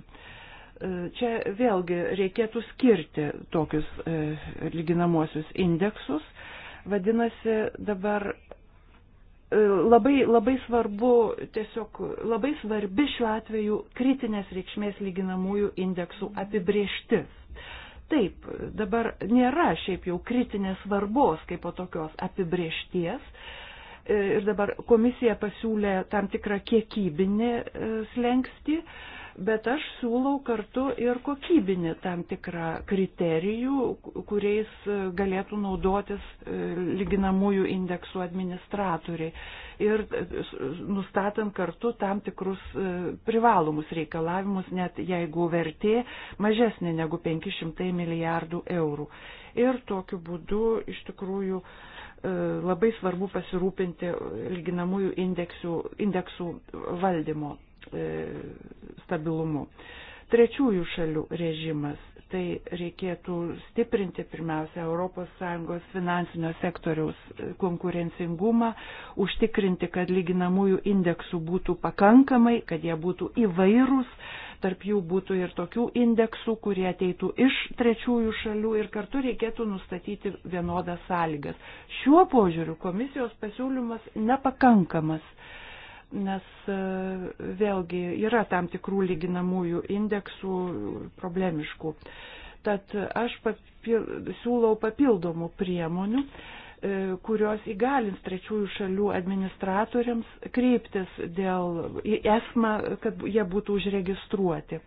E, čia vėlgi reikėtų skirti tokius e, lyginamosius indeksus. Vadinasi, dabar e, labai, labai svarbu, tiesiog labai svarbi šiuo atveju kritinės reikšmės lyginamųjų indeksų apibrieštis. Taip, dabar nėra šiaip jau kritinės svarbos kaip po tokios apibriešties, ir dabar komisija pasiūlė tam tikrą kiekybinį slengsti, bet aš siūlau kartu ir kokybinį tam tikrą kriterijų, kuriais e, galėtų naudotis e, lyginamųjų indeksų administratoriai ir e, nustatant kartu tam tikrus privalomus reikalavimus, net jeigu vertė mažesnė negu 500 milijardų eurų. Ir tokiu būdu iš tikrųjų labai svarbu pasirūpinti lyginamųjų indeksų, indeksų valdymo E, stabilumu. Trečiųjų šalių režimas. Tai reikėtų stiprinti pirmiausia ES finansinio sektoriaus konkurencingumą, užtikrinti, kad lyginamųjų indeksų būtų pakankamai, kad jie būtų įvairūs, tarp jų būtų ir tokių indeksų, kurie ateitų iš trečiųjų šalių ir kartu reikėtų nustatyti vienodas sąlygas. Šiuo požiūriu komisijos pasiūlymas nepakankamas nes e, vėlgi yra tam tikrų lyginamųjų indeksų problemiškų. Tad aš papil, siūlau papildomų priemonių, e, kurios įgalins trečiųjų šalių administratoriams kryptis dėl į esmą, kad jie būtų užregistruoti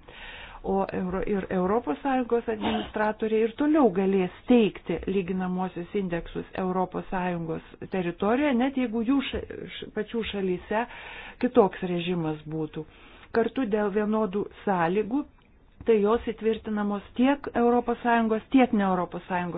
o Euro, ir ES administratoriai ir toliau galės teikti lyginamosius indeksus ES teritorijoje, net jeigu jų ša, š, pačių šalyse kitoks režimas būtų. Kartu dėl vienodų sąlygų tai jos įtvirtinamos tiek ES, tiek ne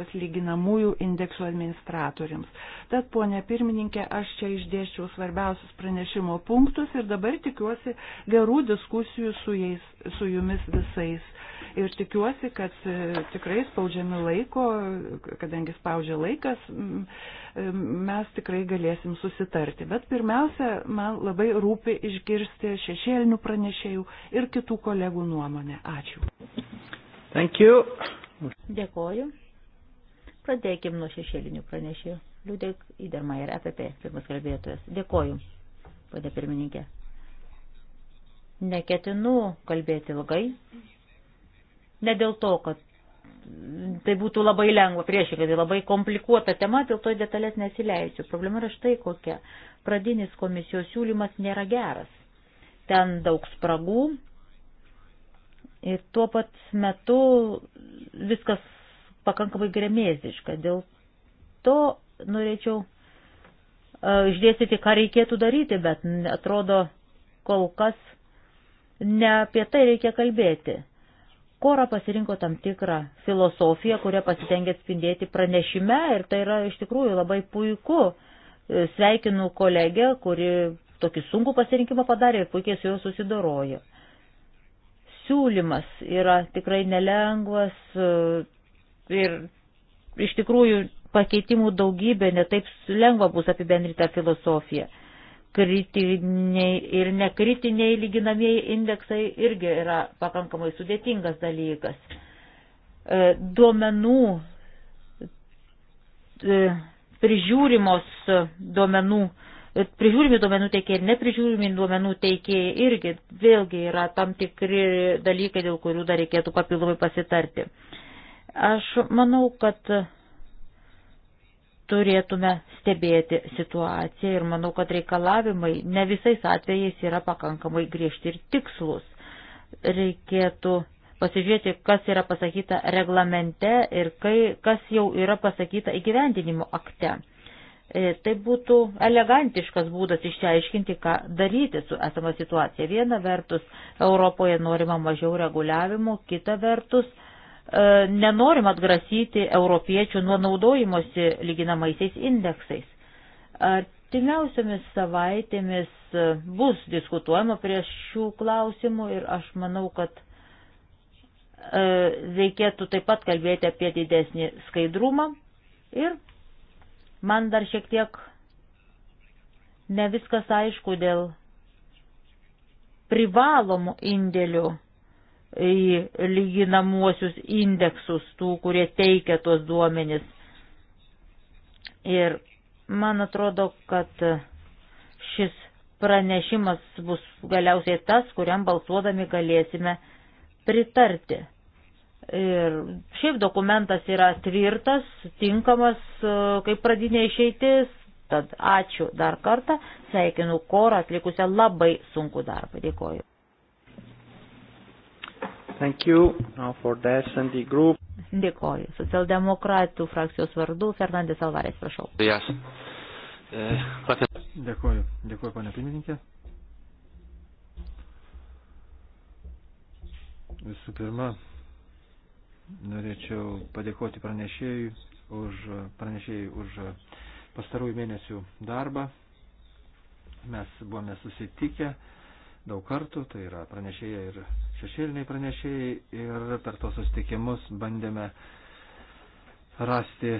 ES lyginamųjų indeksų administratoriams. Tad, ponė pirmininkė, aš čia išdėščiau svarbiausius pranešimo punktus ir dabar tikiuosi gerų diskusijų su, jais, su jumis visais. Ir tikiuosi, kad e, tikrai spaudžiami laiko, kadangi spaudžia laikas, e, mes tikrai galėsim susitarti. Bet pirmiausia, man labai rūpi išgirsti šešėlinių pranešėjų ir kitų kolegų nuomonę. Ačiū. Thank you. Dėkoju. Pradėkim nuo šešėlinių pranešėjų. Liudek Įdermajer, EPP, pirmas kalbėtojas. Dėkoju, padė pirmininkė. Neketinu kalbėti ilgai, Ne dėl to, kad tai būtų labai lengva, priešingai, tai labai komplikuota tema, dėl to detalės nesileisiu. Problema yra štai kokia. Pradinis komisijos siūlymas nėra geras. Ten daug spragų ir tuo pat metu viskas pakankamai gremėziška. Dėl to norėčiau e, išdėstyti, ką reikėtų daryti, bet atrodo kol kas ne apie tai reikia kalbėti. Kora pasirinko tam tikrą filosofiją, kurią pasitengia atspindėti pranešime ir tai yra iš tikrųjų labai puiku. E, sveikinu kolegę, kuri tokį sunkų pasirinkimą padarė ir puikiai su juo susidorojo. Siūlymas yra tikrai nelengvas e, ir iš tikrųjų pakeitimų daugybė, netaip lengva bus apibendrita filosofija kritiniai ir nekritiniai lyginamieji indeksai irgi yra pakankamai sudėtingas dalykas. E, duomenų e, prižiūrimos duomenų, e, prižiūrimi duomenų teikėjai ir neprižiūrimi duomenų teikėjai irgi vėlgi yra tam tikri dalykai, dėl kurių dar reikėtų papildomai pasitarti. Aš manau, kad turėtume stebėti situaciją ir manau, kad reikalavimai ne visais atvejais yra pakankamai griežti ir tikslus. Reikėtų pasižiūrėti, kas yra pasakyta reglamente ir kai, kas jau yra pasakyta įgyvendinimo akte. E, tai būtų elegantiškas būdas išsiaiškinti, ką daryti su esama situacija. Viena vertus, Europoje norima mažiau reguliavimo, kita vertus, E, nenorim atgrasyti europiečių nuo naudojimosi lyginamaisiais indeksais. Artimiausiamis savaitėmis e, bus diskutuojama prie šių klausimų ir aš manau, kad e, reikėtų taip pat kalbėti apie didesnį skaidrumą ir man dar šiek tiek ne viskas aišku dėl privalomų indėlių į lyginamuosius indeksus tų, kurie teikia tuos duomenis. Ir man atrodo, kad šis pranešimas bus galiausiai tas, kuriam balsuodami galėsime pritarti. Ir šiaip dokumentas yra tvirtas, tinkamas e, kaip pradinė išeitis, tad ačiū dar kartą, sveikinu korą atlikusią labai sunku darbą, dėkoju. Thank you. Now for the S&D group. Dėkoju. Socialdemokratų frakcijos vardu Fernandės Alvarės, prašau. Yes. Uh, Dėkoju. Dėkoju, ponė pirmininkė. Visų pirma, norėčiau padėkoti pranešėjui už, pranešėjui už pastarųjų mėnesių darbą. Mes buvome susitikę daug kartų, tai yra pranešėja ir šešėliniai pranešėjai ir per tos susitikimus bandėme rasti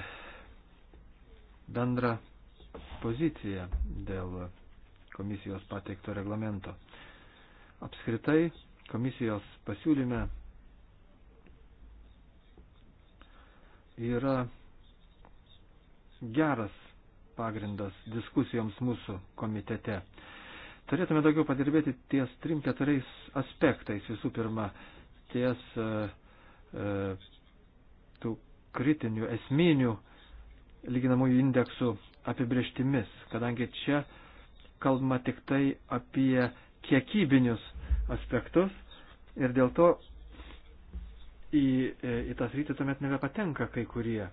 bendrą poziciją dėl komisijos pateikto reglamento. Apskritai, komisijos pasiūlyme yra geras pagrindas diskusijoms mūsų komitete. Turėtume daugiau padirbėti ties trim keturiais aspektais. Visų pirma, ties e, e tų kritinių, esminių lyginamųjų indeksų apibrieštimis, kadangi čia kalbama tik tai apie kiekybinius aspektus ir dėl to į, e, į tas rytį tuomet nebepatenka kai kurie e,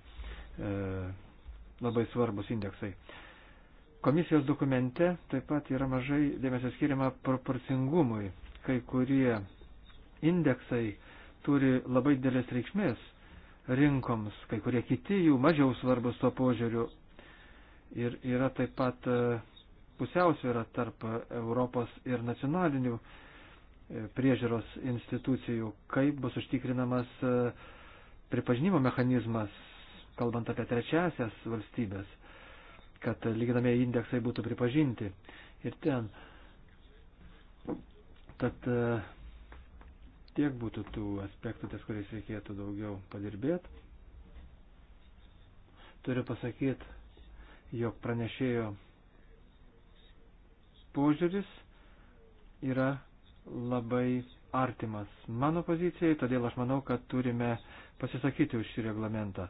labai svarbus indeksai. Komisijos dokumente taip pat yra mažai dėmesio skiriama proporcingumui. Kai kurie indeksai turi labai dėlės reikšmės rinkoms, kai kurie kiti jų mažiau svarbus tuo požiūriu. Ir yra taip pat e, pusiausvėra tarp Europos ir nacionalinių e, priežiūros institucijų, kaip bus užtikrinamas e, pripažinimo mechanizmas, kalbant apie trečiasias valstybės kad lyginamieji indeksai būtų pripažinti ir ten. Tad e, tiek būtų tų aspektų, ties kuriais reikėtų daugiau padirbėti. Turiu pasakyti, jog pranešėjo požiūris yra labai artimas mano pozicijai, todėl aš manau, kad turime pasisakyti už šį reglamentą.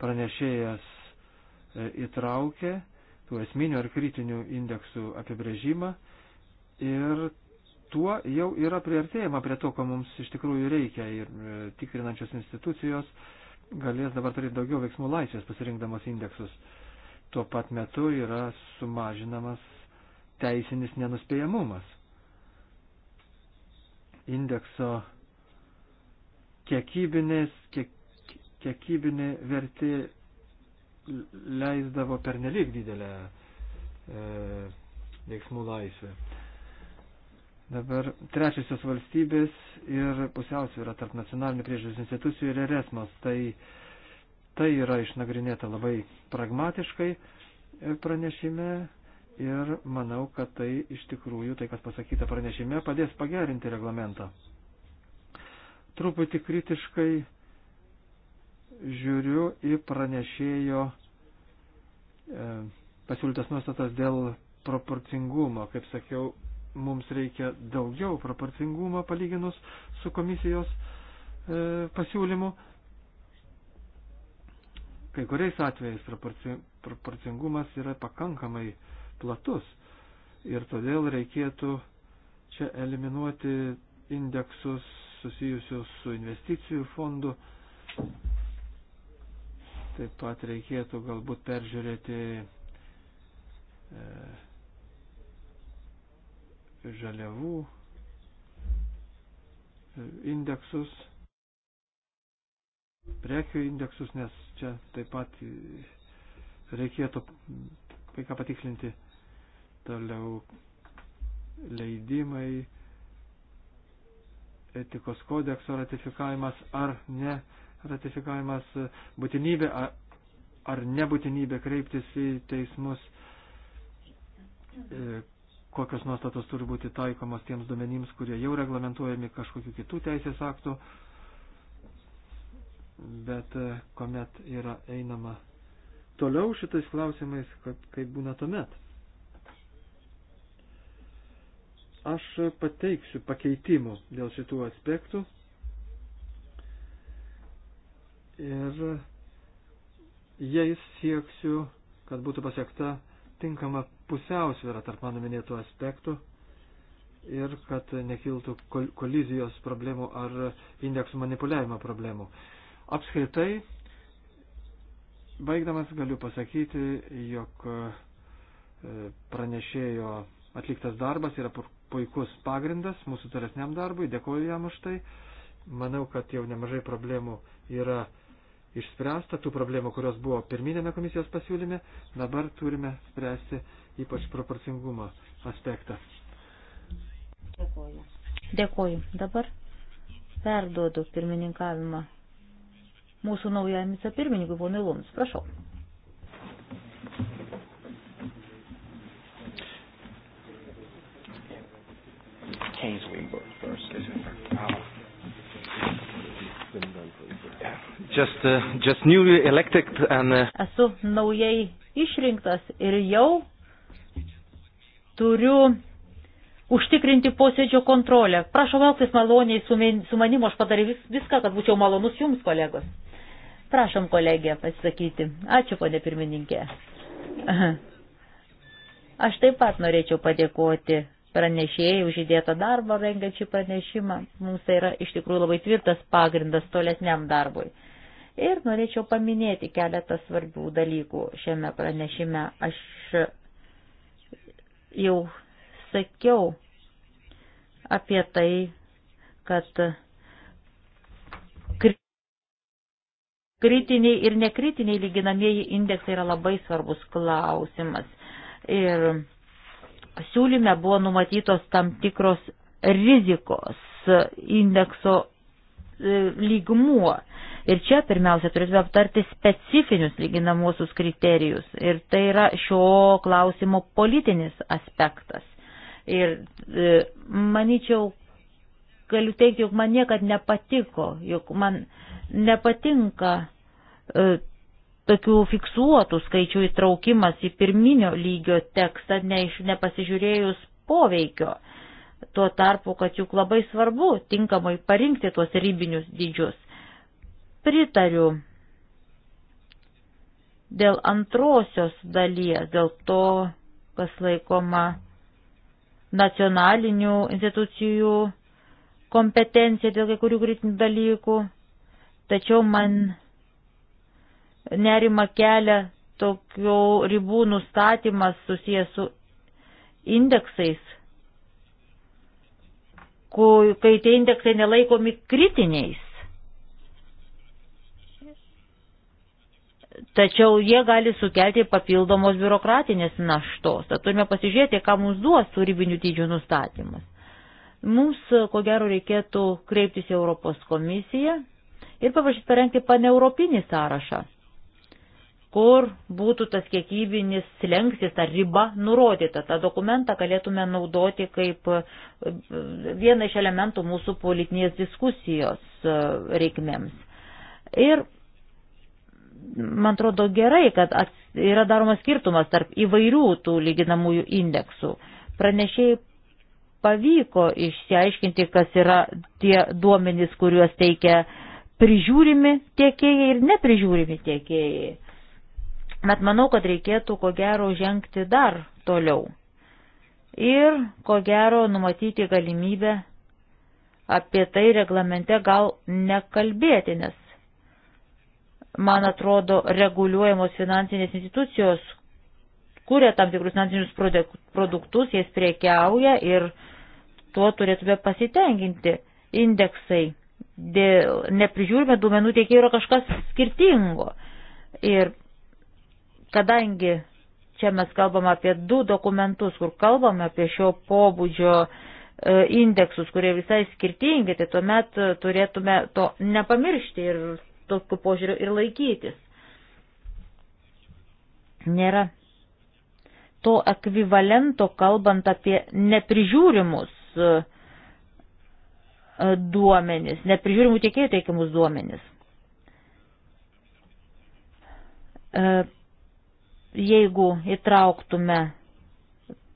Pranešėjas E, įtraukė tų esminių ar kritinių indeksų apibrėžimą ir tuo jau yra priartėjama prie to, ko mums iš tikrųjų reikia ir e, tikrinančios institucijos galės dabar turėti daugiau veiksmų laisvės pasirinkdamos indeksus. Tuo pat metu yra sumažinamas teisinis nenuspėjamumas. Indekso kiekybinės, kiek, kiekybinė vertė leisdavo pernelyg didelę e, veiksmų laisvę. Dabar trečiosios valstybės ir pusiausvyrą tarp nacionalinių priežiūros institucijų ir eresmos. Tai, tai yra išnagrinėta labai pragmatiškai pranešime ir manau, kad tai iš tikrųjų, tai kas pasakyta pranešime, padės pagerinti reglamentą. Truputį kritiškai žiūriu į pranešėjo e, pasiūlytas nuostatas dėl proporcingumo. Kaip sakiau, mums reikia daugiau proporcingumo palyginus su komisijos e, pasiūlymu. Kai kuriais atvejais proporcingumas yra pakankamai platus ir todėl reikėtų čia eliminuoti indeksus susijusius su investicijų fondu Taip pat reikėtų galbūt peržiūrėti e, žaliavų e, indeksus, prekių indeksus, nes čia taip pat reikėtų kai ką patikslinti toliau leidimai, etikos kodekso ratifikavimas ar ne ratifikavimas, e, būtinybė ar nebūtinybė kreiptis į teismus, e, kokios nuostatos turi būti taikomos tiems duomenims, kurie jau reglamentuojami kažkokiu kitų teisės aktų, bet e, kuomet yra einama toliau šitais klausimais, kaip, kaip būna tuomet. Aš pateiksiu pakeitimų dėl šitų aspektų ir jais sieksiu, kad būtų pasiekta tinkama pusiausvėra tarp mano minėtų aspektų ir kad nekiltų kol kolizijos problemų ar indeksų manipuliavimo problemų. Apskritai, baigdamas galiu pasakyti, jog e, pranešėjo atliktas darbas yra puikus pagrindas mūsų tolesniam darbui, dėkoju jam už tai. Manau, kad jau nemažai problemų yra išspręsta tų problemų, kurios buvo pirminėme komisijos pasiūlyme, dabar turime spręsti ypač proporcingumo aspektą. Dėkuoju. Dėkuoju. Dabar perduodu pirmininkavimą mūsų naujajam vicepirmininkui ponui Lums. Prašau. Keynes Wimborg first. Just, uh, just newly elected and, uh... Esu naujai išrinktas ir jau turiu užtikrinti posėdžio kontrolę. Prašau elgtis maloniai su manimu, aš padariau viską, kad būčiau malonus jums, kolegos. Prašom kolegė pasisakyti. Ačiū, ponė pirmininkė. Aš taip pat norėčiau padėkoti pranešėjai už įdėtą darbą rengiant šį pranešimą. Mums tai yra iš tikrųjų labai tvirtas pagrindas tolesniam darbui ir norėčiau paminėti keletą svarbių dalykų šiame pranešime. Aš jau sakiau apie tai, kad kritiniai ir nekritiniai lyginamieji indeksai yra labai svarbus klausimas. Ir siūlyme buvo numatytos tam tikros rizikos indekso e, lygmuo. Ir čia pirmiausia turėtume aptarti specifinius lyginamosius kriterijus. Ir tai yra šio klausimo politinis aspektas. Ir e, manyčiau, galiu teikti, jog man niekad nepatiko, jog man nepatinka e, tokių fiksuotų skaičių įtraukimas į pirminio lygio tekstą, ne, nepasižiūrėjus poveikio. Tuo tarpu, kad juk labai svarbu tinkamai parinkti tuos ribinius dydžius. Pritariu dėl antrosios dalies, dėl to, kas laikoma nacionalinių institucijų kompetencija dėl kai kurių kritinių dalykų, tačiau man nerima kelia tokių ribų nustatymas susijęs su indeksais, kai tie indeksai nelaikomi kritiniais. tačiau jie gali sukelti papildomos biurokratinės naštos. Tad turime pasižiūrėti, ką mums duos turybinių dydžių nustatymas. Mums, ko gero, reikėtų kreiptis į Europos komisiją ir paprašyti parengti paneuropinį sąrašą, kur būtų tas kiekybinis slengsis ar riba nurodyta. Ta dokumentą galėtume naudoti kaip e, vieną iš elementų mūsų politinės diskusijos e, reikmėms. Ir man atrodo gerai, kad yra daromas skirtumas tarp įvairių tų lyginamųjų indeksų. Pranešėjai pavyko išsiaiškinti, kas yra tie duomenys, kuriuos teikia prižiūrimi tiekėjai ir neprižiūrimi tiekėjai. Bet manau, kad reikėtų ko gero žengti dar toliau. Ir ko gero numatyti galimybę apie tai reglamente gal nekalbėti, nes man atrodo, reguliuojamos finansinės institucijos kūrė tam tikrus finansinius produktus, jas priekiauja ir tuo turėtume pasitenkinti. Indeksai dėl neprižiūrime duomenų tiekėjų yra kažkas skirtingo. Ir kadangi čia mes kalbam apie du dokumentus, kur kalbam apie šio pobūdžio e, indeksus, kurie visai skirtingi, tai tuomet turėtume to nepamiršti ir tokiu požiūriu ir laikytis. Nėra to ekvivalento, kalbant apie neprižiūrimus e, duomenis, neprižiūrimų tiekėjų teikiamus duomenis. E, jeigu įtrauktume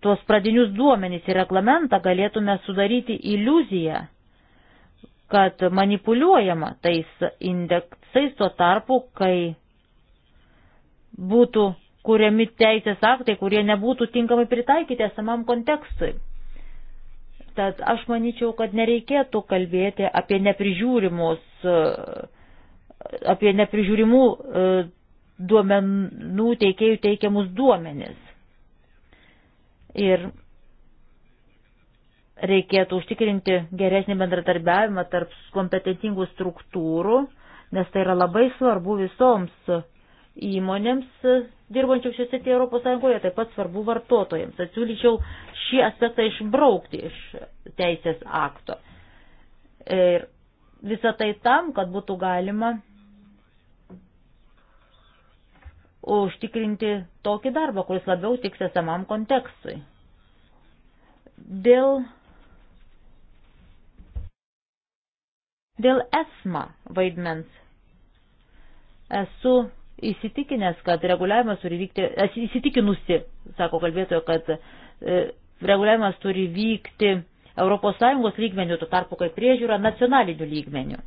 tuos pradinius duomenys į reglamentą, galėtume sudaryti iliuziją, kad manipuliuojama tais indeks, tekstais, tuo tarpu, kai būtų kuriami teisės aktai, kurie nebūtų tinkamai pritaikyti esamam kontekstui. Tad aš manyčiau, kad nereikėtų kalbėti apie neprižiūrimus, apie neprižiūrimų e, duomenų teikėjų teikiamus duomenis. Ir reikėtų užtikrinti geresnį bendradarbiavimą tarp kompetentingų struktūrų nes tai yra labai svarbu visoms įmonėms e, dirbančių šiose tie Europos Sąjungoje, taip pat svarbu vartotojams. Atsiūlyčiau šį aspektą išbraukti iš teisės akto. Ir visą tai tam, kad būtų galima užtikrinti tokį darbą, kuris labiau tiks esamam kontekstui. Dėl, dėl esma vaidmens Esu įsitikinęs, kad reguliavimas turi vykti, esu įsitikinusi, sako kalbėtojo, kad e, reguliavimas turi vykti ES lygmenių, tuo tarpu kaip priežiūra nacionalinių lygmenių.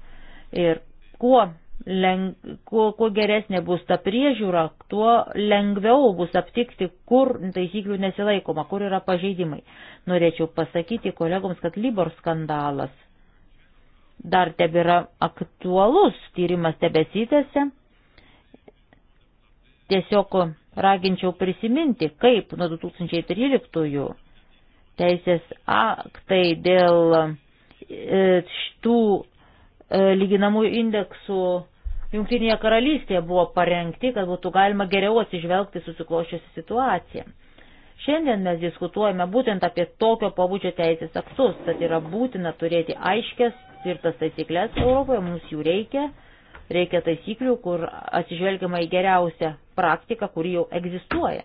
Ir kuo, leng, kuo, kuo geresnė bus ta priežiūra, tuo lengviau bus aptikti, kur taisyklių nesilaikoma, kur yra pažeidimai. Norėčiau pasakyti kolegoms, kad Libor skandalas dar tebėra aktualus, tyrimas tebesitėse Tiesiog raginčiau prisiminti, kaip nuo 2013 teisės aktai dėl e, šitų e, lyginamų indeksų Junktinėje karalystėje buvo parengti, kad būtų galima geriau atsižvelgti susiklošiusią situaciją. Šiandien mes diskutuojame būtent apie tokio pabudžio teisės aktus, tad yra būtina turėti aiškės tvirtas taisyklės Europoje, mums jų reikia, reikia taisyklių, kur atsižvelgiama į geriausią praktiką, kuri jau egzistuoja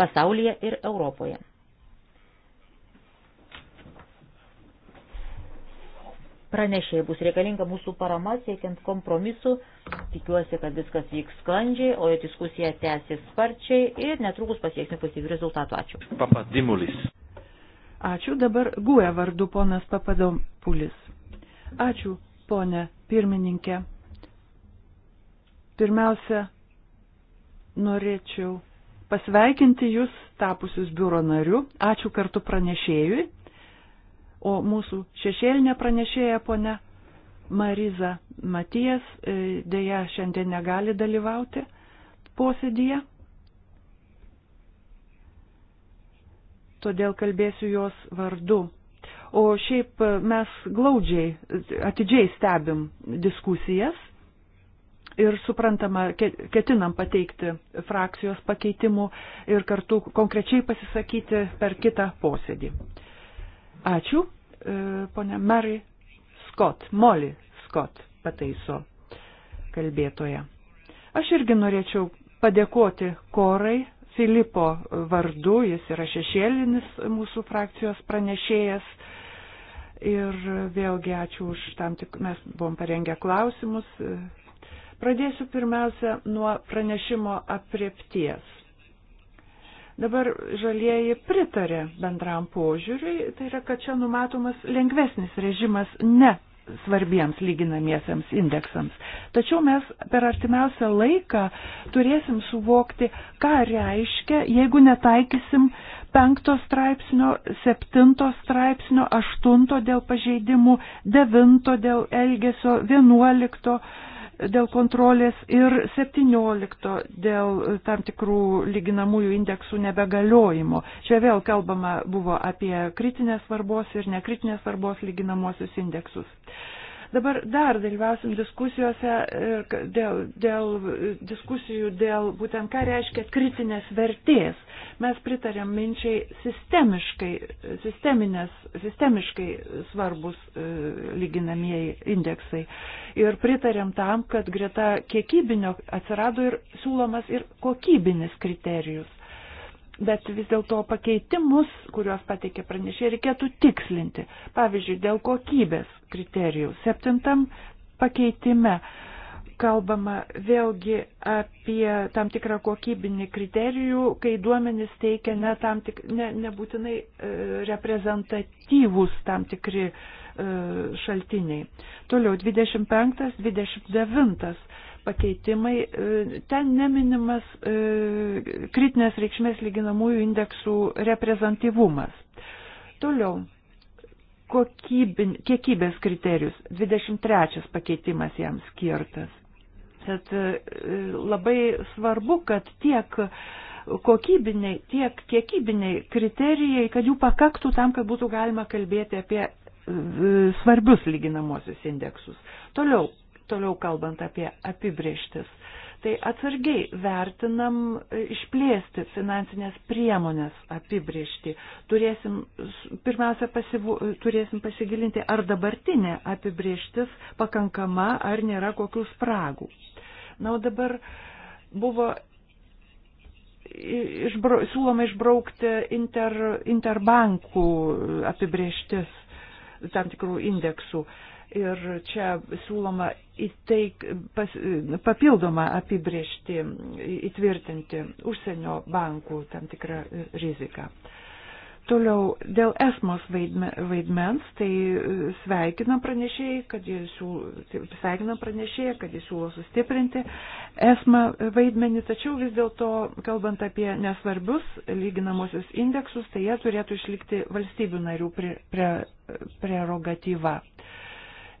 pasaulyje ir Europoje. Pranešėjai bus reikalinga mūsų parama siekiant kompromisu. Tikiuosi, kad viskas vyks sklandžiai, o diskusija tęsis sparčiai ir netrukus pasieksime pozityvių rezultatų. Ačiū. Papadimulis. Ačiū dabar guė vardu ponas Papadopulis. Ačiū, ponė pirmininkė. Pirmiausia, norėčiau pasveikinti Jūs tapusius biuro nariu. Ačiū kartu pranešėjui. O mūsų šešėlinė pranešėja ponia Mariza Matijas e, dėja šiandien negali dalyvauti posėdyje. Todėl kalbėsiu jos vardu. O šiaip mes glaudžiai, atidžiai stebim diskusijas ir suprantama, ketinam pateikti frakcijos pakeitimų ir kartu konkrečiai pasisakyti per kitą posėdį. Ačiū, e, ponia Mary Scott, Molly Scott pataiso kalbėtoja. Aš irgi norėčiau padėkoti Korai Filipo vardu, jis yra šešėlinis mūsų frakcijos pranešėjas. Ir vėlgi ačiū už tam tik, mes buvom parengę klausimus, Pradėsiu pirmiausia nuo pranešimo apriepties. Dabar žalieji pritarė bendram požiūriui, tai yra, kad čia numatomas lengvesnis režimas ne svarbiems lyginamiesiems indeksams. Tačiau mes per artimiausią laiką turėsim suvokti, ką reiškia, jeigu netaikysim penkto straipsnio, septinto straipsnio, aštunto dėl pažeidimų, devinto dėl elgesio, vienuolikto dėl kontrolės ir 17 dėl tam tikrų lyginamųjų indeksų nebegaliojimo. Čia vėl kalbama buvo apie kritinės svarbos ir nekritinės svarbos lyginamosius indeksus. Dabar dar dalyvausim diskusijose e, dėl, dėl diskusijų dėl būtent ką reiškia kritinės vertės. Mes pritarėm minčiai sistemiškai, sistemiškai svarbus e, lyginamieji indeksai. Ir pritarėm tam, kad greta kiekybinio atsirado ir siūlomas ir kokybinis kriterijus bet vis dėlto pakeitimus, kuriuos pateikė pranešė, reikėtų tikslinti. Pavyzdžiui, dėl kokybės kriterijų. Septintam pakeitime kalbama vėlgi apie tam tikrą kokybinį kriterijų, kai duomenys teikia ne, tam tik, ne, nebūtinai e, reprezentatyvus tam tikri e, šaltiniai. Toliau 25-29 pakeitimai, e, ten neminimas e, kritinės reikšmės lyginamųjų indeksų reprezentatyvumas. Toliau, kokybin, kiekybės kriterijus, 23 pakeitimas jam skirtas. Tad e, labai svarbu, kad tiek kokybiniai, tiek kiekybiniai kriterijai, kad jų pakaktų tam, kad būtų galima kalbėti apie svarbius lyginamosius indeksus. Toliau, toliau kalbant apie apibrieštis. Tai atsargiai vertinam e, išplėsti finansinės priemonės apibriešti. Turėsim, pirmiausia, pasivu, turėsim pasigilinti, ar dabartinė apibrieštis pakankama, ar nėra kokių spragų. Na, o dabar buvo išbra, siūloma išbraukti inter, interbankų apibrieštis tam tikrų indeksų. Ir čia siūloma įteik, pas, papildomą apibriežti, įtvirtinti užsienio bankų tam tikrą riziką. Toliau, dėl esmos vaidmens, tai sveikina pranešėjai, kad jis sveikina pranešėjai, kad jis siūlo sustiprinti esmą vaidmenį, tačiau vis dėlto, kalbant apie nesvarbius lyginamosius indeksus, tai jie turėtų išlikti valstybių narių prerogatyva. Pre, pre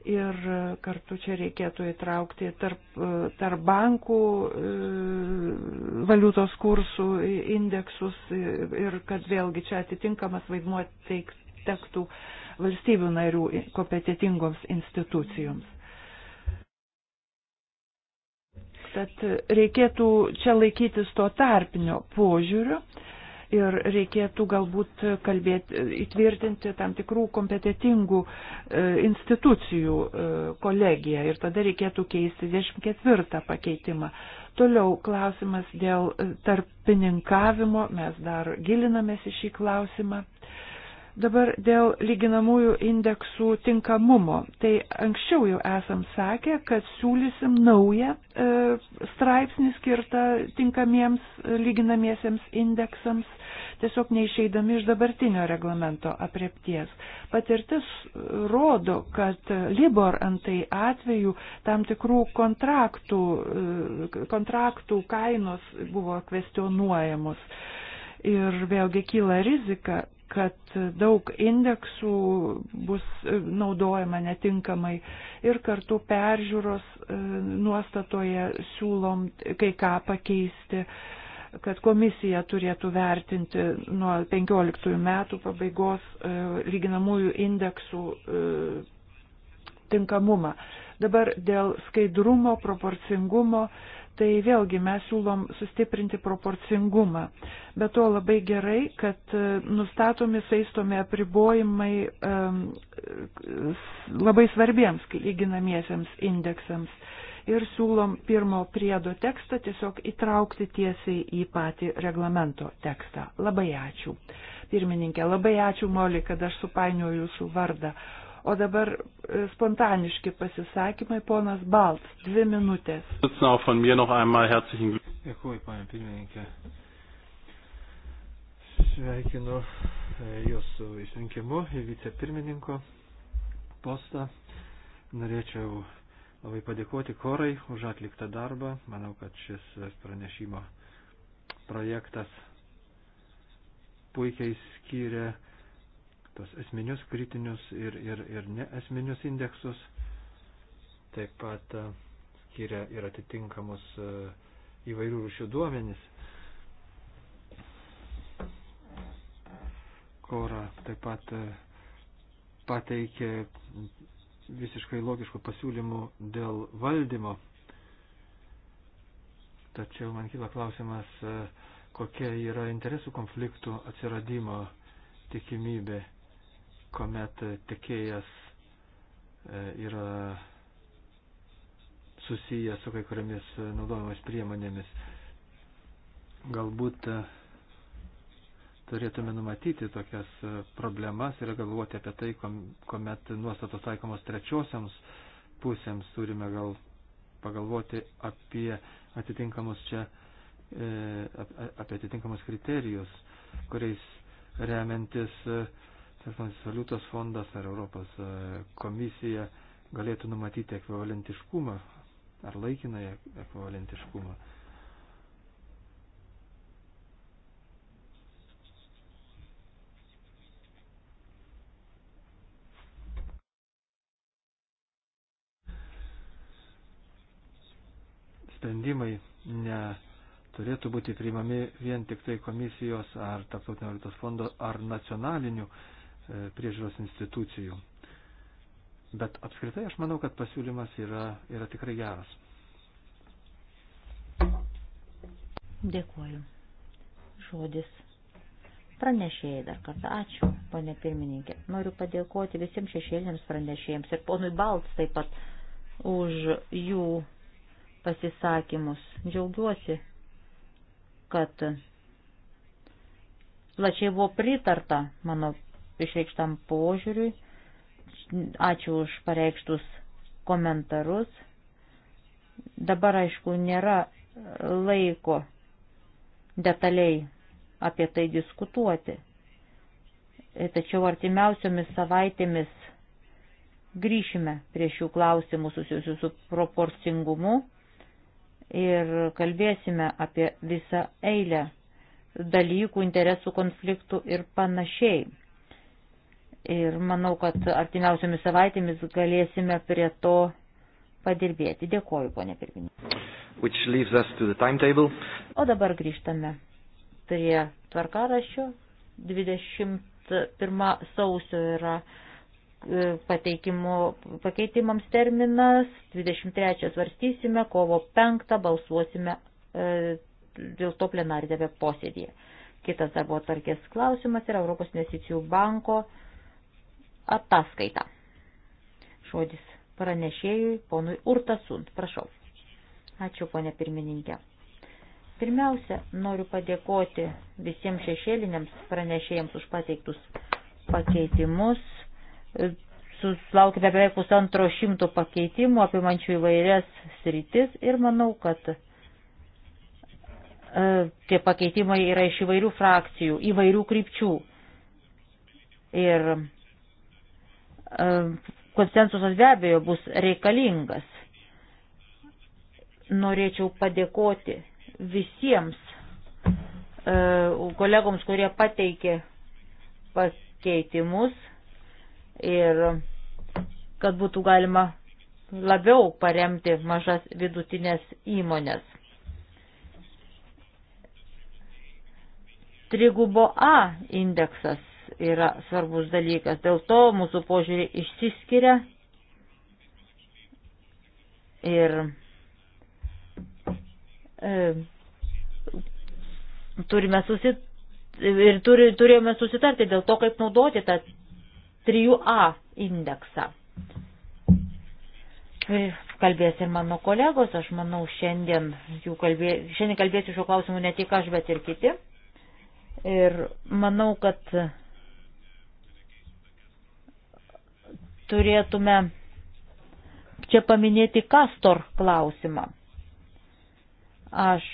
ir e, kartu čia reikėtų įtraukti tarp, e, tarp bankų e, valiutos kursų indeksus ir kad vėlgi čia atitinkamas vaidmuo teiks, tektų valstybių narių kompetitingoms institucijoms. Tad reikėtų čia laikytis to tarpinio požiūrio ir reikėtų galbūt kalbėti, įtvirtinti tam tikrų kompetitingų e, institucijų e, kolegiją ir tada reikėtų keisti 24 pakeitimą. Toliau klausimas dėl tarpininkavimo, mes dar gilinamės į šį klausimą. Dabar dėl lyginamųjų indeksų tinkamumo. Tai anksčiau jau esam sakę, kad siūlysim naują e, straipsnį skirtą tinkamiems lyginamiesiems indeksams tiesiog neišeidami iš dabartinio reglamento apriepties. Patirtis rodo, kad Libor antai atveju tam tikrų kontraktų, e, kontraktų kainos buvo kvestionuojamos. Ir vėlgi kyla rizika, kad daug indeksų bus naudojama netinkamai ir kartu peržiūros e, nuostatoje siūlom kai ką pakeisti kad komisija turėtų vertinti nuo 15 metų pabaigos e, lyginamųjų indeksų e, tinkamumą. Dabar dėl skaidrumo, proporcingumo, tai vėlgi mes siūlom sustiprinti proporcingumą. Be to labai gerai, kad e, nustatomi saistomi apribojimai um, labai svarbiems lyginamiesiams indeksams ir siūlom pirmo priedo tekstą tiesiog įtraukti tiesiai į patį reglamento tekstą. Labai ačiū. Pirmininkė, labai ačiū, Moli, kad aš supainioju jūsų vardą. O dabar e, spontaniški pasisakymai, ponas Balts, dvi minutės. Dėkui, panė pirmininkė. Sveikinu e, jūsų išrinkimu į vicepirmininko postą. Norėčiau labai padėkoti Korai už atliktą darbą. Manau, kad šis pranešimo projektas puikiai skiria tos esminius, kritinius ir, ir, ir neesminius indeksus. Taip pat e, skiria ir atitinkamus e, įvairių rušių duomenis. Kora taip pat e, pateikė visiškai logiškų pasiūlymų dėl valdymo. Tačiau man kyla klausimas, e, kokia yra interesų konfliktų atsiradimo tikimybė, kuomet tekėjas e, yra susijęs su kai kuriamis naudojamas priemonėmis. Galbūt uh, turėtume numatyti tokias e, problemas ir galvoti apie tai, kuomet nuostatos taikomos trečiosiams pusėms, turime gal pagalvoti apie atitinkamus čia, e, apie atitinkamus kriterijus, kuriais remiantis e, Tarptautinis valiutos fondas ar Europos komisija galėtų numatyti ekvivalentiškumą ar laikinąją ekvivalentiškumą. sprendimai neturėtų būti priimami vien tik tai komisijos ar Tarptautinio valiutos fondo ar nacionalinių e, priežiūros institucijų. Bet apskritai aš manau, kad pasiūlymas yra, yra tikrai geras. Dėkuoju. Žodis. Pranešėjai dar kartą. Ačiū, ponė pirmininkė. Noriu padėkoti visiems šešėliniams pranešėjams ir ponui Balts taip pat už jų pasisakymus. Džiaugiuosi, kad plačiai buvo pritarta mano išreikštam požiūriui. Ačiū už pareikštus komentarus. Dabar, aišku, nėra laiko detaliai apie tai diskutuoti. Tačiau artimiausiomis savaitėmis grįšime prie šių klausimų susijusių su proporcingumu ir kalbėsime apie visą eilę dalykų, interesų konfliktų ir panašiai. Ir manau, kad artimiausiomis savaitėmis galėsime prie to padirbėti. Dėkoju, ponė pirmininkė. O dabar grįžtame prie tvarkaraščio. 21 sausio yra pateikimo pakeitimams terminas, 23 svarstysime, kovo 5 balsuosime e, dėl to plenarinėme posėdėje. Kitas darbo tarkės klausimas yra Europos investicijų banko ataskaita. Žodis pranešėjui ponui Urtasun. Prašau. Ačiū, ponė pirmininkė. Pirmiausia, noriu padėkoti visiems šešėliniams pranešėjams už pateiktus pakeitimus susilaukite beveik pusantro šimto pakeitimų apimančių įvairias sritis ir manau, kad e, tie pakeitimai yra iš įvairių frakcijų, įvairių krypčių. Ir e, konsensusas be abejo bus reikalingas. Norėčiau padėkoti visiems e, kolegoms, kurie pateikė pakeitimus ir kad būtų galima labiau paremti mažas vidutinės įmonės. Trigubo A indeksas yra svarbus dalykas, dėl to mūsų požiūrį išsiskiria ir e, turime susitikti ir turi, turėjome susitarti dėl to, kaip naudoti tą 3A indeksą. E, kalbės ir mano kolegos, aš manau, šiandien, kalbė, šiandien kalbėsiu šio klausimu ne tik aš, bet ir kiti. Ir manau, kad turėtume čia paminėti kastor klausimą. Aš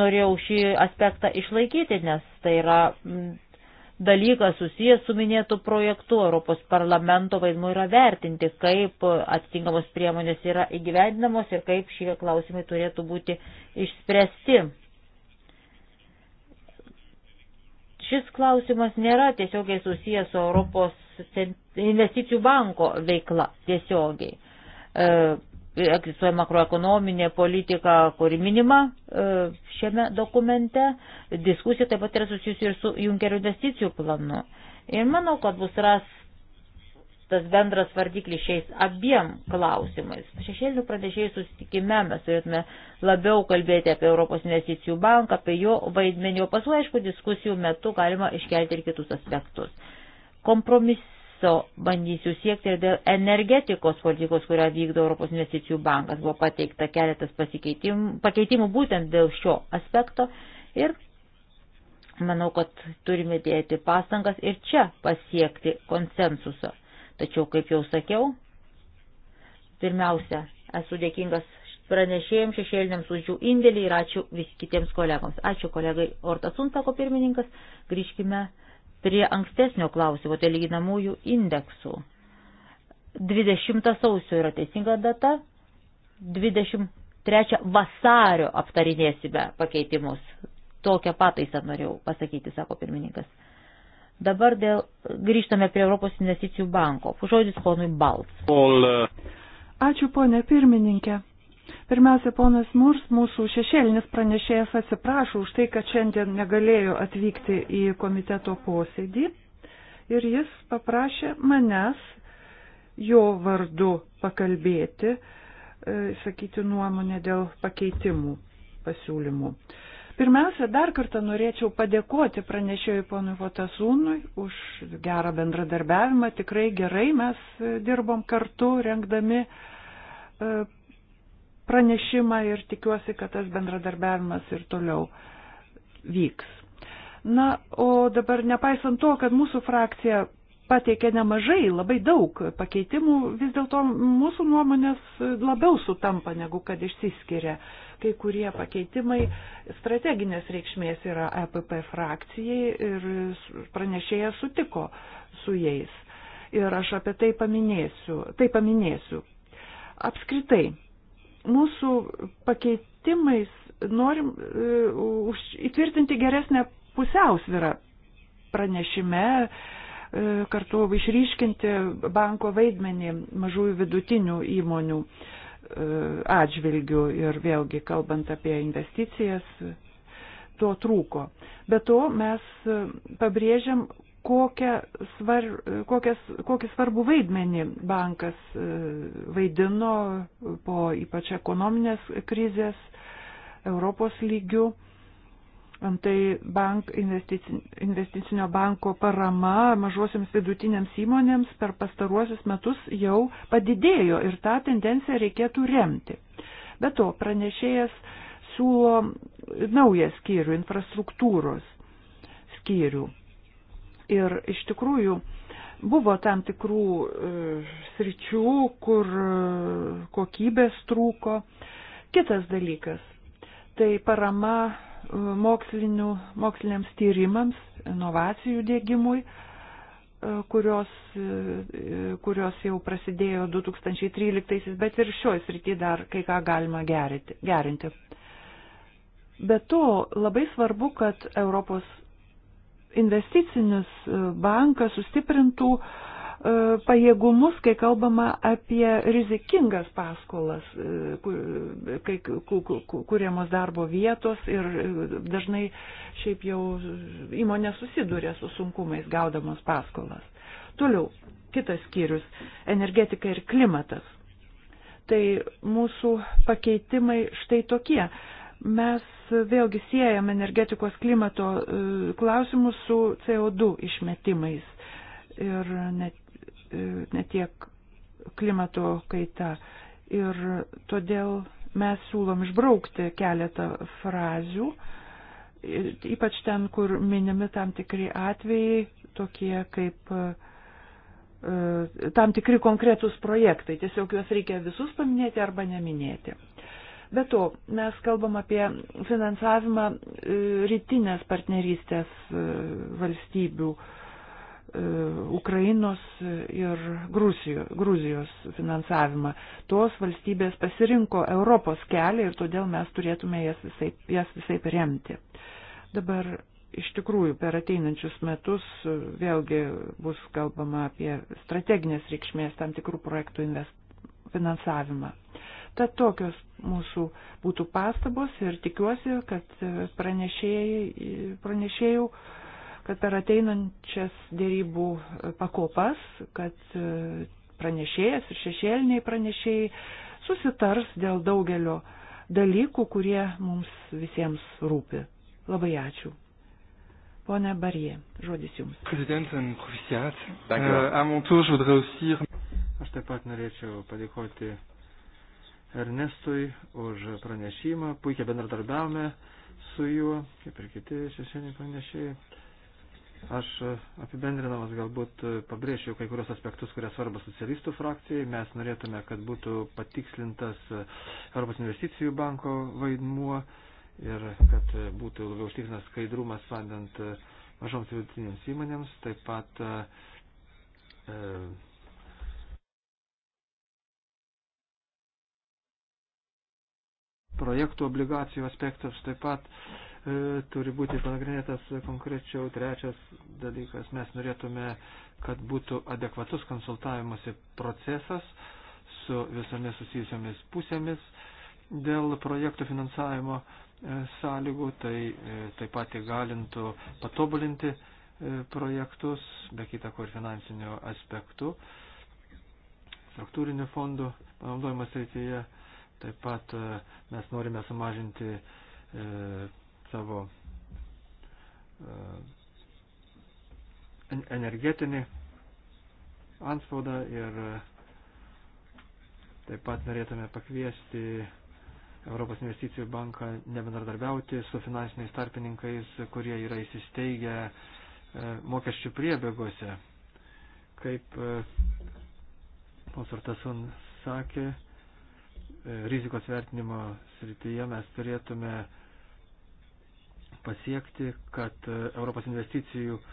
norėjau šį aspektą išlaikyti, nes tai yra dalykas susijęs su minėtų projektu. Europos parlamento vaidmuo yra vertinti, kaip atitinkamos priemonės yra įgyvendinamos ir kaip šie klausimai turėtų būti išspręsti. Šis klausimas nėra tiesiogiai susijęs su Europos investicijų banko veikla tiesiogiai. E, egzistuoja makroekonominė politika, kuri minima e, šiame dokumente. Diskusija taip pat yra susijusi ir su Junkerio investicijų planu. Ir manau, kad bus rastas bendras vardiklis šiais abiem klausimais. Šešėlinių pranešėjų susitikime mes turėtume labiau kalbėti apie Europos investicijų banką, apie jo vaidmenį, o paskui, aišku, diskusijų metu galima iškelti ir kitus aspektus. Kompromis kompromiso bandysiu siekti ir dėl energetikos politikos, kurią vykdo Europos investicijų bankas. Buvo pateikta keletas pakeitimų būtent dėl šio aspekto ir manau, kad turime dėti pastangas ir čia pasiekti konsensusą. Tačiau, kaip jau sakiau, pirmiausia, esu dėkingas pranešėjams šešėliniams už jų indėlį ir ačiū vis kitiems kolegoms. Ačiū kolegai Ortasun, sako pirmininkas. Grįžkime prie ankstesnio klausimo, tai lyginamųjų indeksų. 20 sausio yra teisinga data, 23 vasario aptarinėsime pakeitimus. Tokią pataisą norėjau pasakyti, sako pirmininkas. Dabar dėl, grįžtame prie Europos investicijų banko. Žodis ponui Balts. Ačiū ponė pirmininkė. Pirmiausia, ponas Murs, mūsų šešėlinis pranešėjas, atsiprašo už tai, kad šiandien negalėjo atvykti į komiteto posėdį. Ir jis paprašė manęs jo vardu pakalbėti, e, sakyti nuomonę dėl pakeitimų pasiūlymų. Pirmiausia, dar kartą norėčiau padėkoti pranešėjui ponui Votasūnui už gerą bendradarbiavimą. Tikrai gerai mes dirbom kartu, rengdami e, pranešimą ir tikiuosi, kad tas bendradarbiavimas ir toliau vyks. Na, o dabar nepaisant to, kad mūsų frakcija pateikė nemažai, labai daug pakeitimų, vis dėlto mūsų nuomonės labiau sutampa, negu kad išsiskiria. Kai kurie pakeitimai strateginės reikšmės yra EPP frakcijai ir pranešėjas sutiko su jais. Ir aš apie tai paminėsiu. Tai paminėsiu. Apskritai, mūsų pakeitimais norim uh, įtvirtinti geresnę pusiausvyrą pranešime, uh, kartu išryškinti banko vaidmenį mažųjų vidutinių įmonių uh, atžvilgių ir vėlgi kalbant apie investicijas, to trūko. Be to mes pabrėžiam kokią svar, kokias, kokį svarbų vaidmenį bankas e, vaidino po ypač ekonominės krizės Europos lygių. Antai bank, investicinio banko parama mažosiams vidutinėms įmonėms per pastaruosius metus jau padidėjo ir tą tendenciją reikėtų remti. Be to, pranešėjas siūlo naują skyrių, infrastruktūros skyrių Ir iš tikrųjų buvo tam tikrų e, sričių, kur e, kokybės trūko. Kitas dalykas - tai parama e, moksliniams tyrimams, inovacijų dėgymui, kurios, kurios jau prasidėjo 2013, bet ir šioj srity dar kai ką galima gerinti. Be to, labai svarbu, kad Europos investicinis e, bankas sustiprintų e, pajėgumus, kai kalbama apie rizikingas paskolas, e, kai kūriamos darbo vietos ir dažnai šiaip jau įmonė susiduria su sunkumais gaudamos paskolas. Toliau, kitas skyrius - energetika ir klimatas. Tai mūsų pakeitimai štai tokie mes vėlgi siejam energetikos klimato e, klausimus su CO2 išmetimais ir net, e, ne tiek klimato kaita. Ir todėl mes siūlom išbraukti keletą frazių, e, ypač ten, kur minimi tam tikri atvejai, tokie kaip tam tikri konkretūs projektai. Tiesiog juos reikia visus paminėti arba neminėti. Be to, mes kalbam apie finansavimą e, rytinės partnerystės e, valstybių, e, Ukrainos ir Grūsijos, Grūzijos finansavimą. Tos valstybės pasirinko Europos kelią ir todėl mes turėtume jas visai, jas visai remti. Dabar iš tikrųjų per ateinančius metus vėlgi bus kalbama apie strateginės reikšmės tam tikrų projektų invest, finansavimą. Tad tokios mūsų būtų pastabos ir tikiuosi, kad pranešėjau, kad per ateinančias dėrybų pakopas, kad pranešėjas ir šešėliniai pranešėjai susitars dėl daugelio dalykų, kurie mums visiems rūpi. Labai ačiū. Pone Barie, žodis Jums. Aš taip pat norėčiau padėkoti Ernestui už pranešimą. Puikiai bendradarbiavome su juo, kaip ir kiti šešėniai pranešėjai. Aš apibendrinamas galbūt pabrėžiau kai kurios aspektus, kurie svarbus socialistų frakcijai. Mes norėtume, kad būtų patikslintas Europos investicijų banko vaidmuo ir kad būtų labiau užtikrinas skaidrumas vandant mažoms vidutinėms įmonėms. Taip pat e, projektų obligacijų aspektas taip pat e, turi būti panagrinėtas konkrečiau. Trečias dalykas, mes norėtume, kad būtų adekvatus konsultavimosi procesas su visomis susijusiomis pusėmis dėl projektų finansavimo e, sąlygų, tai e, taip pat įgalintų patobulinti e, projektus, be kita ko ir finansinių aspektų, struktūrinių fondų panaudojimas reityje. Tai Taip pat e, mes norime sumažinti e, savo e, energetinį anspaudą ir e, taip pat norėtume pakviesti Europos investicijų banką nebendradarbiauti su finansiniais tarpininkais, kurie yra įsisteigę e, mokesčių priebėgose. Kaip Monsortasun sakė, E, rizikos vertinimo srityje mes turėtume pasiekti, kad e, Europos investicijų e,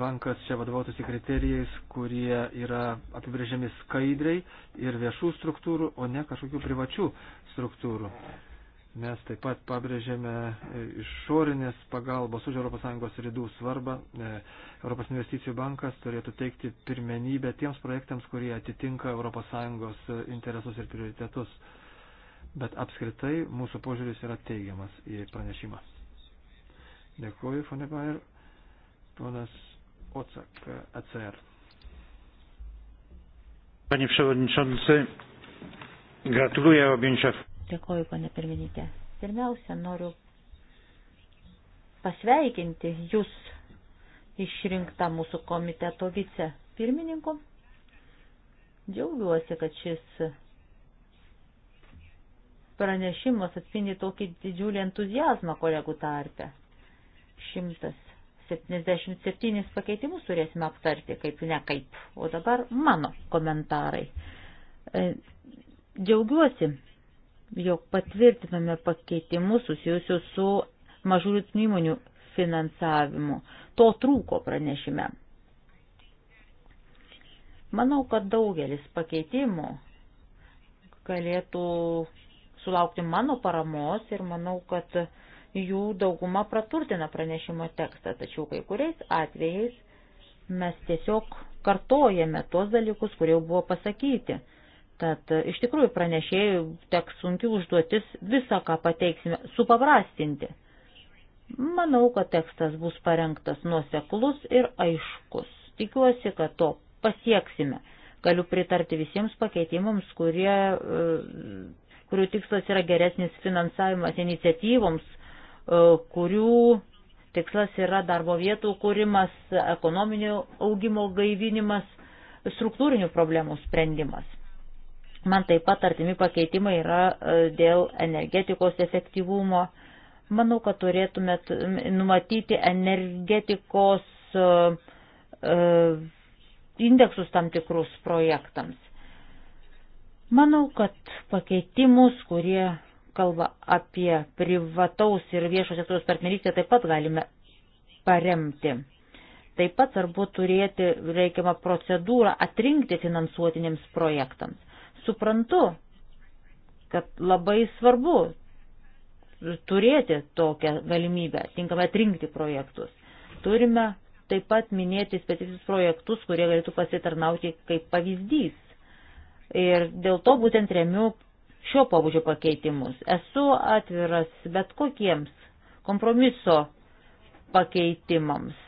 bankas čia vadovautųsi kriterijais, kurie yra apibrėžiami skaidriai ir viešų struktūrų, o ne kažkokių privačių struktūrų. Mes taip pat pabrėžėme e, išorinės pagalbos už ES rydų svarbą. E, Europos investicijų bankas turėtų teikti pirmenybę tiems projektams, kurie atitinka ES interesus ir prioritetus. Bet apskritai mūsų požiūris yra teigiamas į pranešimą. Dėkuoju, Fonebair. Ponas Ocak, ACR. E Panie Przewodniczący, gratuluję objęcia. Dėkoju, pane pirmininkė. Pirmiausia, noriu pasveikinti jūs išrinktą mūsų komiteto vice pirmininku. Džiaugiuosi, kad šis pranešimas atspindi tokį didžiulį entuzijazmą kolegų tarpe. 177 pakeitimus turėsime aptarti, kaip ne kaip. O dabar mano komentarai. E, džiaugiuosi jog patvirtinome pakeitimus susijusius su mažų rytinių įmonių finansavimu. To trūko pranešime. Manau, kad daugelis pakeitimų galėtų sulaukti mano paramos ir manau, kad jų dauguma praturtina pranešimo tekstą, tačiau kai kuriais atvejais mes tiesiog kartojame tuos dalykus, kurie jau buvo pasakyti. Tad e, iš tikrųjų pranešėjų teks sunki užduotis visą, ką pateiksime, supaprastinti. Manau, kad tekstas bus parengtas nuoseklus ir aiškus. Tikiuosi, kad to pasieksime. Galiu pritarti visiems pakeitimams, kurie, e, kurių tikslas yra geresnis finansavimas iniciatyvoms, e, kurių tikslas yra darbo vietų kūrimas, ekonominio augimo gaivinimas, struktūrinių problemų sprendimas. Man taip pat artimi pakeitimai yra e, dėl energetikos efektyvumo. Manau, kad turėtumėt numatyti energetikos e, e, indeksus tam tikrus projektams. Manau, kad pakeitimus, kurie kalba apie privataus ir viešo sektoriaus partnerystę, taip pat galime paremti. Taip pat svarbu turėti reikiamą procedūrą atrinkti finansuotinėms projektams suprantu, kad labai svarbu turėti tokią galimybę, tinkamai atrinkti projektus. Turime taip pat minėti specifinius projektus, kurie galėtų pasitarnauti kaip pavyzdys. Ir dėl to būtent remiu šio pabudžio pakeitimus. Esu atviras bet kokiems kompromiso pakeitimams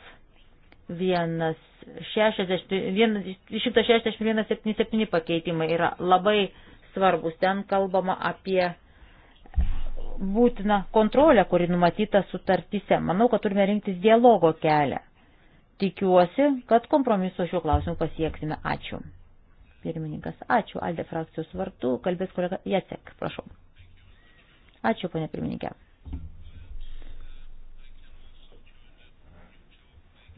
Vienas 161-77 pakeitimai yra labai svarbus. Ten kalbama apie būtiną kontrolę, kuri numatyta sutartyse. Manau, kad turime rinktis dialogo kelią. Tikiuosi, kad kompromiso šiuo klausimu pasieksime. Ačiū. Pirmininkas, ačiū. Alde frakcijos vartų kalbės kolega Jacek, prašau. Ačiū, ponė pirmininkė.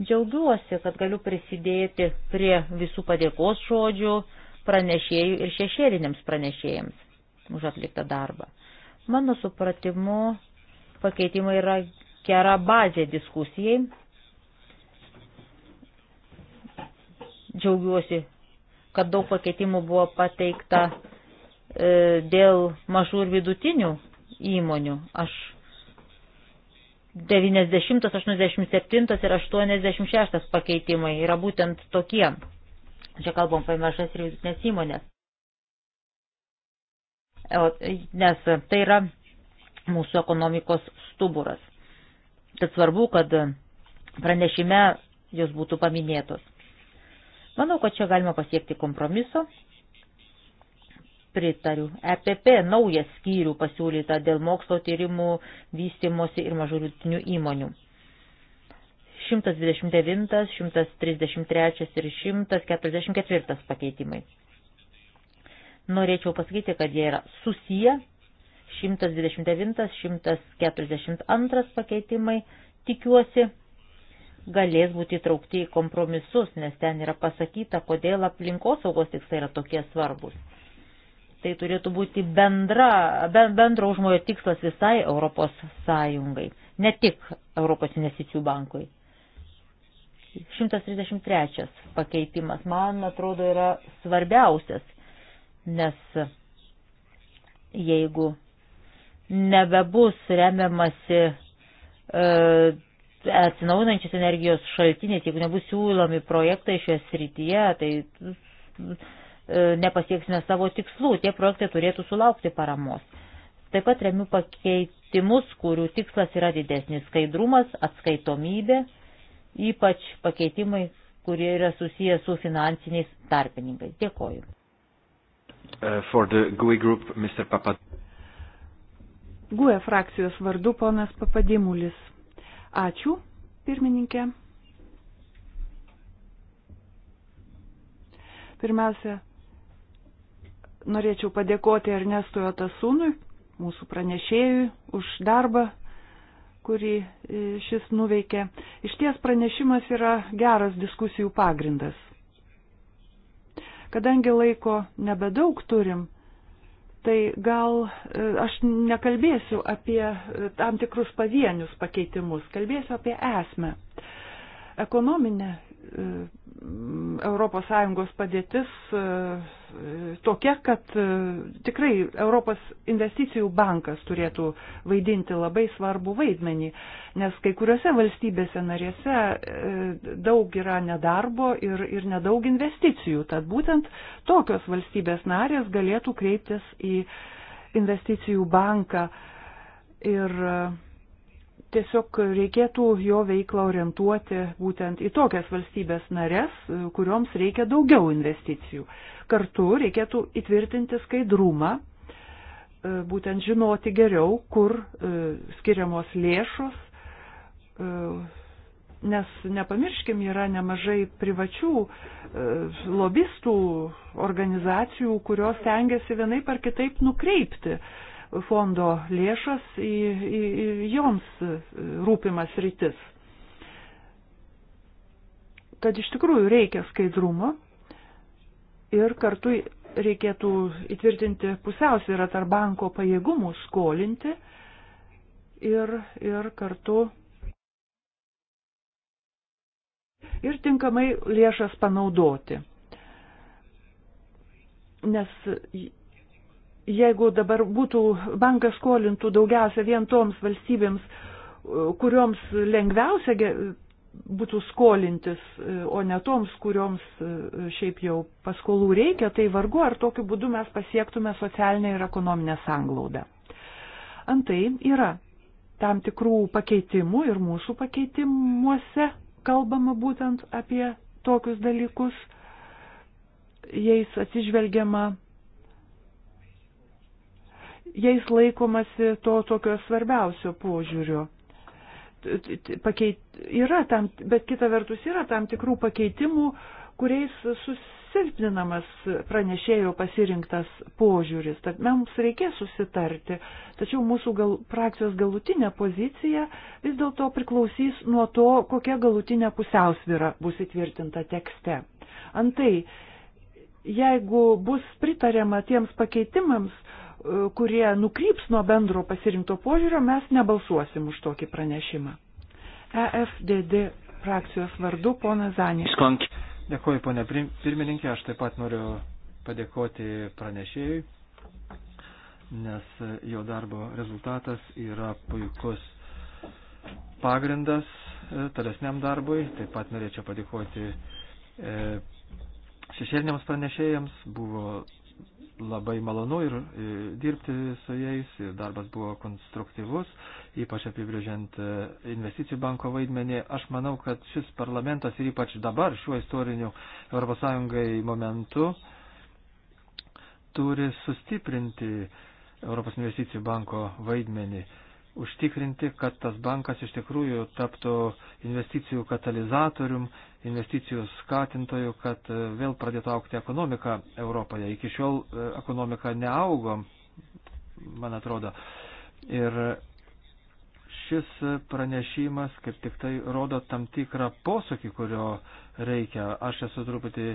Džiaugiuosi, kad galiu prisidėti prie visų padėkos žodžių pranešėjų ir šešėliniams pranešėjams už atliktą darbą. Mano supratimu, pakeitimai yra gera bazė diskusijai. Džiaugiuosi, kad daug pakeitimų buvo pateikta e, dėl mažų ir vidutinių įmonių. Aš 90, 87 ir 86 pakeitimai yra būtent tokie. Čia kalbam apie mažas ir vidutinės įmonės. E, nes tai yra mūsų ekonomikos stuburas. Tad svarbu, kad pranešime jos būtų paminėtos. Manau, kad čia galima pasiekti kompromiso pritariu. EPP naują skyrių pasiūlyta dėl mokslo tyrimų vystimosi ir mažurutinių įmonių. 129, 133 ir 144 pakeitimai. Norėčiau pasakyti, kad jie yra susiję. 129, 142 pakeitimai, tikiuosi, galės būti įtraukti į kompromisus, nes ten yra pasakyta, kodėl aplinkosaugos tikslai yra tokie svarbus. Tai turėtų būti bendra, bendro užmojo tikslas visai Europos Sąjungai, ne tik Europos investicijų bankui. 133 pakeitimas, man atrodo, yra svarbiausias, nes jeigu nebebus remiamasi e, atsinaujinančios energijos šaltiniais, jeigu nebus siūlomi projektai šioje srityje, tai E, nepasieksime savo tikslų, tie projektai turėtų sulaukti paramos. Taip pat remiu pakeitimus, kurių tikslas yra didesnis - skaidrumas, atskaitomybė, ypač pakeitimai, kurie yra susiję su finansiniais tarpininkais. Dėkoju. Uh, group, GUE frakcijos vardu ponas Papadimulis. Ačiū, pirmininkė. Pirmiausia, Norėčiau padėkoti Ernestui Atasūnui, mūsų pranešėjui, už darbą, kurį e, šis nuveikė. Iš ties pranešimas yra geras diskusijų pagrindas. Kadangi laiko nebedaug turim, tai gal e, aš nekalbėsiu apie e, tam tikrus pavienius pakeitimus, kalbėsiu apie esmę. Ekonominė ES padėtis tokia, kad e, tikrai Europos investicijų bankas turėtų vaidinti labai svarbų vaidmenį, nes kai kuriuose valstybėse narėse e, daug yra nedarbo ir, ir nedaug investicijų, tad būtent tokios valstybės narės galėtų kreiptis į investicijų banką ir e, tiesiog reikėtų jo veiklą orientuoti būtent į tokias valstybės narės, kurioms reikia daugiau investicijų. Kartu reikėtų įtvirtinti skaidrumą, e, būtent žinoti geriau, kur e, skiriamos lėšos, e, nes nepamirškim, yra nemažai privačių lobistų organizacijų, kurios tengiasi vienaip ar kitaip nukreipti fondo lėšas į, į, į joms rūpimas rytis. Tad iš tikrųjų reikia skaidrumo ir kartu reikėtų įtvirtinti pusiausvyrą tarp banko pajėgumų skolinti ir, ir kartu ir tinkamai lėšas panaudoti. Nes jeigu dabar būtų bankas skolintų daugiausia vien toms valstybėms, kurioms lengviausia būtų skolintis, o ne toms, kurioms šiaip jau paskolų reikia, tai vargu ar tokiu būdu mes pasiektume socialinę ir ekonominę sanglaudą. Antai yra tam tikrų pakeitimų ir mūsų pakeitimuose kalbama būtent apie tokius dalykus, jais atsižvelgiama jais laikomasi to tokio svarbiausio požiūrio. Pakeit, yra tam, bet kita vertus yra tam tikrų pakeitimų, kuriais susilpninamas pranešėjo pasirinktas požiūris. Tad mums reikės susitarti, tačiau mūsų gal, frakcijos galutinė pozicija vis dėlto priklausys nuo to, kokia galutinė pusiausvyra bus įtvirtinta tekste. Antai, jeigu bus pritariama tiems pakeitimams, kurie nukryps nuo bendro pasirinkto požiūrio, mes nebalsuosim už tokį pranešimą. EFDD frakcijos vardu ponas Zanė. Dėkuoju, ponė pirmininkė, aš taip pat noriu padėkoti pranešėjui, nes jo darbo rezultatas yra puikus pagrindas e, tolesniam darbui. Taip pat norėčiau padėkoti e, šešėliniams pranešėjams, buvo labai malonu ir e, dirbti su jais, ir darbas buvo konstruktyvus, ypač apibrėžiant e, investicijų banko vaidmenį. Aš manau, kad šis parlamentas ir ypač dabar šiuo istoriniu ES momentu turi sustiprinti Europos investicijų banko vaidmenį, užtikrinti, kad tas bankas iš tikrųjų taptų investicijų katalizatorium investicijų skatintojų, kad e, vėl pradėtų aukti ekonomika Europoje. Iki šiol e, ekonomika neaugo, man atrodo. Ir šis pranešimas kaip tik tai rodo tam tikrą posūkį, kurio reikia. Aš esu truputį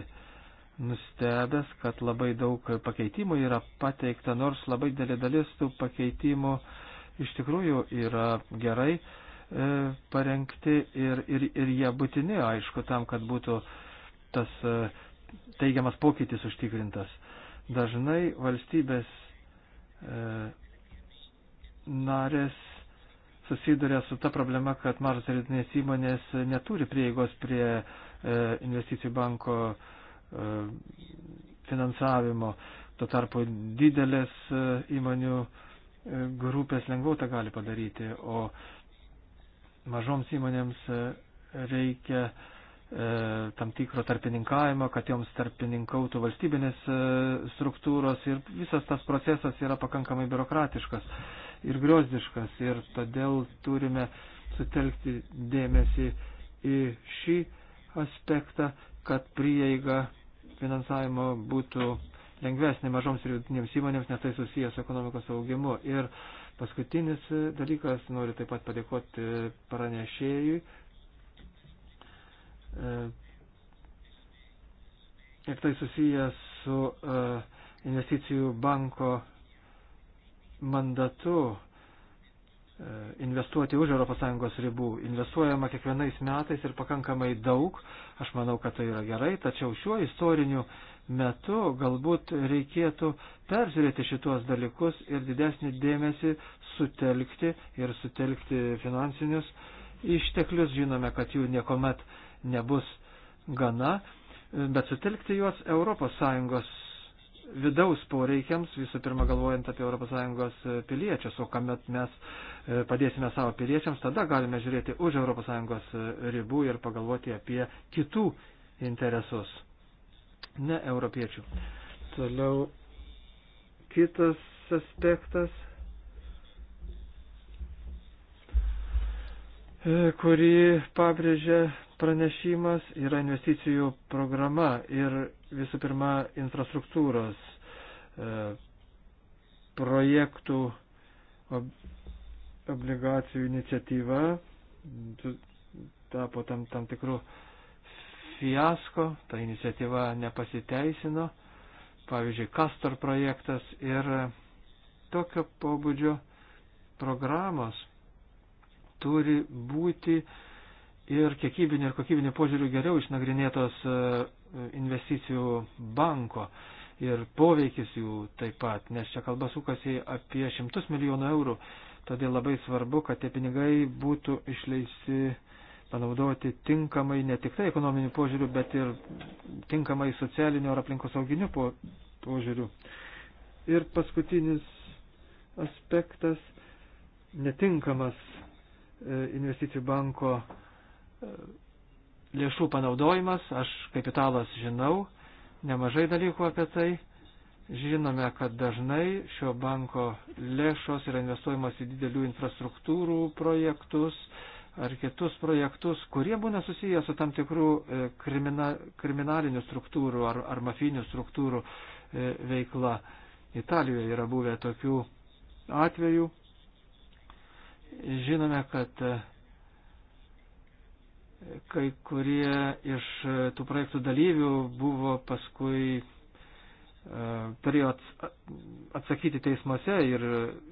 nustebęs, kad labai daug pakeitimų yra pateikta, nors labai dėlė dalis tų pakeitimų iš tikrųjų yra gerai E, parengti ir, ir, ir jie būtini, aišku, tam, kad būtų tas e, teigiamas pokytis užtikrintas. Dažnai valstybės e, narės susiduria su ta problema, kad mažos ir vidutinės įmonės neturi prieigos prie investicijų banko finansavimo. Tuo tarpu didelės įmonių grupės lengviau tą gali padaryti, o mažoms įmonėms e, reikia e, tam tikro tarpininkavimo, kad joms tarpininkautų valstybinės e, struktūros ir visas tas procesas yra pakankamai biurokratiškas ir griozdiškas ir todėl turime sutelkti dėmesį į šį aspektą, kad prieiga finansavimo būtų lengvesnė mažoms ir vidutinėms įmonėms, nes tai susijęs su ekonomikos augimu. Ir e, Paskutinis e, dalykas, noriu taip pat padėkoti pranešėjui. E, ir tai susijęs su e, investicijų banko mandatu investuoti už ES ribų. Investuojama kiekvienais metais ir pakankamai daug. Aš manau, kad tai yra gerai, tačiau šiuo istoriniu uh, metu galbūt reikėtų peržiūrėti šitos dalykus ir didesnį dėmesį sutelkti ir sutelkti finansinius išteklius. Žinome, kad jų niekuomet nebus gana, bet sutelkti juos ES vidaus poreikiams, visų pirma galvojant apie ES piliečius, o kamet mes e, padėsime savo piliečiams, tada galime žiūrėti už ES ribų ir pagalvoti apie kitų interesus ne europiečių. Toliau kitas aspektas, e, kurį pabrėžia pranešimas, yra investicijų programa ir visų pirma infrastruktūros e, projektų obligacijų iniciatyva tapo tam, tam tikrų uh, fiasko, ta iniciatyva nepasiteisino, pavyzdžiui, Kastor projektas ir tokio pobūdžio programos turi būti ir kiekybinė ir kokybinė požiūrių geriau išnagrinėtos e, investicijų banko ir poveikis jų taip pat, nes čia kalba sukasi apie šimtus milijonų eurų, todėl labai svarbu, kad tie pinigai būtų išleisti panaudoti tinkamai ne tik tai ekonominių požiūrių, bet ir tinkamai socialinių ar aplinkos auginių po, požiūrių. Ir paskutinis aspektas - netinkamas e, investicijų banko e, lėšų panaudojimas. Aš kapitalas žinau, nemažai dalykų apie tai. Žinome, kad dažnai šio banko lėšos yra investuojamos į didelių infrastruktūrų projektus, ar kitus projektus, kurie būna susiję su tam tikrų e, krimina, kriminalinių struktūrų ar, ar mafinių struktūrų e, veikla. Italijoje yra buvę tokių atvejų. Žinome, kad e, kai kurie iš tų projektų dalyvių buvo paskui turėjo atsakyti teismuose ir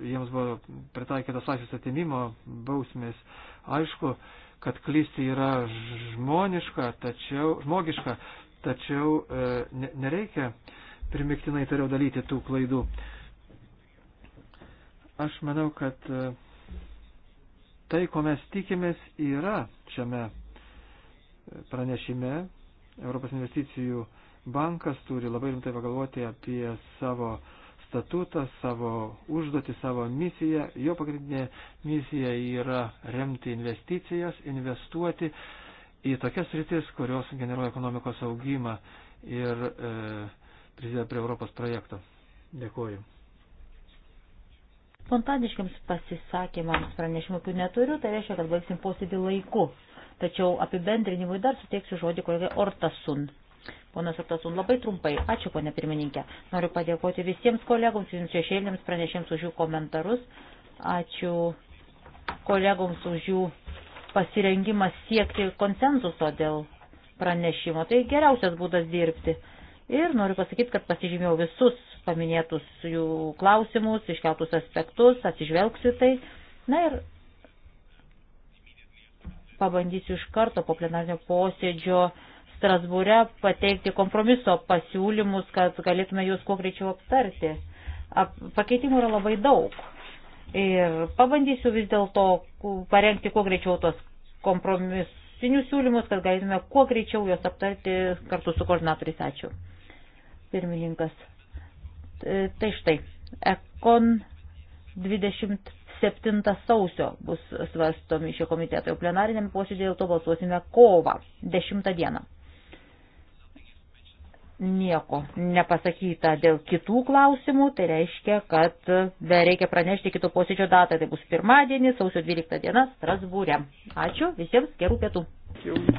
jiems buvo pritaikytas laisvės atimimo bausmės. Aišku, kad klysti yra žmoniška, tačiau, žmogiška, tačiau e, nereikia primiktinai turiu dalyti tų klaidų. Aš manau, kad e, tai, ko mes tikimės, yra šiame pranešime. Europos investicijų bankas turi labai rimtai pagalvoti apie savo e, statutą, savo užduotį, savo misiją. Jo pagrindinė misija yra remti investicijas, investuoti į tokias rytis, kurios generuoja ekonomikos augimą ir e, prisideda prie Europos projekto. Dėkuoju. Spontaniškiams pasisakymams pranešimų, kurių neturiu, tai reiškia, kad baigsim posėdį laiku. Tačiau apibendrinimui dar suteiksiu žodį kolegai Ortasun. Ponas Artasun, labai trumpai, ačiū ponė pirmininkė. Noriu padėkoti visiems kolegoms, jums šešėlėms pranešėms už jų komentarus. Ačiū kolegoms už jų pasirengimą siekti konsensuso dėl pranešimo. Tai geriausias būdas dirbti. Ir noriu pasakyti, kad pasižymėjau visus paminėtus jų klausimus, iškeltus aspektus, atsižvelgsiu tai. Na ir pabandysiu iš karto po plenarnio posėdžio uh, Strasbūre pateikti kompromiso pasiūlymus, kad galėtume juos kuo greičiau aptarti. Pakeitimų yra labai daug. Ir pabandysiu vis dėlto parengti kuo greičiau tos kompromisinius siūlymus, kad galėtume kuo greičiau juos aptarti kartu su koordinatoriais. Ačiū. Pirmininkas. Tai štai. Ekon 27 sausio bus svarstomi šio komiteto plenarinėme posėdėje, dėl to balsuosime kovą 10 dieną nieko nepasakyta dėl kitų klausimų, tai reiškia, kad e, reikia pranešti kito posėdžio datą, tai bus pirmadienį, sausio 12 diena Strasbūrė. Ačiū visiems, gerų pietų. Ačiū.